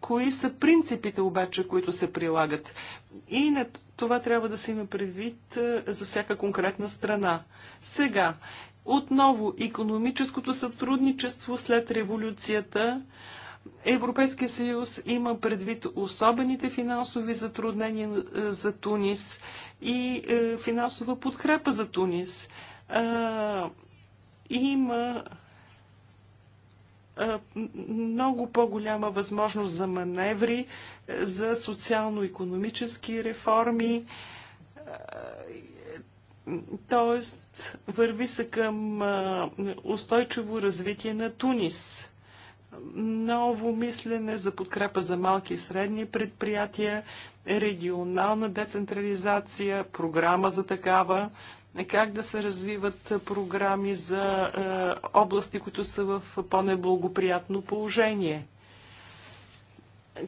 B: Кои са принципите обаче, които се прилагат? И на това трябва да се има предвид е, за всяка конкретна страна. Сега, отново, економическото сътрудничество след революцията. Европейския съюз има предвид особените финансови затруднения е, за Тунис и е, финансова подкрепа за Тунис. Има много по-голяма възможност за маневри, за социално-економически реформи. Тоест, върви се към устойчиво развитие на Тунис. Ново мислене за подкрепа за малки и средни предприятия, регионална децентрализация, програма за такава, как да се развиват програми за области, които са в по-неблагоприятно положение.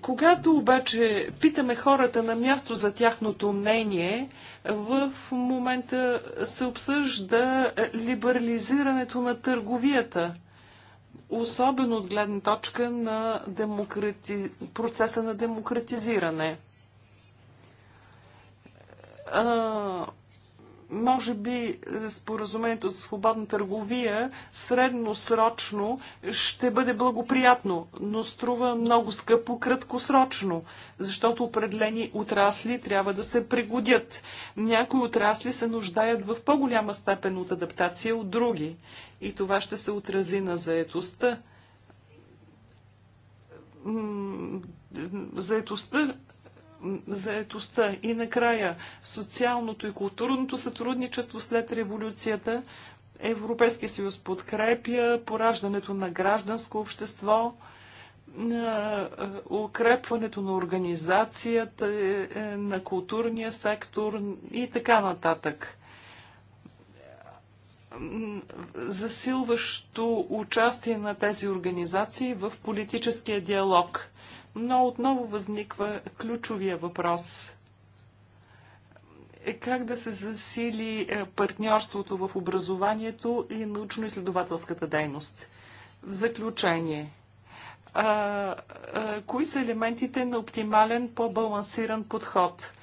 B: Когато обаче питаме хората на място за тяхното мнение, в момента се обсъжда либерализирането на търговията, особено от гледна точка на демократи... процеса на демократизиране. А, може би е, споразумението за свободна търговия средносрочно ще бъде благоприятно, но струва много скъпо краткосрочно, защото определени отрасли трябва да се пригодят. Някои отрасли се нуждаят в по-голяма степен от адаптация от други и това ще се отрази на заетостта. Заетостта заедостта и накрая социалното и културното сътрудничество след революцията. Европейския съюз подкрепя пораждането на гражданско общество, е, укрепването на организацията, е, е, на културния сектор и така нататък засилващо участие на тези организации в политическия диалог но отново възниква ключовия въпрос е как да се засили е, партньорството в образованието и научно-изследователската дейност. В заключение, а, а, кои са елементите на оптимален по-балансиран подход –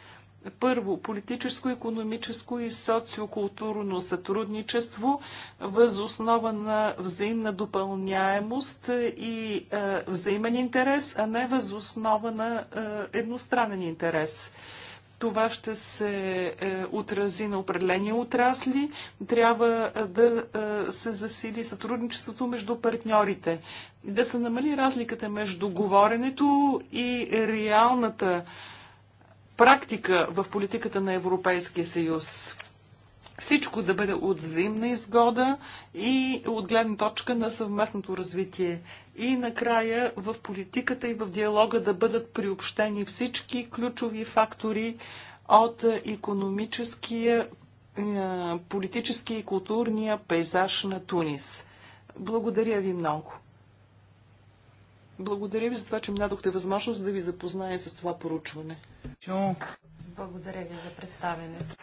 B: първо, политическо, економическо и социокултурно сътрудничество въз основа на взаимна допълняемост и е, взаимен интерес, а не въз основа на е, едностранен интерес. Това ще се е, отрази на определени отрасли. Трябва е, да е, се засили сътрудничеството между партньорите, да се намали разликата между говоренето и реалната практика в политиката на Европейския съюз. Всичко да бъде от взаимна изгода и от гледна точка на съвместното развитие. И накрая в политиката и в диалога да бъдат приобщени всички ключови фактори от економическия, е, политически и културния пейзаж на Тунис. Благодаря ви много. Благодаря ви за това, че ми дадохте възможност да ви запознае с това поручване.
C: Благодаря ви за представенето.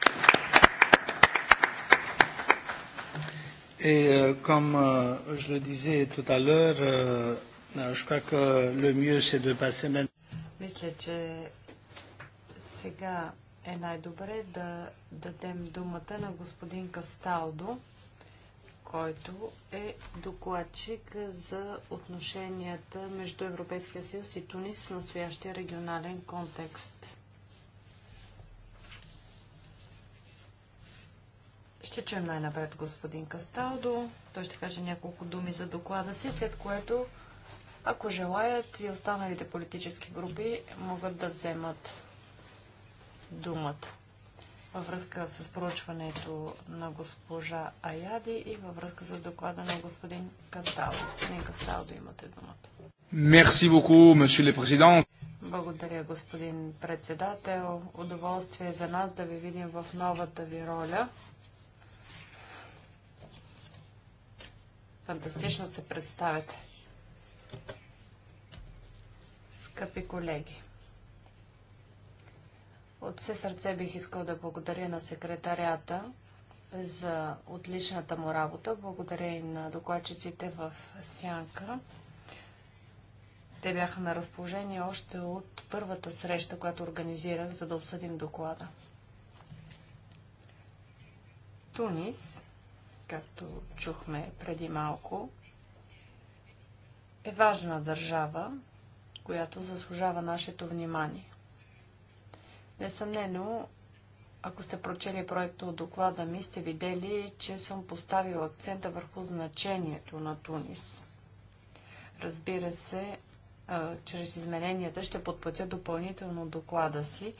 B: Et euh, comme euh, je le disais tout à l'heure, euh, euh, je crois que le mieux c'est de passer maintenant.
C: Мисля, е който е докладчик за отношенията между Европейския съюз и Тунис в настоящия регионален контекст. Ще чуем най-напред господин Касталдо. Той ще каже няколко думи за доклада си, след което, ако желаят и останалите политически групи, могат да вземат думата във връзка с проучването на госпожа Аяди и във връзка с доклада на господин Касталдо. Господин Касталдо, имате думата. Мерси
A: боку, monsieur ле президент.
C: Благодаря, господин председател. Удоволствие за нас да ви видим в новата ви роля. Фантастично се представяте. Скъпи колеги, от все сърце бих искал да благодаря на секретарята за отличната му работа. Благодаря и на докладчиците в Сянка. Те бяха на разположение още от първата среща, която организирах, за да обсъдим доклада. Тунис, както чухме преди малко, е важна държава, която заслужава нашето внимание. Несъмнено, ако сте прочели проекта от доклада ми, сте видели, че съм поставил акцента върху значението на Тунис. Разбира се, чрез измененията ще подплатя допълнително доклада си.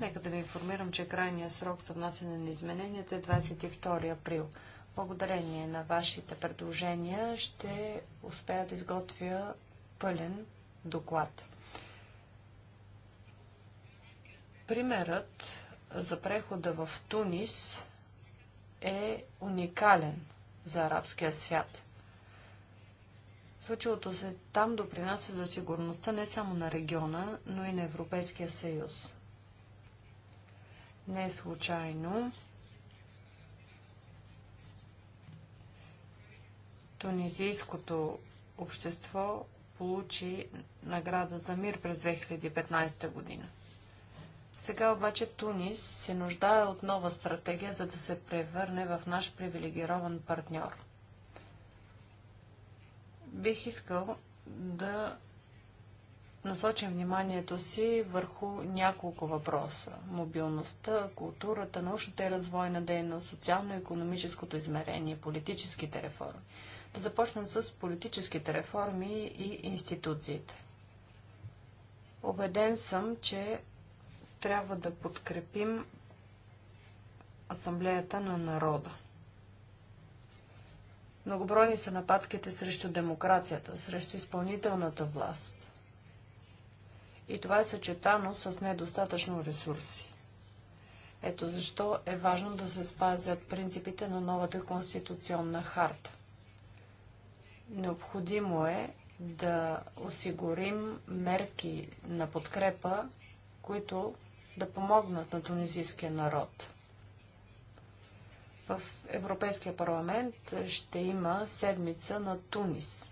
C: Нека да ви информирам, че крайният срок за внасяне на измененията е 22 април. Благодарение на вашите предложения ще успея да изготвя пълен доклад. Примерът за прехода в Тунис е уникален за арабския свят. Случилото се там допринася за сигурността не само на региона, но и на Европейския съюз. Не е случайно тунизийското общество получи награда за мир през 2015 година. Сега обаче Тунис се нуждае от нова стратегия, за да се превърне в наш привилегирован партньор. Бих искал да насочим вниманието си върху няколко въпроса. Мобилността, културата, научната и развойна дейност, социално-економическото измерение, политическите реформи. Да започнем с политическите реформи и институциите. Обеден съм, че трябва да подкрепим Асамблеята на народа. Многобройни са нападките срещу демокрацията, срещу изпълнителната власт. И това е съчетано с недостатъчно ресурси. Ето защо е важно да се спазят принципите на новата конституционна харта. Необходимо е да осигурим мерки на подкрепа, които да помогнат на тунизийския народ. В Европейския парламент ще има седмица на Тунис.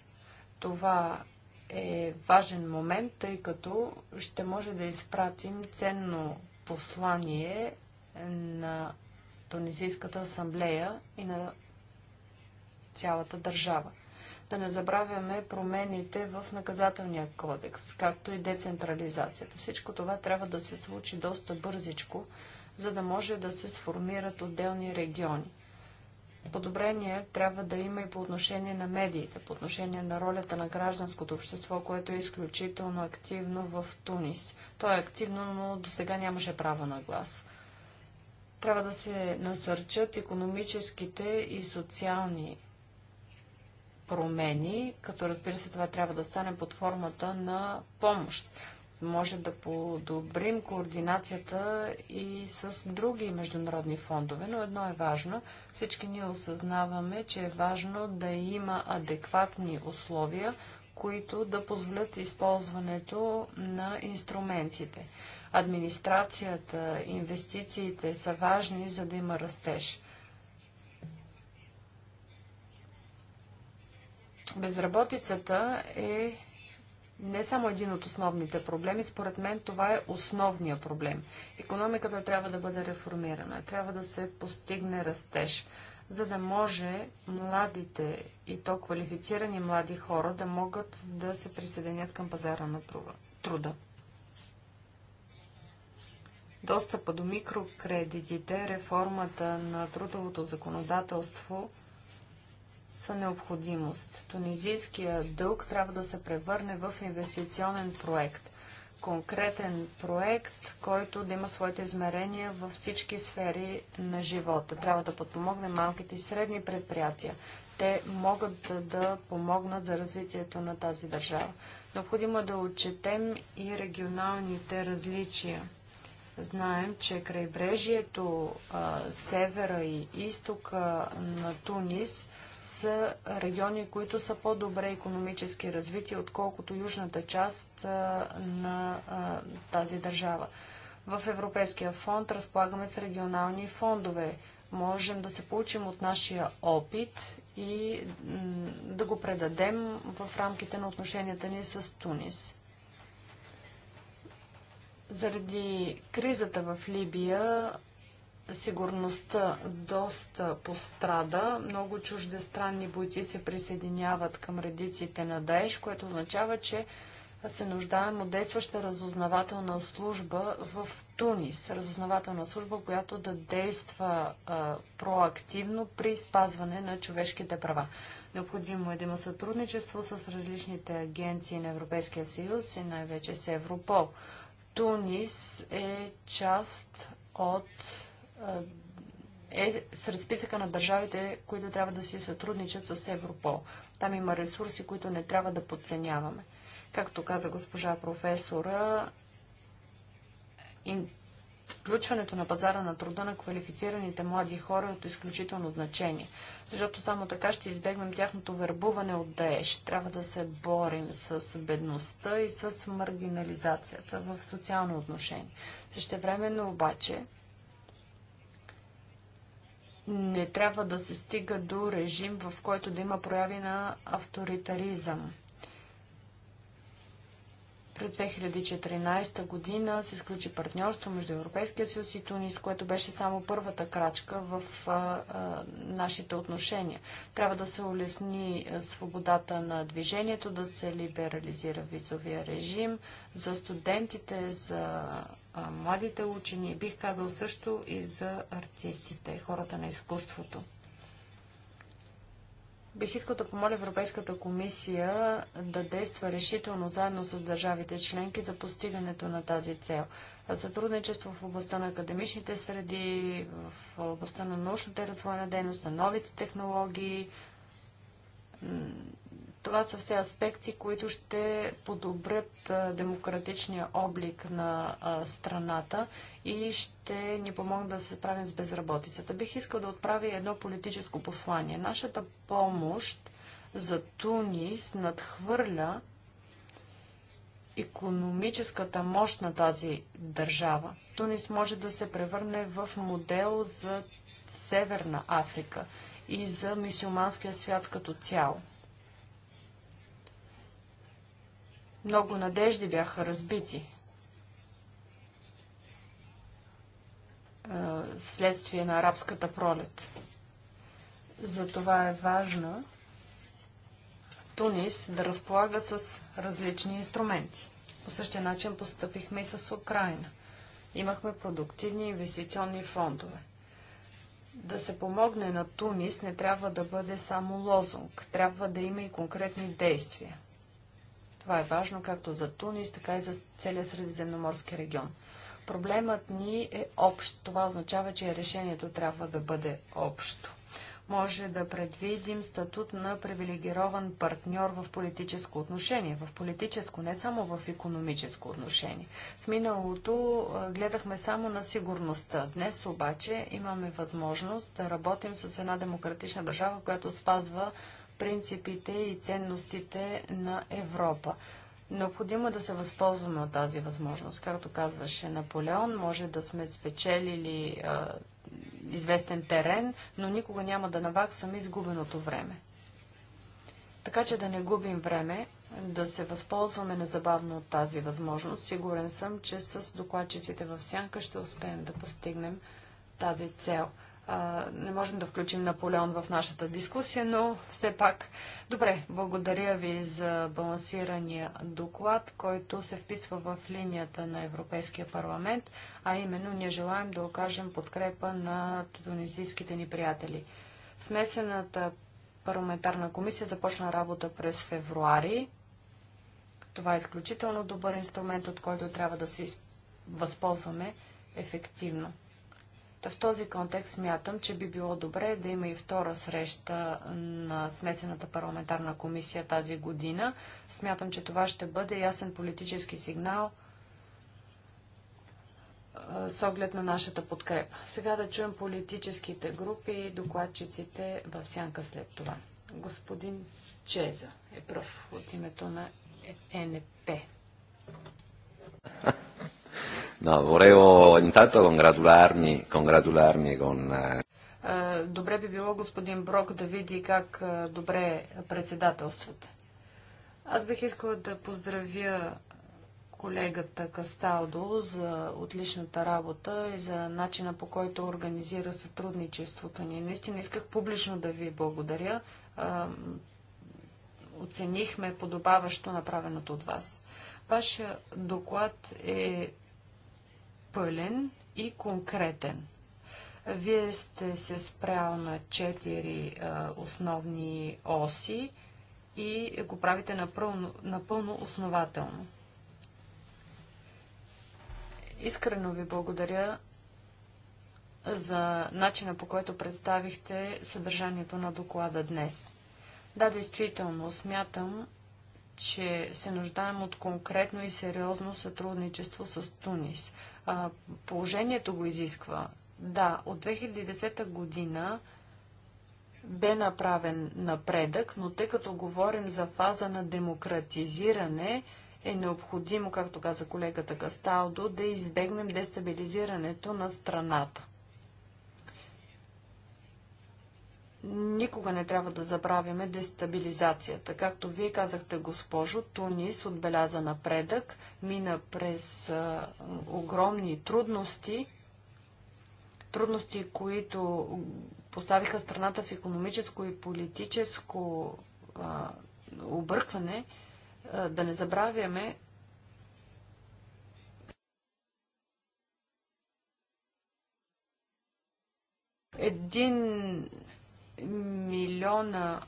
C: Това е важен момент, тъй като ще може да изпратим ценно послание на Тунизийската асамблея и на цялата държава да не забравяме промените в наказателния кодекс, както и децентрализацията. Всичко това трябва да се случи доста бързичко, за да може да се сформират отделни региони. Подобрение трябва да има и по отношение на медиите, по отношение на ролята на гражданското общество, което е изключително активно в Тунис. То е активно, но до сега нямаше право на глас. Трябва да се насърчат економическите и социални промени, като разбира се това трябва да стане под формата на помощ. Може да подобрим координацията и с други международни фондове, но едно е важно. Всички ние осъзнаваме, че е важно да има адекватни условия, които да позволят използването на инструментите. Администрацията, инвестициите са важни, за да има растеж. Безработицата е не само един от основните проблеми, според мен това е основния проблем. Економиката трябва да бъде реформирана, трябва да се постигне растеж, за да може младите и то квалифицирани млади хора да могат да се присъединят към пазара на труда. Достъпа до микрокредитите, реформата на трудовото законодателство – са необходимост. Тунизийския дълг трябва да се превърне в инвестиционен проект. Конкретен проект, който да има своите измерения във всички сфери на живота. Трябва да подпомогне малките и средни предприятия. Те могат да, да помогнат за развитието на тази държава. Необходимо е да отчетем и регионалните различия. Знаем, че крайбрежието, а, севера и изтока на Тунис – са региони, които са по-добре економически развити, отколкото южната част на тази държава. В Европейския фонд разполагаме с регионални фондове. Можем да се получим от нашия опит и да го предадем в рамките на отношенията ни с Тунис. Заради кризата в Либия сигурността доста пострада. Много чуждестранни бойци се присъединяват към редиците на Даеш, което означава, че се нуждаем от действаща разузнавателна служба в Тунис. Разузнавателна служба, която да действа а, проактивно при спазване на човешките права. Необходимо е да има сътрудничество с различните агенции на Европейския съюз и най-вече с Европол. Тунис е част от е сред списъка на държавите, които трябва да си сътрудничат с Европол. Там има ресурси, които не трябва да подценяваме. Както каза госпожа професора, включването на пазара на труда на квалифицираните млади хора е от изключително значение, защото само така ще избегнем тяхното вербуване от ДАЕШ. Трябва да се борим с бедността и с маргинализацията в социално отношение. Същевременно обаче не трябва да се стига до режим, в който да има прояви на авторитаризъм. През 2014 година се сключи партньорство между Европейския съюз и Тунис, което беше само първата крачка в а, а, нашите отношения. Трябва да се улесни свободата на движението, да се либерализира визовия режим за студентите, за а, младите учени, бих казал също и за артистите, хората на изкуството. Бих искал да помоля Европейската комисия да действа решително заедно с държавите членки за постигането на тази цел. Сътрудничество в областта на академичните среди, в областта на научната и развойна дейност, на новите технологии, това са все аспекти, които ще подобрят демократичния облик на страната и ще ни помогнат да се справим с безработицата. Бих искал да отправя едно политическо послание. Нашата помощ за Тунис надхвърля економическата мощ на тази държава. Тунис може да се превърне в модел за Северна Африка и за мисиоманския свят като цяло. Много надежди бяха разбити. вследствие на арабската пролет. Затова е важно Тунис да разполага с различни инструменти. По същия начин поступихме и с Украина. Имахме продуктивни инвестиционни фондове. Да се помогне на Тунис не трябва да бъде само лозунг, трябва да има и конкретни действия. Това е важно както за Тунис, така и за целия средиземноморски регион. Проблемът ни е общ. Това означава, че решението трябва да бъде общо. Може да предвидим статут на привилегирован партньор в политическо отношение. В политическо, не само в економическо отношение. В миналото гледахме само на сигурността. Днес обаче имаме възможност да работим с една демократична държава, която спазва принципите и ценностите на Европа. Необходимо е да се възползваме от тази възможност. Както казваше Наполеон, може да сме спечелили а, известен терен, но никога няма да наваксаме изгубеното време. Така че да не губим време, да се възползваме незабавно от тази възможност. Сигурен съм, че с докладчиците в сянка ще успеем да постигнем тази цел – не можем да включим Наполеон в нашата дискусия, но все пак. Добре, благодаря ви за балансирания доклад, който се вписва в линията на Европейския парламент, а именно ние желаем да окажем подкрепа на тунизийските ни приятели. Смесената парламентарна комисия започна работа през февруари. Това е изключително добър инструмент, от който трябва да се възползваме ефективно. Та в този контекст смятам, че би било добре да има и втора среща на смесената парламентарна комисия тази година. Смятам, че това ще бъде ясен политически сигнал с оглед на нашата подкрепа. Сега да чуем политическите групи и докладчиците в сянка след това. Господин Чеза е пръв от името на ЕНП. No, volevo intanto congratularmi,
B: congratularmi con... Eh,
C: е, добре би било господин Брок да види как е, добре председателствате. Аз бих искала да поздравя колегата Касталдо за отличната работа и за начина по който организира сътрудничеството ни. Наистина исках публично да ви благодаря. Е, оценихме подобаващо направеното от вас. Вашия доклад е пълен и конкретен. Вие сте се спрял на четири а, основни оси и го правите напълно, напълно основателно. Искрено ви благодаря за начина по който представихте съдържанието на доклада днес. Да, действително, смятам, че се нуждаем от конкретно и сериозно сътрудничество с Тунис а, положението го изисква. Да, от 2010 година бе направен напредък, но тъй като говорим за фаза на демократизиране, е необходимо, както каза колегата Касталдо, да избегнем дестабилизирането на страната. никога не трябва да забравяме дестабилизацията. Както вие казахте, госпожо, Тунис отбеляза напредък, мина през а, огромни трудности, трудности, които поставиха страната в економическо и политическо а, объркване. А, да не забравяме, един милиона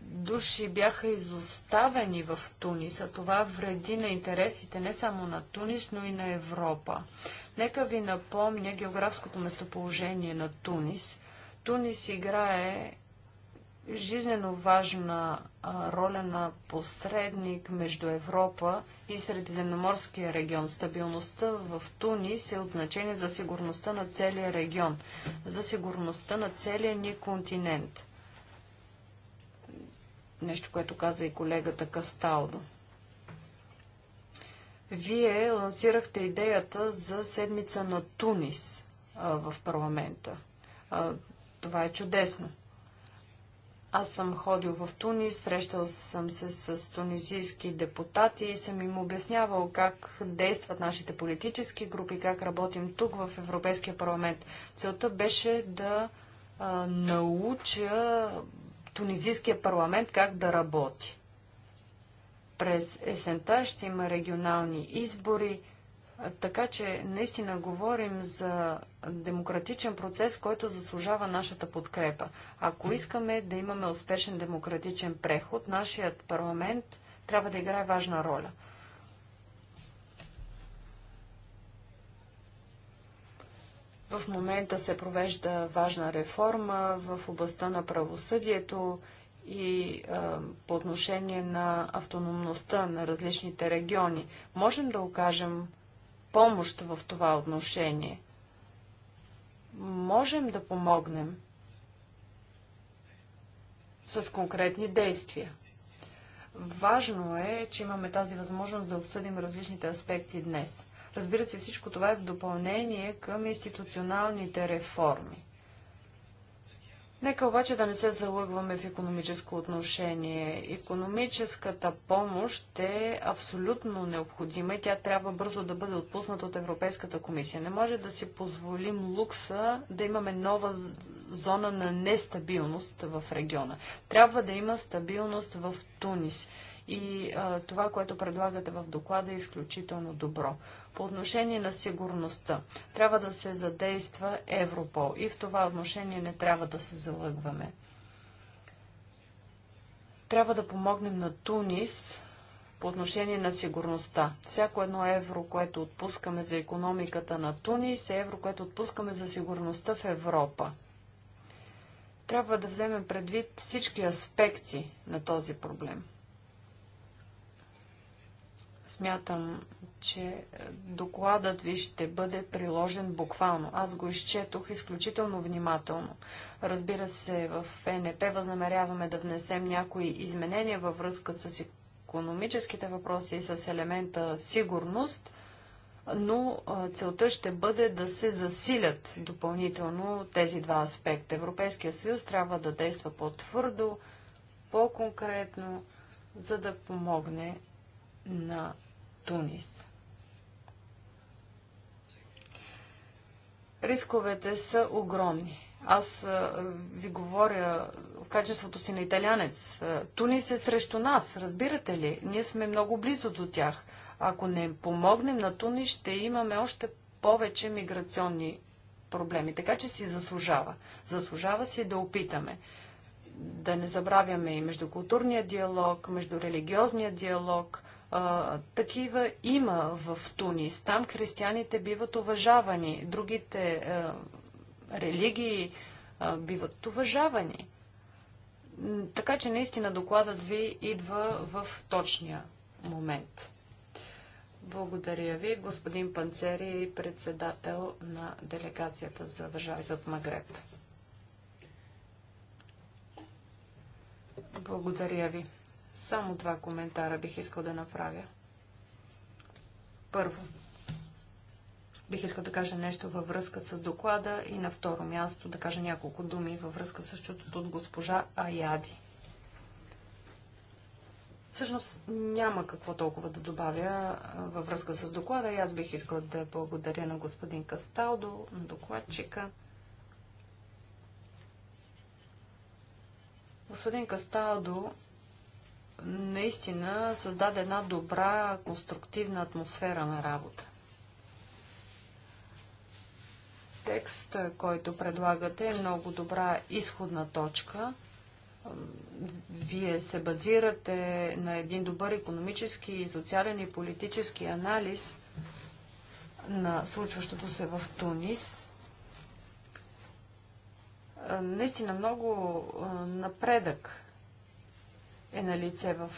C: души бяха изоставени в Тунис, а това вреди на интересите не само на Тунис, но и на Европа. Нека ви напомня географското местоположение на Тунис. Тунис играе жизнено важна роля на посредник между Европа и Средиземноморския регион. Стабилността в Тунис е от значение за сигурността на целия регион, за сигурността на целия ни континент. Нещо, което каза и колегата Касталдо. Вие лансирахте идеята за седмица на Тунис а, в парламента. А, това е чудесно. Аз съм ходил в Тунис, срещал съм се с тунизийски депутати и съм им обяснявал как действат нашите политически групи, как работим тук в Европейския парламент. Целта беше да а, науча тунизийския парламент как да работи. През есента ще има регионални избори. Така че наистина говорим за демократичен процес, който заслужава нашата подкрепа. Ако искаме да имаме успешен демократичен преход, нашият парламент трябва да играе важна роля. В момента се провежда важна реформа в областта на правосъдието и е, по отношение на автономността на различните региони. Можем да окажем помощ в това отношение. Можем да помогнем с конкретни действия. Важно е, че имаме тази възможност да обсъдим различните аспекти днес. Разбира се, всичко това е в допълнение към институционалните реформи. Нека обаче да не се залъгваме в економическо отношение. Економическата помощ е абсолютно необходима и тя трябва бързо да бъде отпусната от Европейската комисия. Не може да си позволим лукса да имаме нова зона на нестабилност в региона. Трябва да има стабилност в Тунис. И а, това, което предлагате в доклада е изключително добро. По отношение на сигурността, трябва да се задейства Европол и в това отношение не трябва да се залъгваме. Трябва да помогнем на Тунис по отношение на сигурността. Всяко едно евро, което отпускаме за економиката на Тунис, е евро, което отпускаме за сигурността в Европа. Трябва да вземем предвид всички аспекти на този проблем. Смятам, че докладът ви ще бъде приложен буквално. Аз го изчетох изключително внимателно. Разбира се, в ЕНП възнамеряваме да внесем някои изменения във връзка с економическите въпроси и с елемента сигурност, но целта ще бъде да се засилят допълнително тези два аспекта. Европейския съюз трябва да действа по-твърдо, по-конкретно, за да помогне на Тунис. Рисковете са огромни. Аз ви говоря в качеството си на италянец. Тунис е срещу нас, разбирате ли? Ние сме много близо до тях. Ако не помогнем на Тунис, ще имаме още повече миграционни проблеми. Така че си заслужава. Заслужава си да опитаме. Да не забравяме и междукултурния диалог, междурелигиозния диалог – а, такива има в Тунис. Там християните биват уважавани, другите а, религии а, биват уважавани. Така че наистина докладът ви идва в точния момент. Благодаря ви, господин Панцери, председател на делегацията за държавите от Магреб. Благодаря ви. Само два коментара бих искал да направя. Първо, бих искал да кажа нещо във връзка с доклада и на второ място да кажа няколко думи във връзка с чутото от госпожа Аяди. Всъщност няма какво толкова да добавя във връзка с доклада и аз бих искала да благодаря на господин Касталдо, на докладчика. Господин Касталдо наистина създаде една добра, конструктивна атмосфера на работа. Текст, който предлагате, е много добра изходна точка. Вие се базирате на един добър економически, социален и политически анализ на случващото се в Тунис – наистина много напредък е на лице в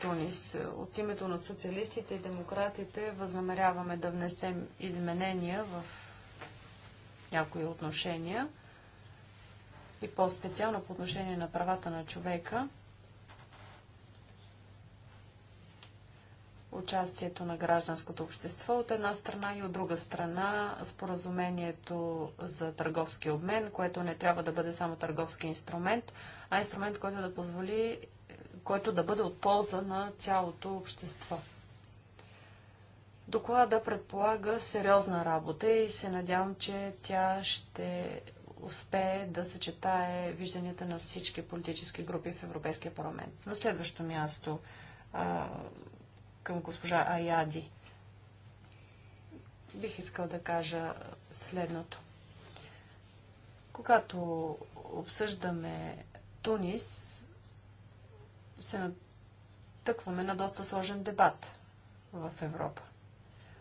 C: Тунис. От името на социалистите и демократите възнамеряваме да внесем изменения в някои отношения и по-специално по отношение на правата на човека, участието на гражданското общество от една страна и от друга страна споразумението за търговски обмен, което не трябва да бъде само търговски инструмент, а инструмент, който да позволи който да бъде от полза на цялото общество. Доклада предполага сериозна работа и се надявам, че тя ще успее да съчетае вижданията на всички политически групи в Европейския парламент. На следващо място а, към госпожа Аяди бих искал да кажа следното. Когато обсъждаме Тунис, се натъкваме на доста сложен дебат в Европа.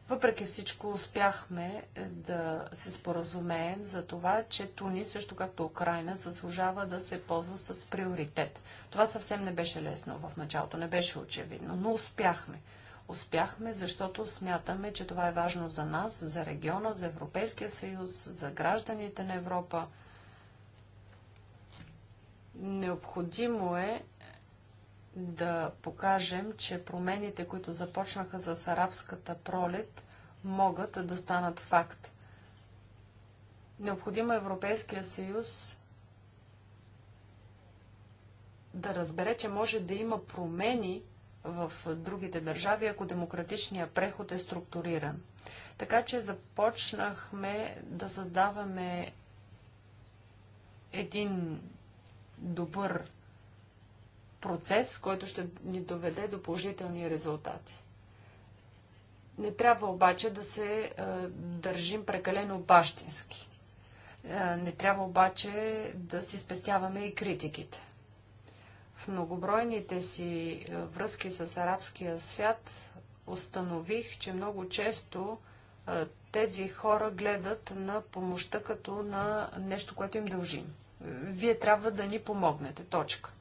C: Въпреки всичко успяхме е, да се споразумеем за това, че Туни, също както Украина, заслужава да се ползва с приоритет. Това съвсем не беше лесно в началото, не беше очевидно, но успяхме. Успяхме, защото смятаме, че това е важно за нас, за региона, за Европейския съюз, за гражданите на Европа. Необходимо е да покажем, че промените, които започнаха с арабската пролет, могат да станат факт. Необходимо е Европейския съюз да разбере, че може да има промени в другите държави, ако демократичният преход е структуриран. Така че започнахме да създаваме един добър процес, който ще ни доведе до положителни резултати. Не трябва обаче да се а, държим прекалено бащински. А, не трябва обаче да си спестяваме и критиките. В многобройните си връзки с арабския свят установих, че много често а, тези хора гледат на помощта като на нещо, което им дължим. Вие трябва да ни помогнете. Точка.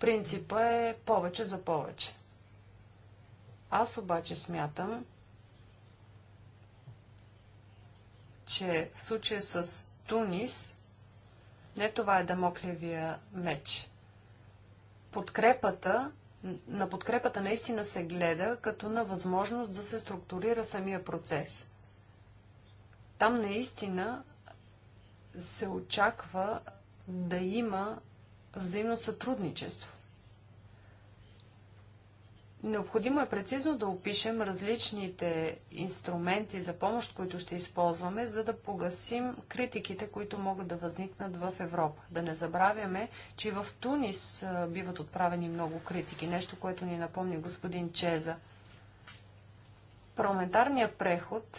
C: Принципа е повече за повече. Аз обаче смятам, че в случая с Тунис не това е дамоклевия меч. Подкрепата, на подкрепата наистина се гледа като на възможност да се структурира самия процес. Там наистина се очаква да има взаимно сътрудничество. Необходимо е прецизно да опишем различните инструменти за помощ, които ще използваме, за да погасим критиките, които могат да възникнат в Европа. Да не забравяме, че и в Тунис биват отправени много критики, нещо, което ни напомни господин Чеза. Парламентарният преход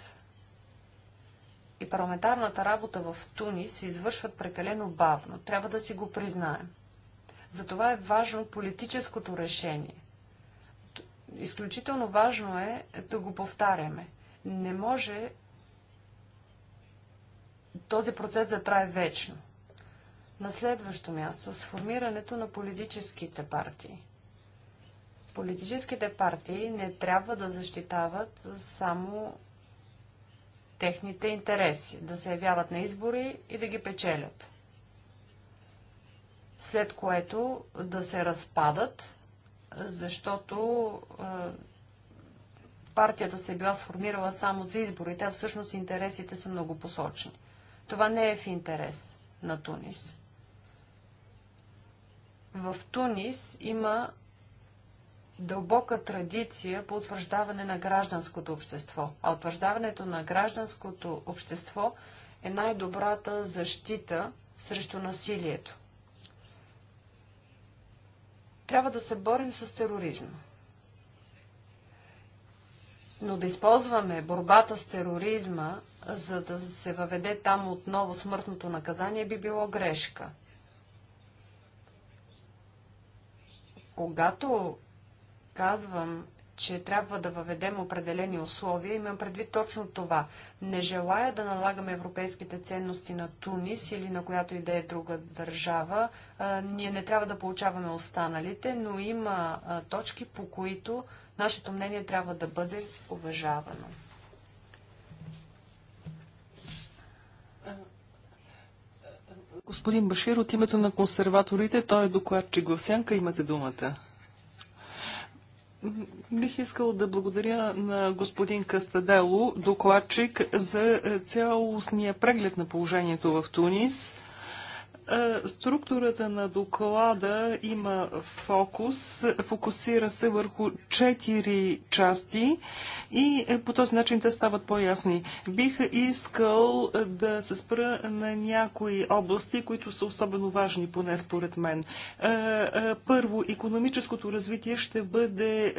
C: и парламентарната работа в Тунис се извършват прекалено бавно. Трябва да си го признаем. Затова е важно политическото решение. Изключително важно е да го повтаряме. Не може този процес да трае вечно. На следващо място, сформирането на политическите партии. Политическите партии не трябва да защитават само техните интереси, да се явяват на избори и да ги печелят след което да се разпадат, защото е, партията се е била сформирала само за изборите, а всъщност интересите са многопосочни. Това не е в интерес на Тунис. В Тунис има дълбока традиция по утвърждаване на гражданското общество. А утвърждаването на гражданското общество е най-добрата защита срещу насилието. Трябва да се борим с тероризма. Но да използваме борбата с тероризма, за да се въведе там отново смъртното наказание, би било грешка. Когато казвам, че трябва да въведем определени условия, имам предвид точно това. Не желая да налагаме европейските ценности на Тунис или на която и да е друга държава. ние не трябва да получаваме останалите, но има точки, по които нашето мнение трябва да бъде уважавано.
B: Господин Башир, от името на консерваторите, той е докладчик в сянка, имате думата. Бих искал да благодаря на господин Кастадело, докладчик, за цялостния преглед на положението в Тунис. Е, структурата на доклада има фокус, фокусира се върху четири части и е, по този начин те стават по-ясни. Бих искал е, да се спра на някои области, които са особено важни, поне според мен. Първо, економическото развитие ще бъде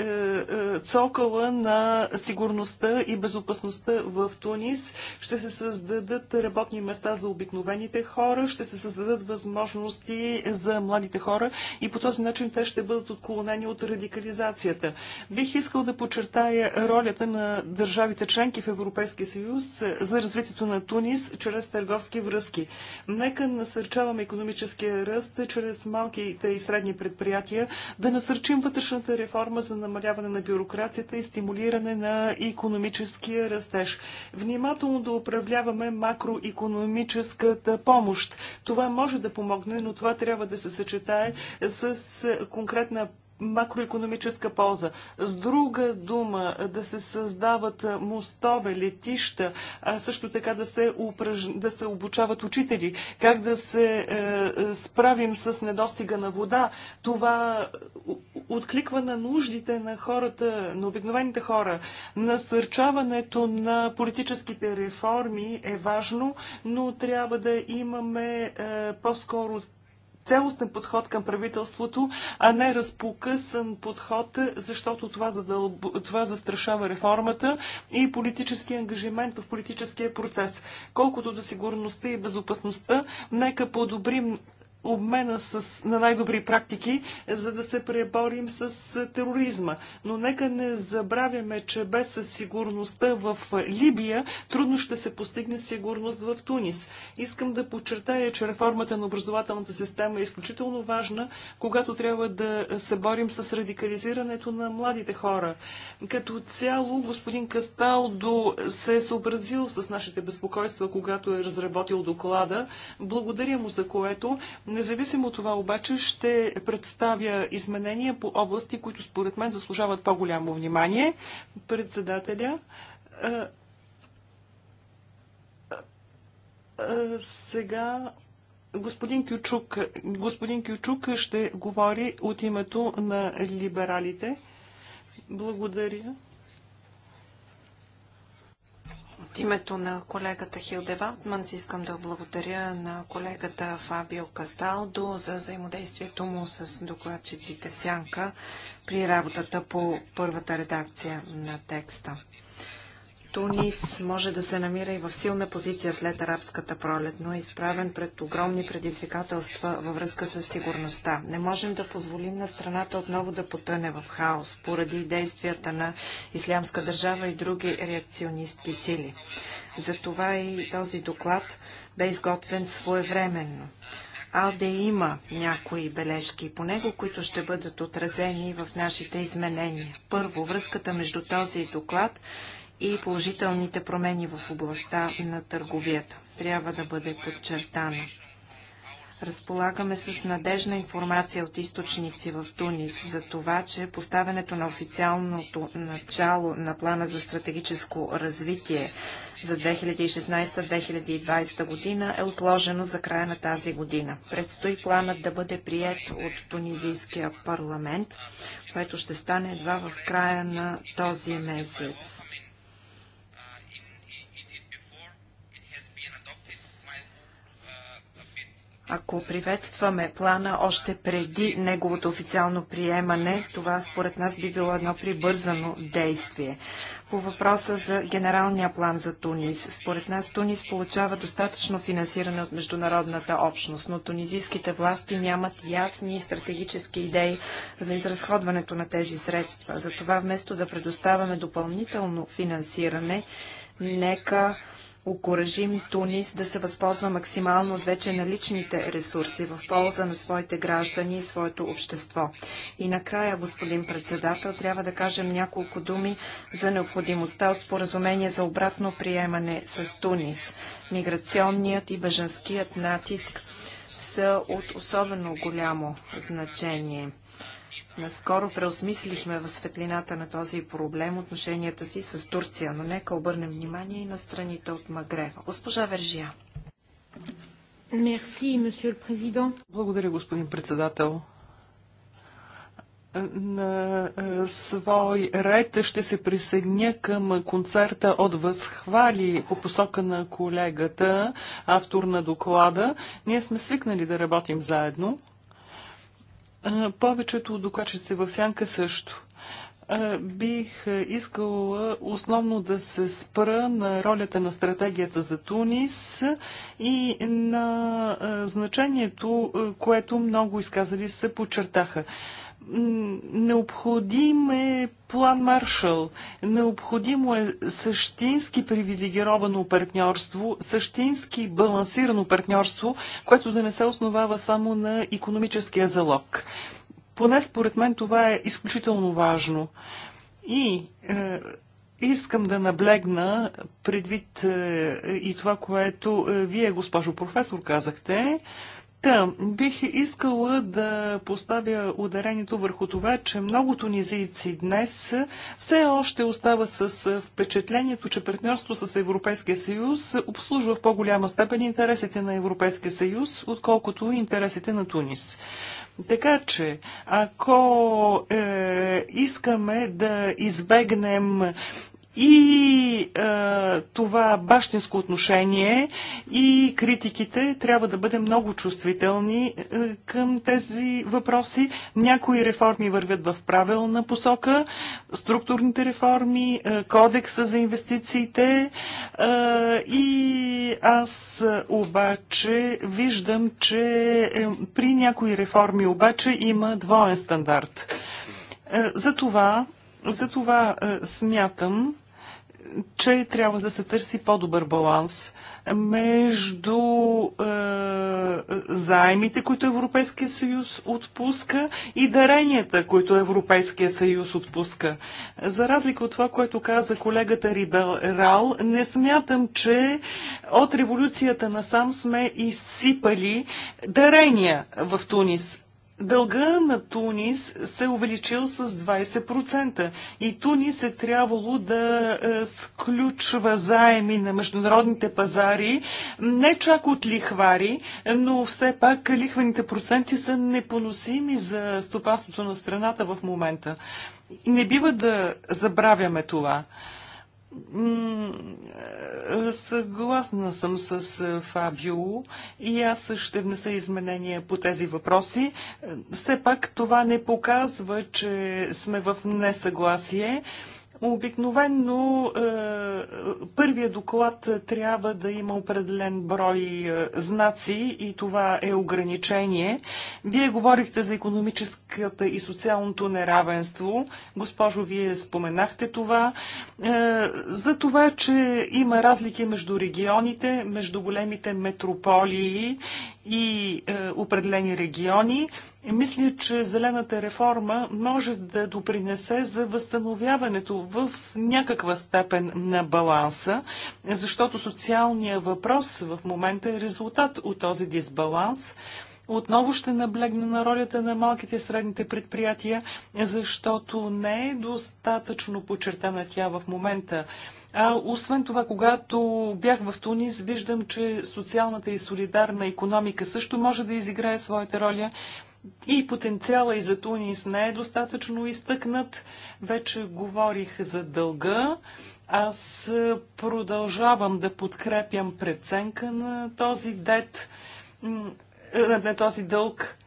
B: цокала на сигурността и безопасността в Тунис. Ще се създадат работни места за обикновените хора, ще се създадат дадат възможности за младите хора и по този начин те ще бъдат отклонени от радикализацията. Бих искал да подчертая ролята на държавите членки в Европейския съюз за развитието на Тунис чрез търговски връзки. Нека насърчаваме економическия ръст чрез малките и средни предприятия, да насърчим вътрешната реформа за намаляване на бюрокрацията и стимулиране на економическия растеж. Внимателно да управляваме макроекономическата помощ. Това може може да помогне, но това трябва да се съчетае с конкретна макроекономическа полза. С друга дума, да се създават мостове, летища, а също така да се, упраж... да се обучават учители, как да се е, справим с недостига на вода. Това е, откликва на нуждите на хората, на обикновените хора. Насърчаването на политическите реформи е важно, но трябва да имаме е, по-скоро цялостен подход към правителството, а не разпокъсан подход, защото това, задълб... това застрашава реформата и политически ангажимент в политическия процес. Колкото до сигурността и безопасността, нека подобрим обмена с, на най-добри практики, за да се преборим с тероризма. Но нека не забравяме, че без сигурността в Либия трудно ще се постигне сигурност в Тунис. Искам да подчертая, че реформата на образователната система е изключително важна, когато трябва да се борим с радикализирането на младите хора. Като цяло, господин Касталдо се е съобразил с нашите безпокойства, когато е разработил доклада. Благодаря му за което. Независимо от това обаче ще представя изменения по области, които според мен заслужават по-голямо внимание. Председателя сега господин Кючук, господин Кючук ще говори от името на либералите. Благодаря. името на колегата Хилде си искам
A: да благодаря на колегата Фабио Касталдо за взаимодействието му с докладчиците в Сянка при работата по първата редакция на текста. Тунис може да се намира и в силна позиция след арабската пролет, но е изправен пред огромни предизвикателства във връзка с сигурността. Не можем да позволим на страната отново да потъне в хаос поради действията на Ислямска държава и други реакционистки сили. Затова и този доклад бе изготвен своевременно. Алде има някои бележки по него, които ще бъдат отразени в нашите изменения. Първо, връзката между този доклад и положителните промени в областта на търговията. Трябва да бъде подчертана. Разполагаме с надежна информация от източници в Тунис за това, че поставянето на официалното начало на плана за стратегическо развитие за 2016-2020 година е отложено за края на тази година. Предстои планът да бъде прият от тунизийския парламент, което ще стане едва в края на този месец. Ако приветстваме плана още преди неговото официално приемане, това според нас би било едно прибързано действие. По въпроса за генералния план за Тунис. Според нас Тунис получава достатъчно финансиране от международната общност, но тунизийските власти нямат ясни стратегически идеи за изразходването на тези средства. Затова вместо да предоставяме допълнително финансиране, нека окоръжим Тунис да се възползва максимално от вече наличните ресурси в полза на своите граждани и своето общество. И накрая, господин председател, трябва да кажем няколко думи за необходимостта от споразумение за обратно приемане с Тунис. Миграционният и бъженският натиск са от особено голямо значение. Наскоро преосмислихме в светлината на този проблем отношенията си с Турция, но нека обърнем внимание и на страните от Магрева. Госпожа Вержия.
B: Благодаря, господин председател. На е, свой ред ще се присъединя към концерта от възхвали по посока на колегата, автор на доклада. Ние сме свикнали да работим заедно. Повечето от докачите в сянка също. Бих искала основно да се спра на ролята на стратегията за Тунис и на значението, което много изказали се подчертаха. Необходим е план Маршал. Необходимо е същински привилегировано партньорство, същински балансирано партньорство, което да не се основава само на економическия залог. Поне според мен това е изключително важно. И е, искам да наблегна предвид е, и това, което е, вие, госпожо професор, казахте. Е, Та, бих искала да поставя ударението върху това, че много тунизийци днес все още остава с впечатлението, че партньорство с Европейския съюз обслужва в по-голяма степен интересите на Европейския съюз, отколкото интересите на Тунис. Така че, ако е, искаме да избегнем и е, това бащинско отношение и критиките трябва да бъдем много чувствителни е, към тези въпроси. Някои реформи вървят в правилна посока. Структурните реформи, е, кодекса за инвестициите. Е, и аз обаче виждам, че е, при някои реформи обаче има двоен стандарт. Е, за това, за това е, смятам, че трябва да се търси по-добър баланс между е, заемите, които Европейския съюз отпуска и даренията, които Европейския съюз отпуска. За разлика от това, което каза колегата Рал, не смятам, че от революцията насам сме изсипали дарения в Тунис. Дълга на Тунис се увеличил с 20% и Тунис е трябвало да е, сключва заеми на международните пазари, не чак от лихвари, но все пак лихвените проценти са непоносими за стопанството на страната в момента. Не бива да забравяме това е, съгласна съм с е, Фабио и аз ще внеса изменения по тези въпроси. Е, все пак това не показва, че сме в несъгласие. Обикновенно е, първия доклад трябва да има определен брой е, знаци и това е ограничение. Вие говорихте за економическата и социалното неравенство. Госпожо, вие споменахте това. Е, за това, че има разлики между регионите, между големите метрополии и е, определени региони. Мисля, че зелената реформа може да допринесе за възстановяването в някаква степен на баланса, защото социалният въпрос в момента е резултат от този дисбаланс. Отново ще наблегна на ролята на малките и средните предприятия, защото не е достатъчно подчертана тя в момента. А освен това, когато бях в Тунис, виждам, че социалната и солидарна економика също може да изиграе своята роля. И потенциала и за Тунис не е достатъчно изтъкнат. Вече говорих за дълга. Аз продължавам да подкрепям преценка на този дет, на този дълг.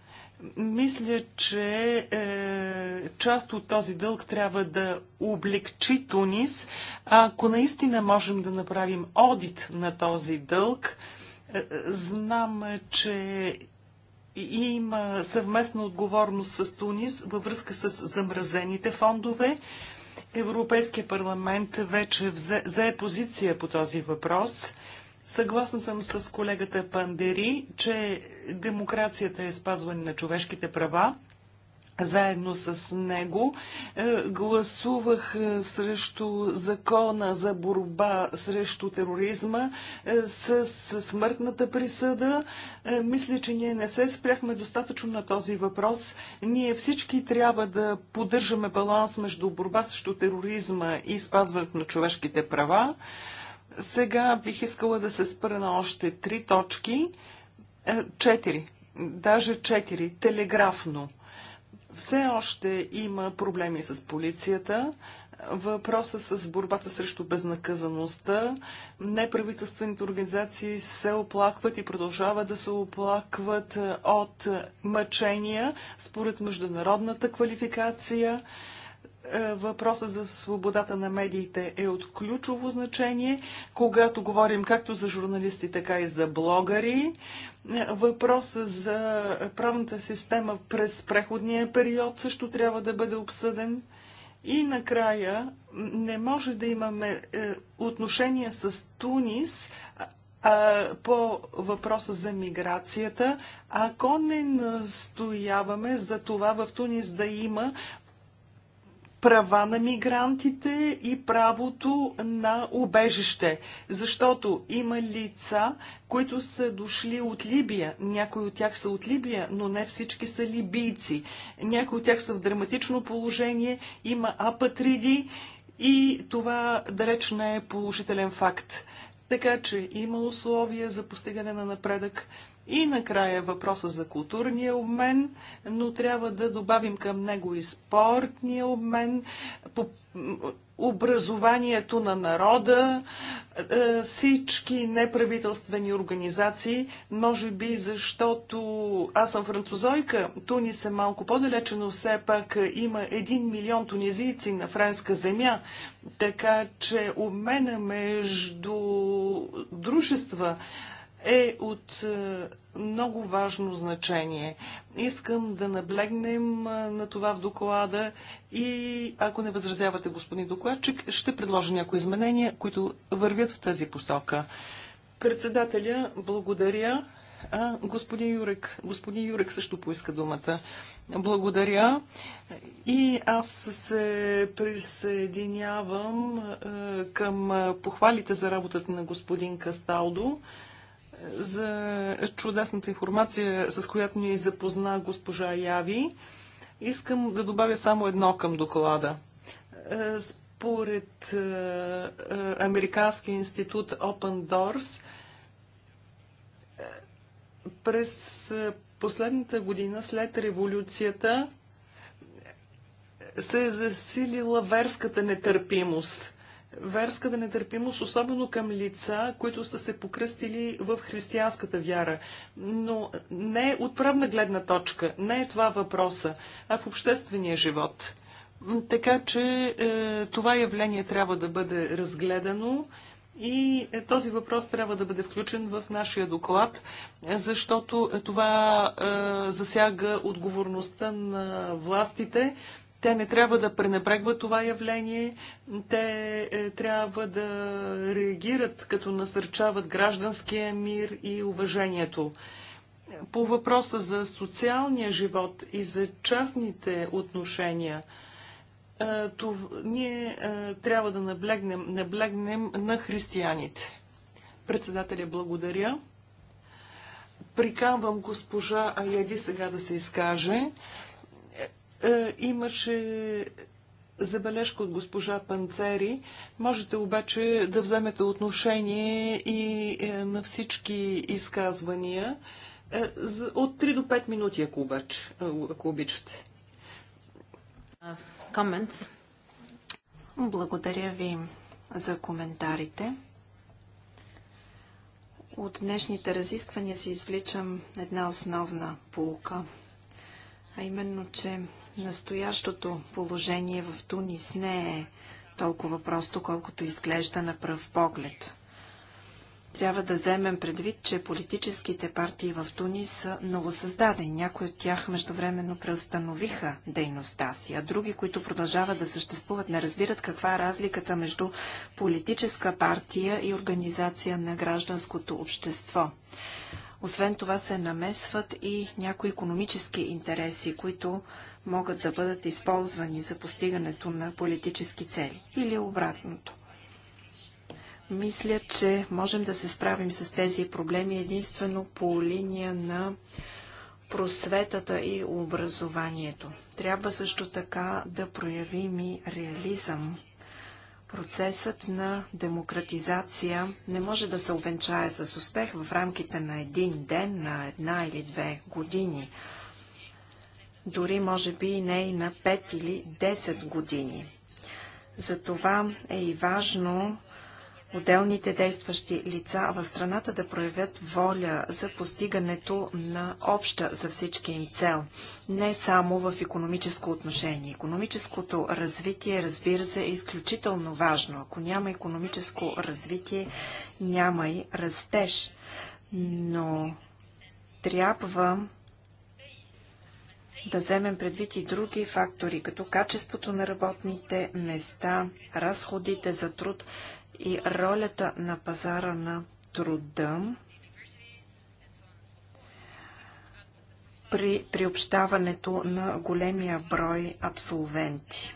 B: Мисля, че е, част от този дълг трябва да облегчи Тунис. Ако наистина можем да направим одит на този дълг, е, знам, че има съвместна отговорност с Тунис във връзка с замразените фондове. Европейския парламент вече взе, взе позиция по този въпрос. Съгласна съм с колегата Пандери, че демокрацията е спазване на човешките права. Заедно с него е, гласувах е, срещу закона за борба срещу тероризма е, с смъртната присъда. Мисля, че ние не се спряхме достатъчно на този въпрос. Ние всички трябва да поддържаме баланс между борба срещу тероризма и спазването на човешките права. Сега бих искала да се спра на още три точки. Е, четири. Даже четири. Телеграфно. Все още има проблеми с полицията. Въпроса с борбата срещу безнаказаността. Неправителствените организации се оплакват и продължават да се оплакват е, от мъчения според международната квалификация. Е, Въпросът за свободата на медиите е от ключово значение, когато говорим както за журналисти, така и за блогъри. Е, Въпросът за правната система през преходния период също трябва да бъде обсъден. И накрая не може да имаме е, отношения с Тунис, по въпроса за миграцията, ако не настояваме за това в Тунис да има права на мигрантите и правото на убежище. Защото има лица, които са дошли от Либия. Някои от тях са от Либия, но не всички са либийци. Някои от тях са в драматично положение, има апатриди и това далеч не е положителен факт. Така че има условия за постигане на напредък. И накрая въпроса за културния обмен, но трябва да добавим към него и спортния обмен, по образованието на народа, е, всички неправителствени организации, може би защото аз съм французойка, Тунис е малко по-далече, но все пак има един милион тунизийци на френска земя, така че обмена между дружества, е от е, много важно значение. Искам да наблегнем е, на това в доклада и ако не възразявате, господин докладчик, ще предложа някои изменения, които вървят в тази посока. Председателя, благодаря. А, господин Юрек, господин Юрек също поиска думата. Благодаря. И аз се присъединявам е, към похвалите за работата на господин Касталдо за чудесната информация, с която ни запозна госпожа Яви. Искам да добавя само едно към доклада. Е, според е, е, Американския институт Open Doors, през последната година след революцията се е засилила верската нетърпимост – да нетърпимост, особено към лица, които са се покръстили в християнската вяра. Но не от правна гледна точка, не е това въпроса, а в обществения живот. Така че е, това явление трябва да бъде разгледано и е, този въпрос трябва да бъде включен в нашия доклад, защото това е, засяга отговорността на властите те не трябва да пренебрегват това явление, те е, трябва да реагират, като насърчават гражданския мир и уважението. По въпроса за социалния живот и за частните отношения, е, това, ние е, трябва да наблегнем, наблегнем на християните. Председателя, благодаря. Приканвам госпожа Аяди сега да се изкаже. Е, имаше забележка от госпожа Панцери. Можете обаче да вземете отношение и е, на всички изказвания. Е, от 3 до 5 минути, ако, обаче, ако обичате.
A: Comments. Благодаря ви за коментарите. От днешните разисквания се извличам една основна полука, а именно, че Настоящото положение в Тунис не е толкова просто, колкото изглежда на пръв поглед. Трябва да вземем предвид, че политическите партии в Тунис са новосъздадени. Някои от тях междувременно преустановиха дейността си, а други, които продължават да съществуват, не разбират каква е разликата между политическа партия и организация на гражданското общество. Освен това се намесват и някои економически интереси, които могат да бъдат използвани за постигането на политически цели или обратното. Мисля, че можем да се справим с тези проблеми единствено по линия на просветата и образованието. Трябва също така да проявим и реализъм. Процесът на демократизация не може да се увенчае с успех в рамките на един ден, на една или две години дори може би и не и на 5 или 10 години. Затова е и важно отделните действащи лица в страната да проявят воля за постигането на обща за всички им цел, не само в економическо отношение. Економическото развитие, разбира се, е изключително важно. Ако няма економическо развитие, няма и растеж. Но трябва да вземем предвид и други фактори, като качеството на работните места, разходите за труд и ролята на пазара на труда при приобщаването на големия брой абсолвенти.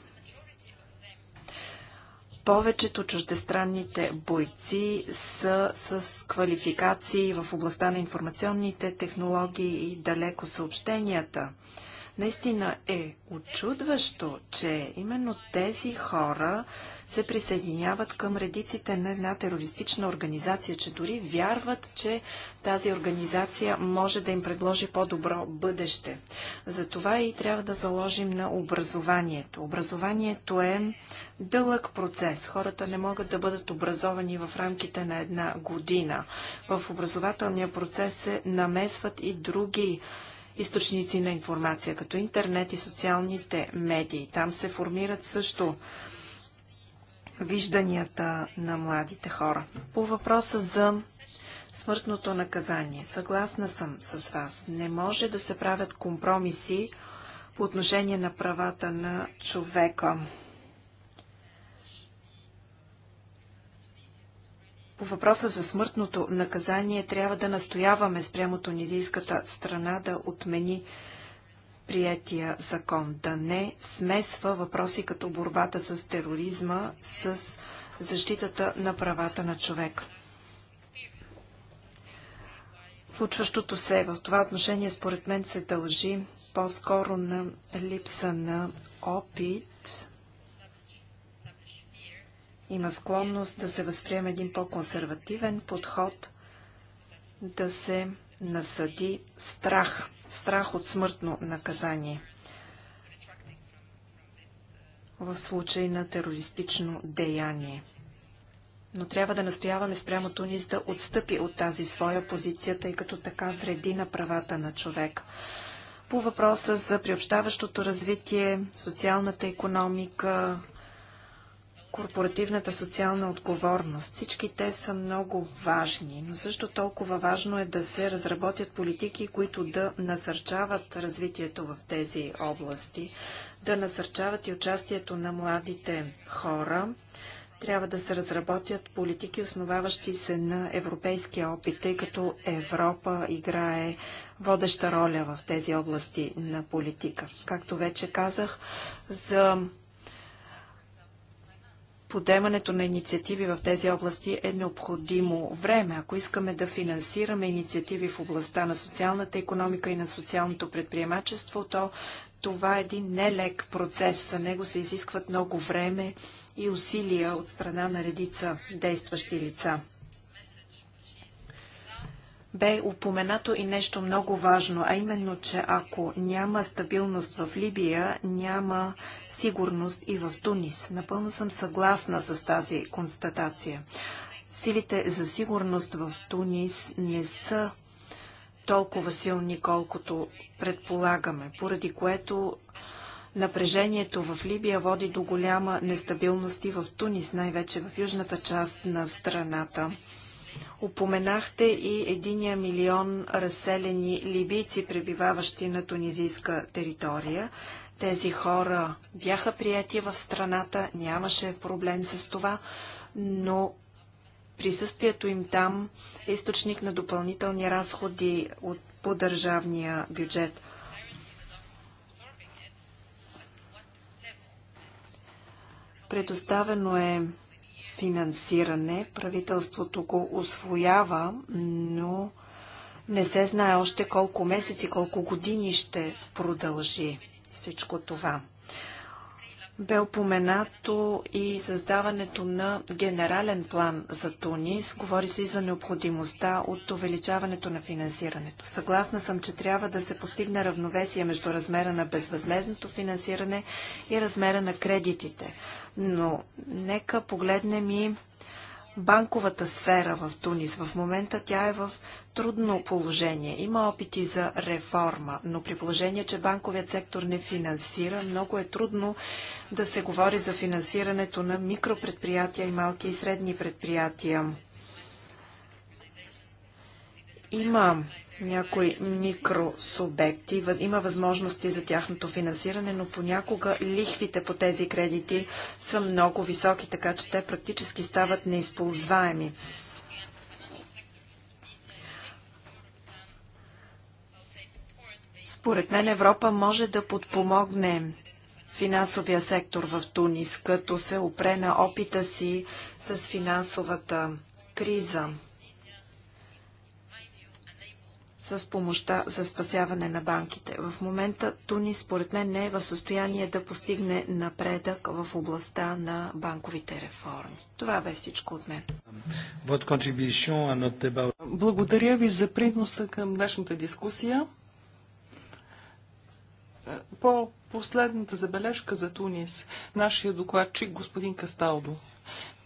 A: Повечето чуждестранните бойци са с квалификации в областта на информационните технологии и далеко съобщенията. Наистина е очудващо, че именно тези хора се присъединяват към редиците на една терористична организация, че дори вярват, че тази организация може да им предложи по-добро бъдеще. Затова и трябва да заложим на образованието. Образованието е дълъг процес. Хората не могат да бъдат образовани в рамките на една година. В образователния процес се намесват и други източници на информация, като интернет и социалните медии. Там се формират също вижданията на младите хора. По въпроса за смъртното наказание. Съгласна съм с вас. Не може да се правят компромиси по отношение на правата на човека. По въпроса за смъртното наказание трябва да настояваме спрямо тунизийската страна да отмени приятия закон, да не смесва въпроси като борбата с тероризма с защитата на правата на човек. Случващото се в това отношение според мен се дължи по-скоро на липса на опит има склонност да се възприеме един по-консервативен подход, да се насъди страх, страх от смъртно наказание в случай на терористично деяние. Но трябва да настояваме спрямо Тунис да отстъпи от тази своя позиция, тъй като така вреди на правата на човек. По въпроса за приобщаващото развитие, социалната економика, корпоративната социална отговорност. Всички те са много важни, но също толкова важно е да се разработят политики, които да насърчават развитието в тези области, да насърчават и участието на младите хора. Трябва да се разработят политики, основаващи се на европейския опит, тъй като Европа играе водеща роля в тези области на политика. Както вече казах, за подемането на инициативи в тези области е необходимо време. Ако искаме да финансираме инициативи в областта на социалната економика и на социалното предприемачество, то това е един нелек процес. За него се изискват много време и усилия от страна на редица действащи лица бе упоменато и нещо много важно, а именно, че ако няма стабилност в Либия, няма сигурност и в Тунис. Напълно съм съгласна с тази констатация. Силите за сигурност в Тунис не са толкова силни, колкото предполагаме, поради което напрежението в Либия води до голяма нестабилност и в Тунис, най-вече в южната част на страната. Упоменахте и единия милион разселени либийци, пребиваващи на тунизийска територия. Тези хора бяха прияти в страната, нямаше проблем с това, но присъствието им там е източник на допълнителни разходи от, по държавния бюджет. Предоставено е финансиране. Правителството го освоява, но не се знае още колко месеци, колко години ще продължи всичко това. Бе упоменато и създаването на генерален план за Тунис. Говори се и за необходимостта от увеличаването на финансирането. Съгласна съм, че трябва да се постигне равновесие между размера на безвъзмезното финансиране и размера на кредитите но нека погледнем и банковата сфера в Тунис. В момента тя е в трудно положение. Има опити за реформа, но при положение, че банковият сектор не финансира, много е трудно да се говори за финансирането на микропредприятия и малки и средни предприятия. Има някои микросубекти. Има възможности за тяхното финансиране, но понякога лихвите по тези кредити са много високи, така че те практически стават неизползваеми. Според мен Европа може да подпомогне финансовия сектор в Тунис, като се опре на опита си с финансовата криза с помощта за спасяване на банките. В момента Тунис, според мен, не е в състояние да постигне напредък в областта на банковите реформи. Това бе
B: всичко от мен. Благодаря ви за приноса към днешната дискусия. По последната забележка за Тунис, нашия докладчик господин Касталдо.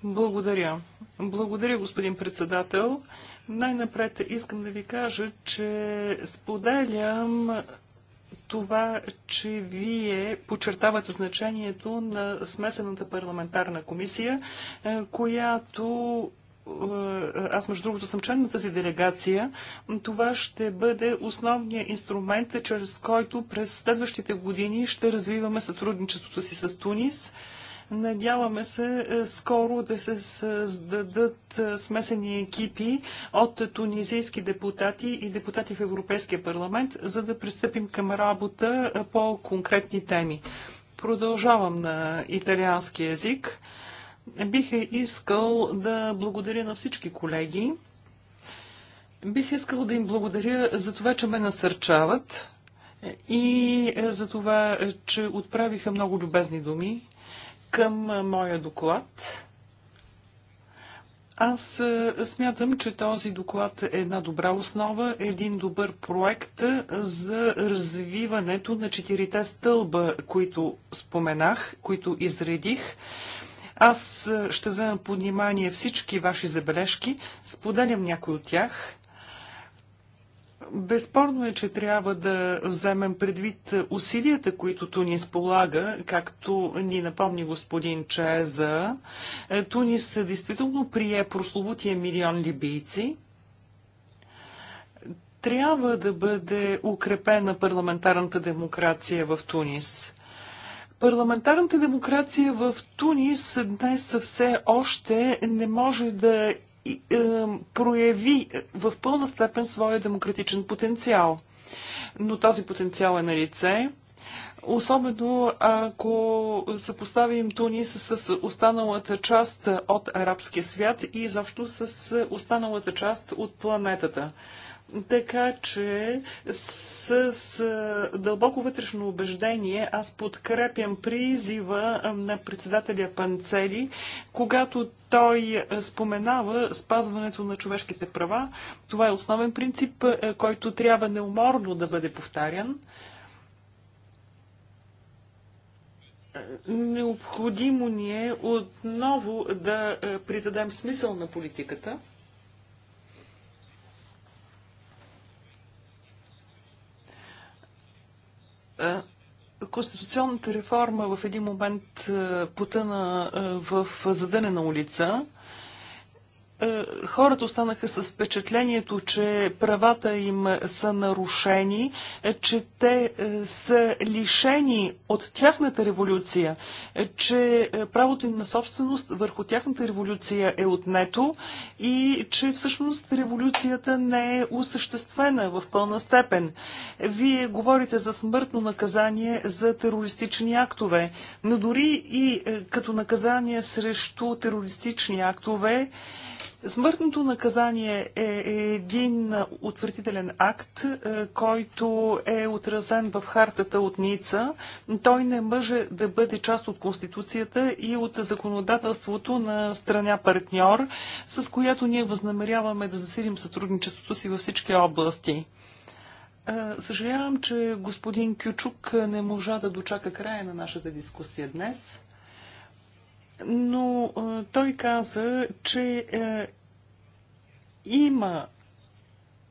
B: Благодаря. Благодаря, господин председател. Най-напред искам да ви кажа, че споделям това, че вие подчертавате значението на смесената парламентарна комисия, е, която е, аз между другото съм член на тази делегация, това ще бъде основният инструмент, чрез който през следващите години ще развиваме сътрудничеството си с Тунис. Надяваме се е, скоро да се създадат е, смесени екипи от тунизийски депутати и депутати в Европейския парламент, за да пристъпим към работа е, по конкретни теми. Продължавам на италиански язик. Бих искал да благодаря на всички колеги. Бих искал да им благодаря за това, че ме насърчават и за това, че отправиха много любезни думи към моя доклад. Аз смятам, че този доклад е една добра основа, един добър проект за развиването на четирите стълба, които споменах, които изредих. Аз ще взема под внимание всички ваши забележки, споделям някои от тях. Безспорно е, че трябва да вземем предвид усилията, които Тунис полага, както ни напомни господин Чеза. Е, Тунис действително прие прословутия милион либийци. Трябва да бъде укрепена парламентарната демокрация в Тунис. Парламентарната демокрация в Тунис днес все още не може да и, е, прояви в пълна степен своя демократичен потенциал. Но този потенциал е на лице. Особено ако съпоставим Тунис с останалата част от арабския свят и изобщо с останалата част от планетата. Така че с, с дълбоко вътрешно убеждение аз подкрепям призива на председателя Панцели, когато той споменава спазването на човешките права. Това е основен принцип, който трябва неуморно да бъде повтарян. Необходимо ни е отново да придадем смисъл на политиката. Конституционната реформа в един момент потъна в задънена улица. Е, хората останаха с впечатлението, че правата им са нарушени, е, че те е, са лишени от тяхната революция, че правото им на собственост върху тяхната революция е отнето и че всъщност революцията не е осъществена в пълна степен. Вие говорите за смъртно наказание за терористични актове, но дори и като наказание срещу терористични актове, Смъртното наказание е един отвратителен акт, е, който е отразен в хартата от Ница. Той не може да бъде част от Конституцията и от законодателството на страна партньор, с която ние възнамеряваме да засилим сътрудничеството си във всички области. Е, съжалявам, че господин Кючук не можа да дочака края на нашата дискусия днес но той каза, че е, има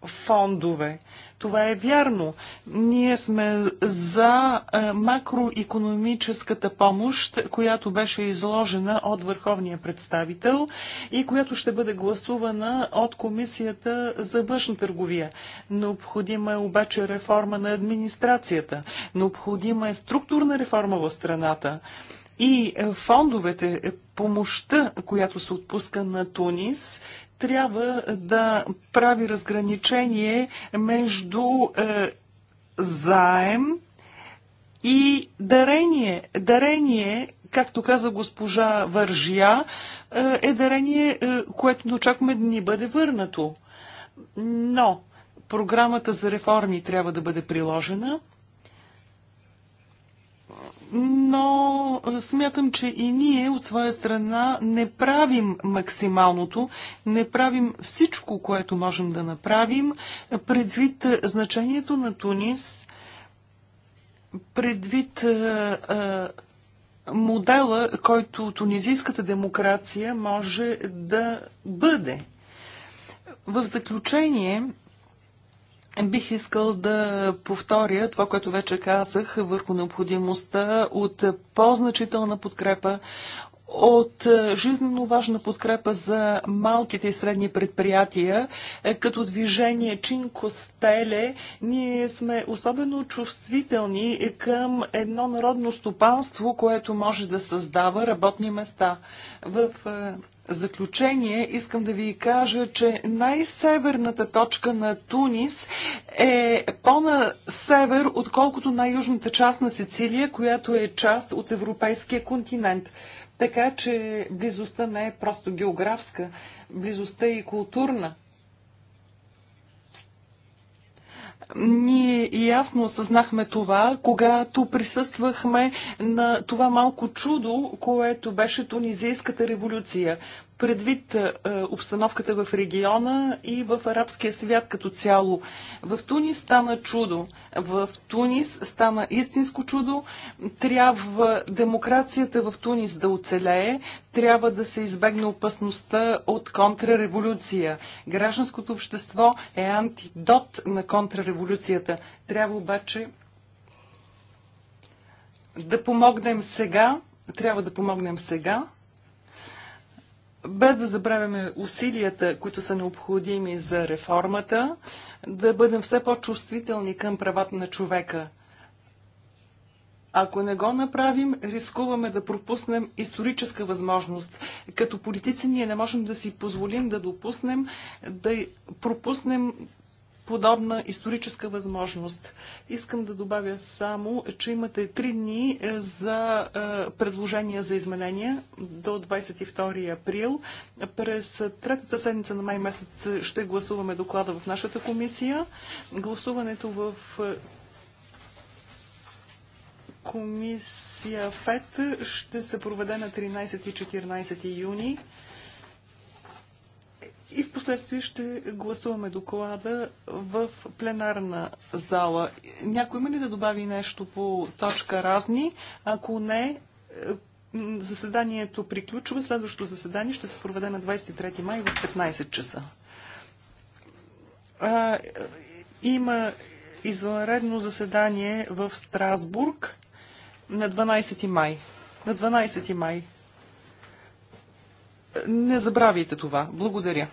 B: фондове. Това е вярно. Ние сме за е, макроекономическата помощ, която беше изложена от върховния представител и която ще бъде гласувана от Комисията за външна търговия. Необходима е обаче реформа на администрацията. Необходима е структурна реформа в страната. И е, фондовете, е, помощта, която се отпуска на Тунис, трябва да прави разграничение между е, заем и дарение. Дарение, както каза госпожа Вържия, е, е дарение, което не очакваме да ни бъде върнато. Но програмата за реформи трябва да бъде приложена но смятам, че и ние от своя страна не правим максималното, не правим всичко, което можем да направим, предвид значението на Тунис, предвид модела, който тунизийската демокрация може да бъде. В заключение, Бих искал да повторя това, което вече казах върху необходимостта от по-значителна подкрепа, от жизненно важна подкрепа за малките и средни предприятия. Е, като движение Чинко Стеле ние сме особено чувствителни към едно народно стопанство, което може да създава работни места. В е, заключение искам да ви кажа, че най-северната точка на Тунис е по-на север, отколкото най-южната част на Сицилия, която е част от европейския континент. Така че близостта не е просто географска, близостта е и културна. Ние ясно осъзнахме това, когато присъствахме на това малко чудо, което беше Тунизийската революция предвид обстановката в региона и в арабския свят като цяло. В Тунис стана чудо. В Тунис стана истинско чудо. Трябва демокрацията в Тунис да оцелее. Трябва да се избегне опасността от контрреволюция. Гражданското общество е антидот на контрреволюцията. Трябва обаче да помогнем сега. Трябва да помогнем сега без да забравяме усилията, които са необходими за реформата, да бъдем все по-чувствителни към правата на човека. Ако не го направим, рискуваме да пропуснем историческа възможност. Като политици ние не можем да си позволим да допуснем да пропуснем подобна историческа възможност. Искам да добавя само, че имате три дни е, за е, предложения за изменения до 22 април. През третата седмица на май месец ще гласуваме доклада в нашата комисия. Гласуването в е, комисия ФЕД ще се проведе на 13 и 14 юни и в последствие ще гласуваме доклада в пленарна зала. Някой има ли да добави нещо по точка разни? Ако не, е, заседанието приключва. Следващото заседание ще се проведе на 23 май в 15 часа. А, има извънредно заседание в Страсбург на 12 май. На 12 май. Не забравяйте това. Благодаря.